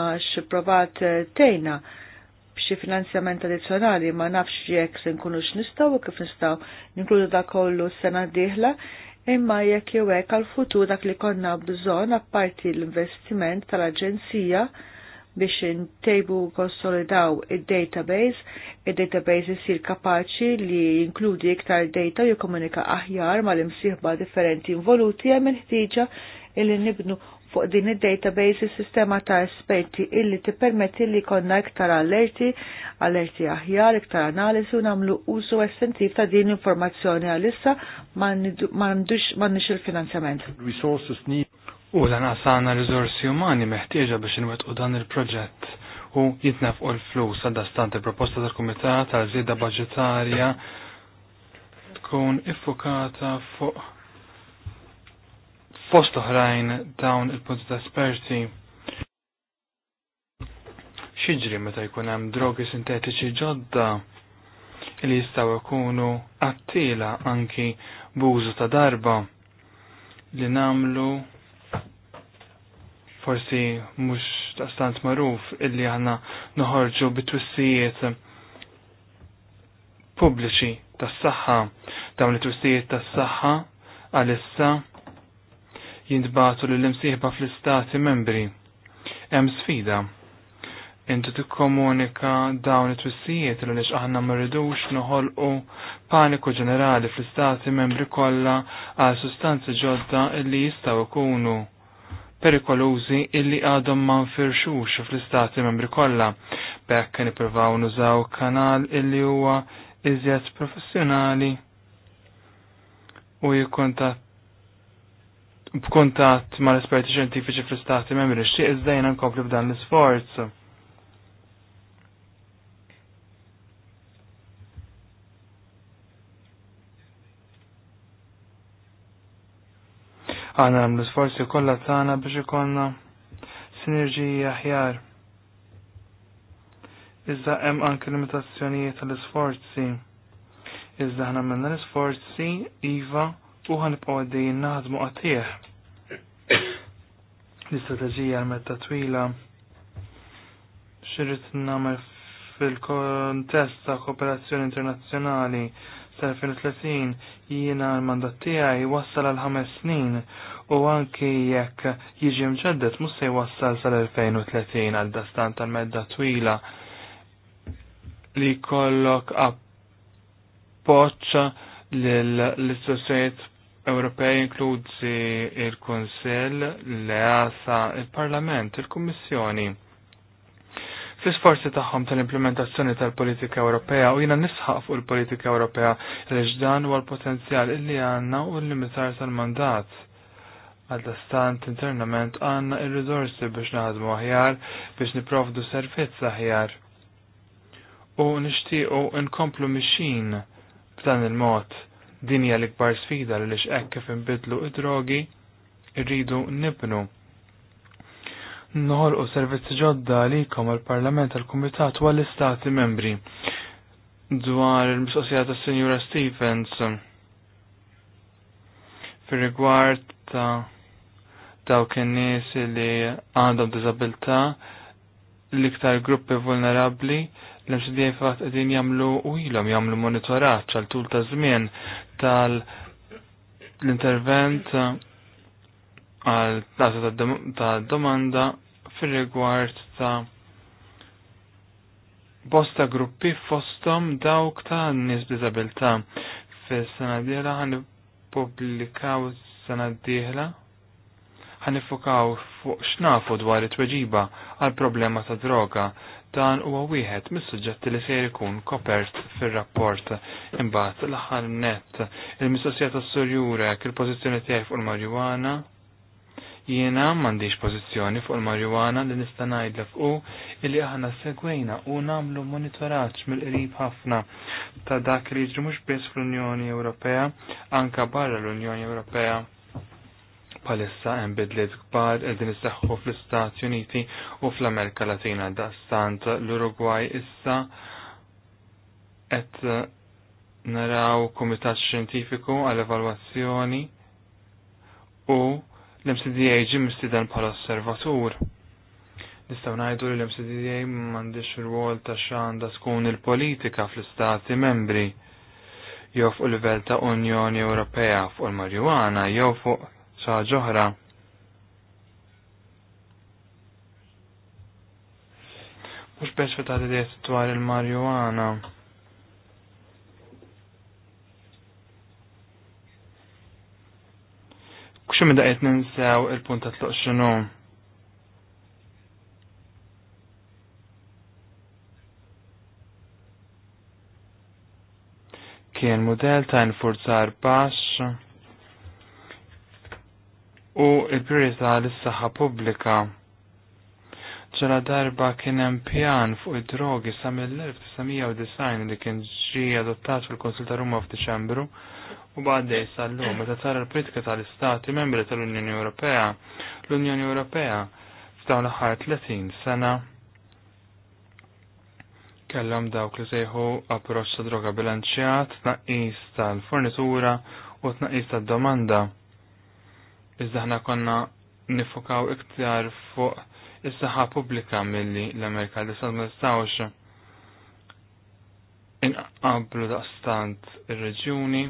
B: provat eh, tejna b'xi finanzjament addizzjonali ma nafx jekk se nkunux nistgħu u kif nistgħu ninkludu da kollu sena d-dieħla imma jekk jew hekk għal futur dak li konna bżonn apparti l-investiment tal-Aġenzija biex intejbu konsolidaw il-database, il-database jisir kapaċi li jinkludi iktar data u jikomunika aħjar mal imsieħba differenti involuti hemm il ħtijġa illi nibnu fuq din il-database il-sistema ta' esperti illi permetti li konna iktar allerti, allerti aħjar, iktar analizi u namlu użu essentiv ta' din informazzjoni għalissa ma'
D: nix il-finanzjament. U dan għasana rizorsi umani meħtieġa biex nwettqu dan il-proġett u jitnafqu l-flus għaddastant il-proposta tal-Kumitat tal-żieda baġitarja tkun iffukata fuq fost oħrajn dawn il-punti ta' esperti. Xiġri meta jkun hemm drogi sintetiċi ġodda li jistgħu jkunu attila anki bużu ta' darba li namlu forsi mhux taqstant magħruf illi għanna noħorġu bit-twissijiet pubbliċi tas-saħħa dawn it-twissijiet tas-saħħa għalissa li l imsieħba fl-istati membri. Hemm sfida. Intu tikkomunika dawn it-twissijiet li lix aħna mridux noħolqu paniku ġenerali fl-istati membri kollha għal sustanzi ġodda li jistgħu jkunu perikolużi illi għadhom ma nfirxux fl-istati membri kollha. Bekk nippruvaw nużaw kanal illi huwa iżjed professjonali u jikontat b'kuntatt mal esperti xjentifiċi fl-istati membri xie iżdejna nkompli b'dan l isforz Għana għamlu sforzi kollha tagħna biex ikonna sinerġija ħjar. Iżda hemm anke limitazzjonijiet tal-isforzi. Iżda ħna minna l-isforzi iva u ħanibqgħu għaddejjin naħdmu qatih. L-istrateġija l-metta twila xirrit nagħmel fil-kontest ta' kooperazzjoni internazzjonali sal-2030 jiena l-mandat tiegħi wassal għal ħames snin u anki jekk jiġi mġeddet mhux se jwassal sal-2030 għal dastan tal-medda twila li kollok appoġġ l-istituzzjonijiet Ewropej inkludzi il-Kunsill, l-EASA, il-Parlament, il-Kummissjoni fl-isforzi tagħhom tal-implementazzjoni tal-politika Ewropea u jiena nisħaq fuq il-politika Ewropea għaliex dan huwa l-potenzjal illi għandna u l-limitar tal-mandat. Għal-dastant internament għandna il-rizorsi biex naħdmu aħjar biex niprofdu servizz aħjar. U nixtiequ nkomplu mixin b'dan il-mod dinja l-ikbar sfida li l kif inbidlu id-drogi irridu nibnu u servizzi ġodda għalikom għal-Parlament għal-Kumitat u għall-Istati membri dwar il-mistoqsija ta' senjura Stevens fir rigward ta' dawk in-nies li għandhom diżabilità l-iktar gruppi vulnerabbli l-MCDA fatt qegħdin jagħmlu u ilhom jagħmlu monitorat għal tul ta' żmien tal l-intervent għal tasa ta' domanda fil-rigward ta' bosta gruppi fostom dawk ta' nis bizabilta. Fil-sena diħla għan publikaw sena diħla għan ifokaw fuq xnafu dwar it-tweġiba għal problema ta' droga dan huwa wieħed mis-suġġetti li se kun kopert fir-rapport imbagħad l-aħħar net il-mistoqsija s surjurek, il-pożizzjoni tiegħi fuq il-marijuana Jiena m'għandix pożizzjoni fuq il-marijuana li nista' ngħidlek u illi aħna segwejna u nagħmlu monitoraċ mill-qrib ħafna ta' dak li jiġri mhux biss fl-Unjoni Ewropea, anka barra l-Unjoni Ewropea palissa hemm bidliet kbar qegħdin isseħħu fl-Istati Uniti u fl-Amerika Latina da stant l-Urugwaj issa qed naraw kumitat xjentifiku għal evalwazzjoni u l-MCDA ġim mistieden bħala osservatur. Nistgħu ngħidu li l-MCDA m'għandix rwol ta' xanda tkun il-politika fl-istati membri jew fuq livell ta' Unjoni Ewropea fuq il-marijuana jew fuq xi ġoħra. Mhux biex fetati dejjet dwar il-marijuana. Kuxu minn daqet ninsew il-punta tluq xinu. Kien model ta' infurzar baxx u il-priorità l-saħħa pubblika ċala darba kien hemm pjan fuq id-drogi sa mill-1990 li kien ġie adottat fil konsulta Ruma f'Diċembru U bħaddej sal-lum, meta tara l-politika tal-Istati membri tal-Unjoni Ewropea, l-Unjoni Ewropea f'dawn l-aħħar 30 sena kellhom dawk li sejħu approċċ ta' droga bilanċjat, tnaqqis tal-fornitura u tnaqqis tad-domanda. Iżda ħna konna nifokaw iktar fuq is-saħħa pubblika milli l-Amerika li sa' nistgħux inqablu daqstant ir-reġjuni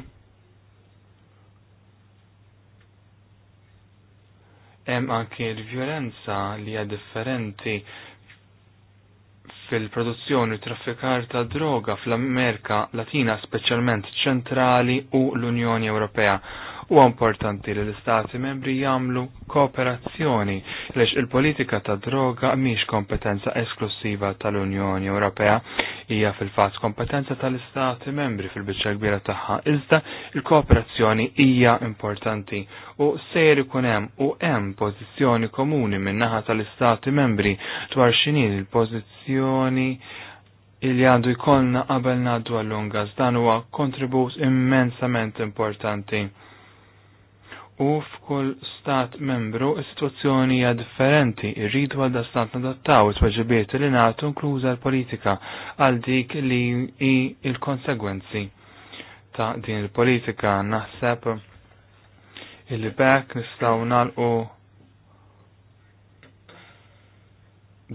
D: hemm anke l-vjolenza li hija differenti fil-produzzjoni u traffikar ta' droga fl-Amerika Latina speċjalment ċentrali u l-Unjoni Ewropea U importanti li l-istati membri jamlu kooperazzjoni lex il-politika ta' droga miex kompetenza esklusiva tal-Unjoni Ewropea hija fil-fatt kompetenza tal-istati membri fil-biċċa kbira tagħha. Iżda il-kooperazzjoni hija importanti u sejr ikun hemm u hemm pożizzjoni komuni min-naħa tal-istati membri dwar x'inhi il-pożizzjoni il għandu jkollna qabel naddu għallungas dan huwa kontribut immensament importanti u f'kull stat membru is-sitwazzjoni hija differenti, irridu għal stat nadattaw it-tweġibiet li nagħtu inkluża l-politika għal dik li hi il-konsegwenzi ta' din il-politika naħseb il bekk nistgħu nagħlqu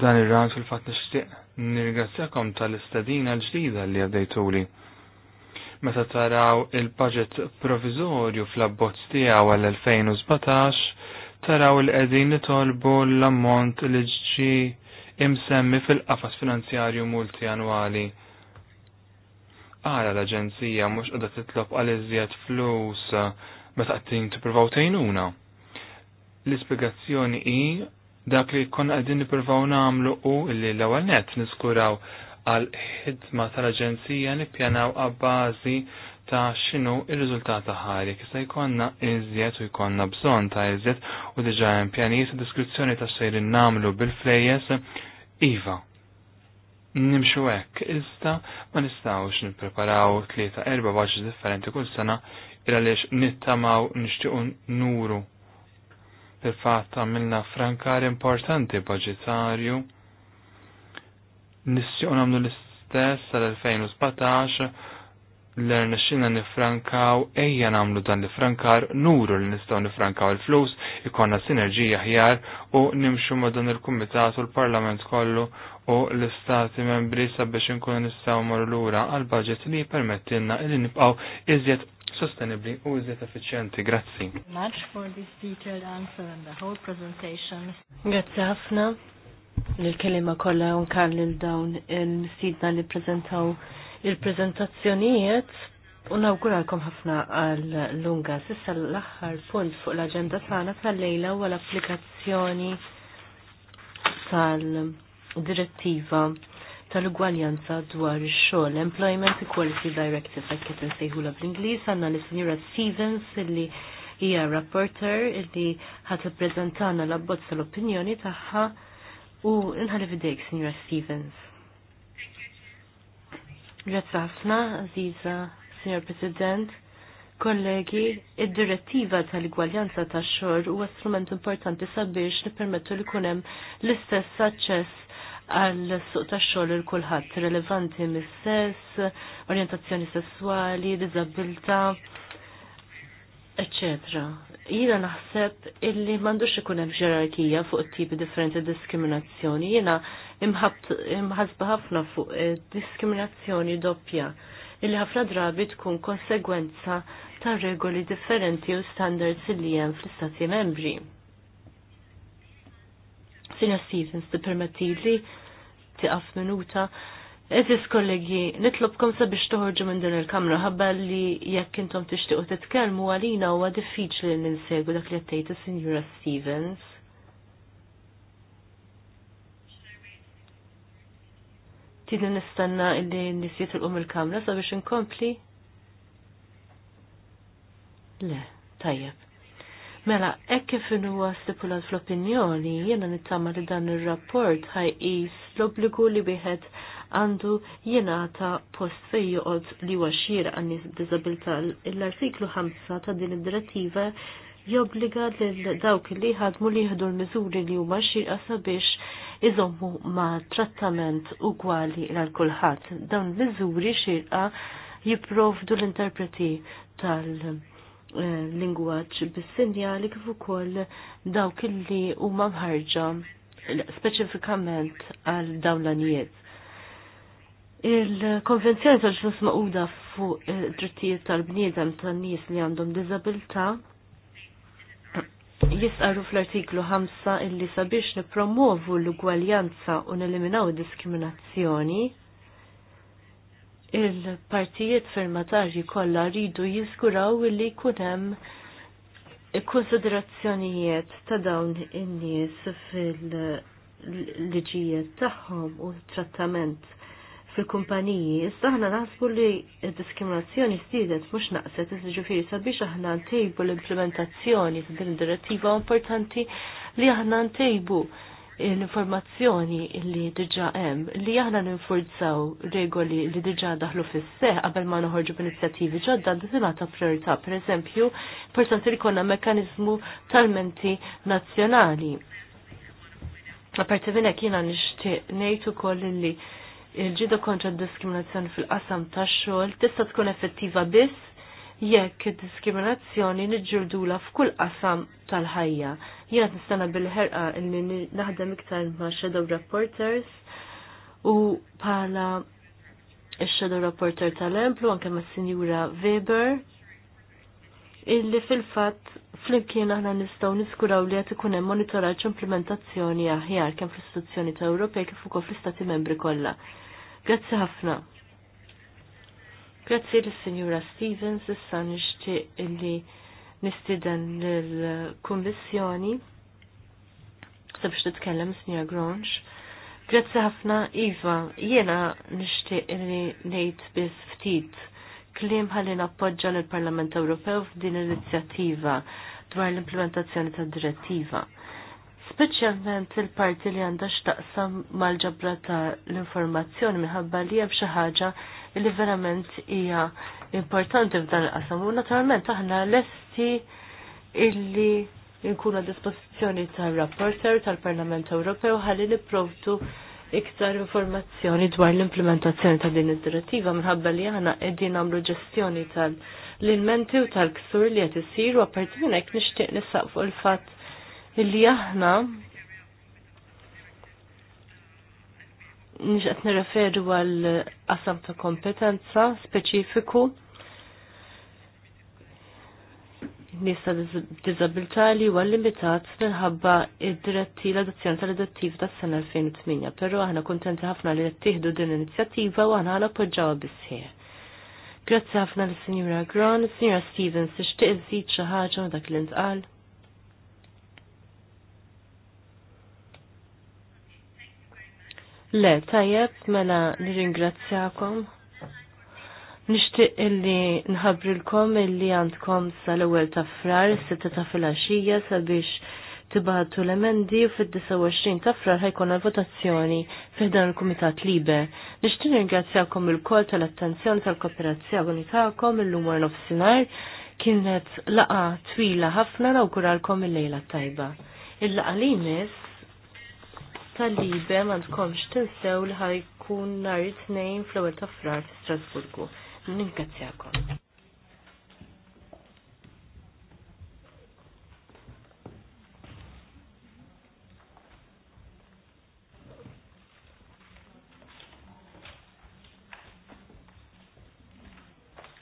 D: dan ir-round fil-fatt nixtieq nirgrazzjakom tal-istadina l-ġdida li għaddejtuli. Meta taraw il-budget provizorju fl-abbozz tiegħu għal-2017, taraw il-qegħdin nitolbu l-ammont li ġġi imsemmi fil-qafas finanzjarju multianwali. Ara l-Aġenzija mhux qiegħda titlob għal iżjed flus meta qed tippruvaw tgħinuna. L-ispjegazzjoni hi dak li kon qegħdin nippruvaw nagħmlu u illi l-ewwel nett niskuraw għal ħidma tal-Aġenzija nippjanaw għabbażi ta' xinu il ta' ħari kisa jkonna iżjed u jkonna bżon ta' iżjed u diġa hemm u diskrizzjoni ta' xejn namlu bil flejes iva. Nimxu hekk, iżda ma nistgħux nippreparaw tlieta erba' baġġi differenti kull sena il għaliex nittamaw nixtiequ nuru il-fatt għamilna frankar importanti budgetarju nissiqu namlu l-istess tal 2017 l-erna xina nifrankaw, ejja namlu dan nifrankar, nuru li nistaw nifrankaw il-flus, ikonna sinerġija ħjar u nimxu ma dan il-Kumitat u l-Parlament kollu u l-Istati membri sabiex nkun nistaw mar lura għal-budget li permettinna li nibqaw iżjed sostenibli u iżjed effiċjenti. Grazzi.
A: Much for this detailed answer and the whole presentation.
D: Grazzi ħafna
E: l-kelima kolla unkar l-dawn il-sidna li prezentaw il-prezentazzjonijiet nawguralkom ħafna għal lunga sissa l-aħħar punt fuq l-agenda tagħna tal-lejla u l-applikazzjoni tal-direttiva tal-ugwaljanza dwar ix-xogħol Employment Equality Directive għal kif insejħula bl inglis għanna l signora Stevens illi hija rapporter illi ħadd prezentana l abbozza tal-opinjoni tagħha U inħalli fidejk, Signora Stevens. Grazzi ħafna, Aziza, Signor President, kollegi, id-direttiva tal-gwaljanza ta' xor u strument importanti sabiex li permettu li kunem l-istess aċċess għal suq ta' xogħol il kulħadd relevanti mis-sess, orjentazzjoni sessuali, diżabilità, eccetera. Jina naħseb illi mandux ikun hemm ġerarkija fuq it tipi differenti diskriminazzjoni. Jina imħasba ħafna fuq eh, diskriminazzjoni doppja illi ħafna drabi tkun konsegwenza ta' regoli differenti u standards illi hemm fl-istati membri. Sina Stevens, ti permetti li tiqaf minuta Eżis kollegi, nitlobkom sabiex toħorġu minn din il-kamra ħabba li jekk intom tixtiequ titkellmu għalina huwa diffiċli li nsegwu dak li qed signora Stevens. Tieni nistanna illi nisiet il-qum il-kamra sabiex inkompli? Le, tajjeb. Mela, ekke kif huwa stipulat fl-opinjoni, jiena nittama li dan ir-rapport ħajqis l-obbligu li wieħed għandu jenata post fej li huwa għan nies b'diżabilità. L-artiklu 5 ta' din id-direttiva jobbliga lil dawk li ħadmu li jieħdu l-miżuri li huma xirqa sabiex iżommu ma' trattament ugwali għal kulħadd. Dawn miżuri xirqa jipprovdu l-interpreti tal- eh, lingwaġġ bis-sinjali kif ukoll dawk illi huma mħarġa speċifikament għal dawn l-anijiet. Il-konvenzjoni tal-ġlus maquda fuq eh, drittijiet tal-bniedem tan-nies li għandhom diżabilità jisqaru fl-artiklu 5 illi sabiex nipromovu l-ugwaljanza u neliminaw diskriminazzjoni il-partijiet firmatarji kollha rridu jiżguraw illi jkun hemm konsiderazzjonijiet ta' dawn in-nies fil-liġijiet tagħhom u trattament fil-kumpaniji, issa aħna naħsbu li diskriminazzjoni stiedet mhux naqset, ġifieri sabiex aħna ntejbu l-implementazzjoni ta' din id-direttiva importanti li aħna ntejbu l-informazzjoni li diġa hemm li aħna ninfurzaw regoli li diġa daħlu fis-seħ qabel ma noħorġu b'inizjattivi ġodda diżina ta' priorità, pereżempju, importanti li konna mekkaniżmu tal-menti nazzjonali. Aparti minn hekk jiena nixtieq ngħid ukoll li il-ġida kontra diskriminazzjoni fil-qasam tax-xogħol tista' tkun effettiva biss jekk id-diskriminazzjoni niġġurdula f'kull qasam tal-ħajja. Jiena nistana bil-ħerqa li naħdem iktar ma' shadow reporters u bħala shadow reporter tal-Emplu anke ma' Sinjura Weber illi fil-fatt Flimkien aħna nistgħu niskuraw li qed ikun hemm monitoraġġ implementazzjoni aħjar kemm fl-istituzzjoni ta' Ewropej kif ukoll fl-Istati Membri kollha. Grazzi ħafna. Grazzi lis-Sinjura Stevens issa nixtieq illi nistieden lill-Kummissjoni sabiex titkellem Sinja Grange. Grazzi ħafna Iva, jiena nixtieq illi ngħid biss ftit kliem ħalli nappoġġa l-Parlament Ewropew f'din l-inizjattiva dwar l-implementazzjoni tad direttiva. Speċjalment il-parti li għandha x'taqsam mal-ġabra ta' l-informazzjoni minħabba li hemm xi ħaġa li verament hija importanti f'dan il-qasam u naturalment aħna lesti illi nkunu a dispożizzjoni tar-rapporter tal-Parlament Ewropew ħalli nipprovdu iktar informazzjoni dwar l-implementazzjoni ta' din id-direttiva minħabba li aħna qegħdin nagħmlu ġestjoni tal inmenti u tal-ksur li qed isiru apparti minn hekk nixtieq nisaq fuq il-fatt li aħna nix qed nirreferu għal qasam ta' kompetenza speċifiku nies ta' diżabilità li huwa limitat minħabba id-diretti l-adozzjoni tal adattiv tas-sena 2008, però aħna kuntenti ħafna li qed tieħdu din l-inizjattiva u aħna nappoġġawha bissieħ. Grazzi ħafna lis sinjura Gron, sinjura Stevens, xtieq iżid xi ħaġa dak li ntqal. Le, tajjeb, mela nirringrazzjakom Nishtiq illi nħabrilkom illi għandkom sal-ewel ta' frar, s-sitta ta' fil-axija sabiex tibatu l-emendi u fil-29 ta' frar ħajkun votazzjoni fil-dan il-Kumitat Libe. Nishtiq ringrazzjakom il-kol tal-attenzjoni tal-kooperazzjoni ta'kom il-lumar nofsinar kienet laqa twila ħafna nawguralkom il-lejla tajba. Il-laqa li nis tal-libe x tinsew li ħajkun nar it-tnejn fl-ewwel ta' frar fi Strasburgu ninkazzjakom.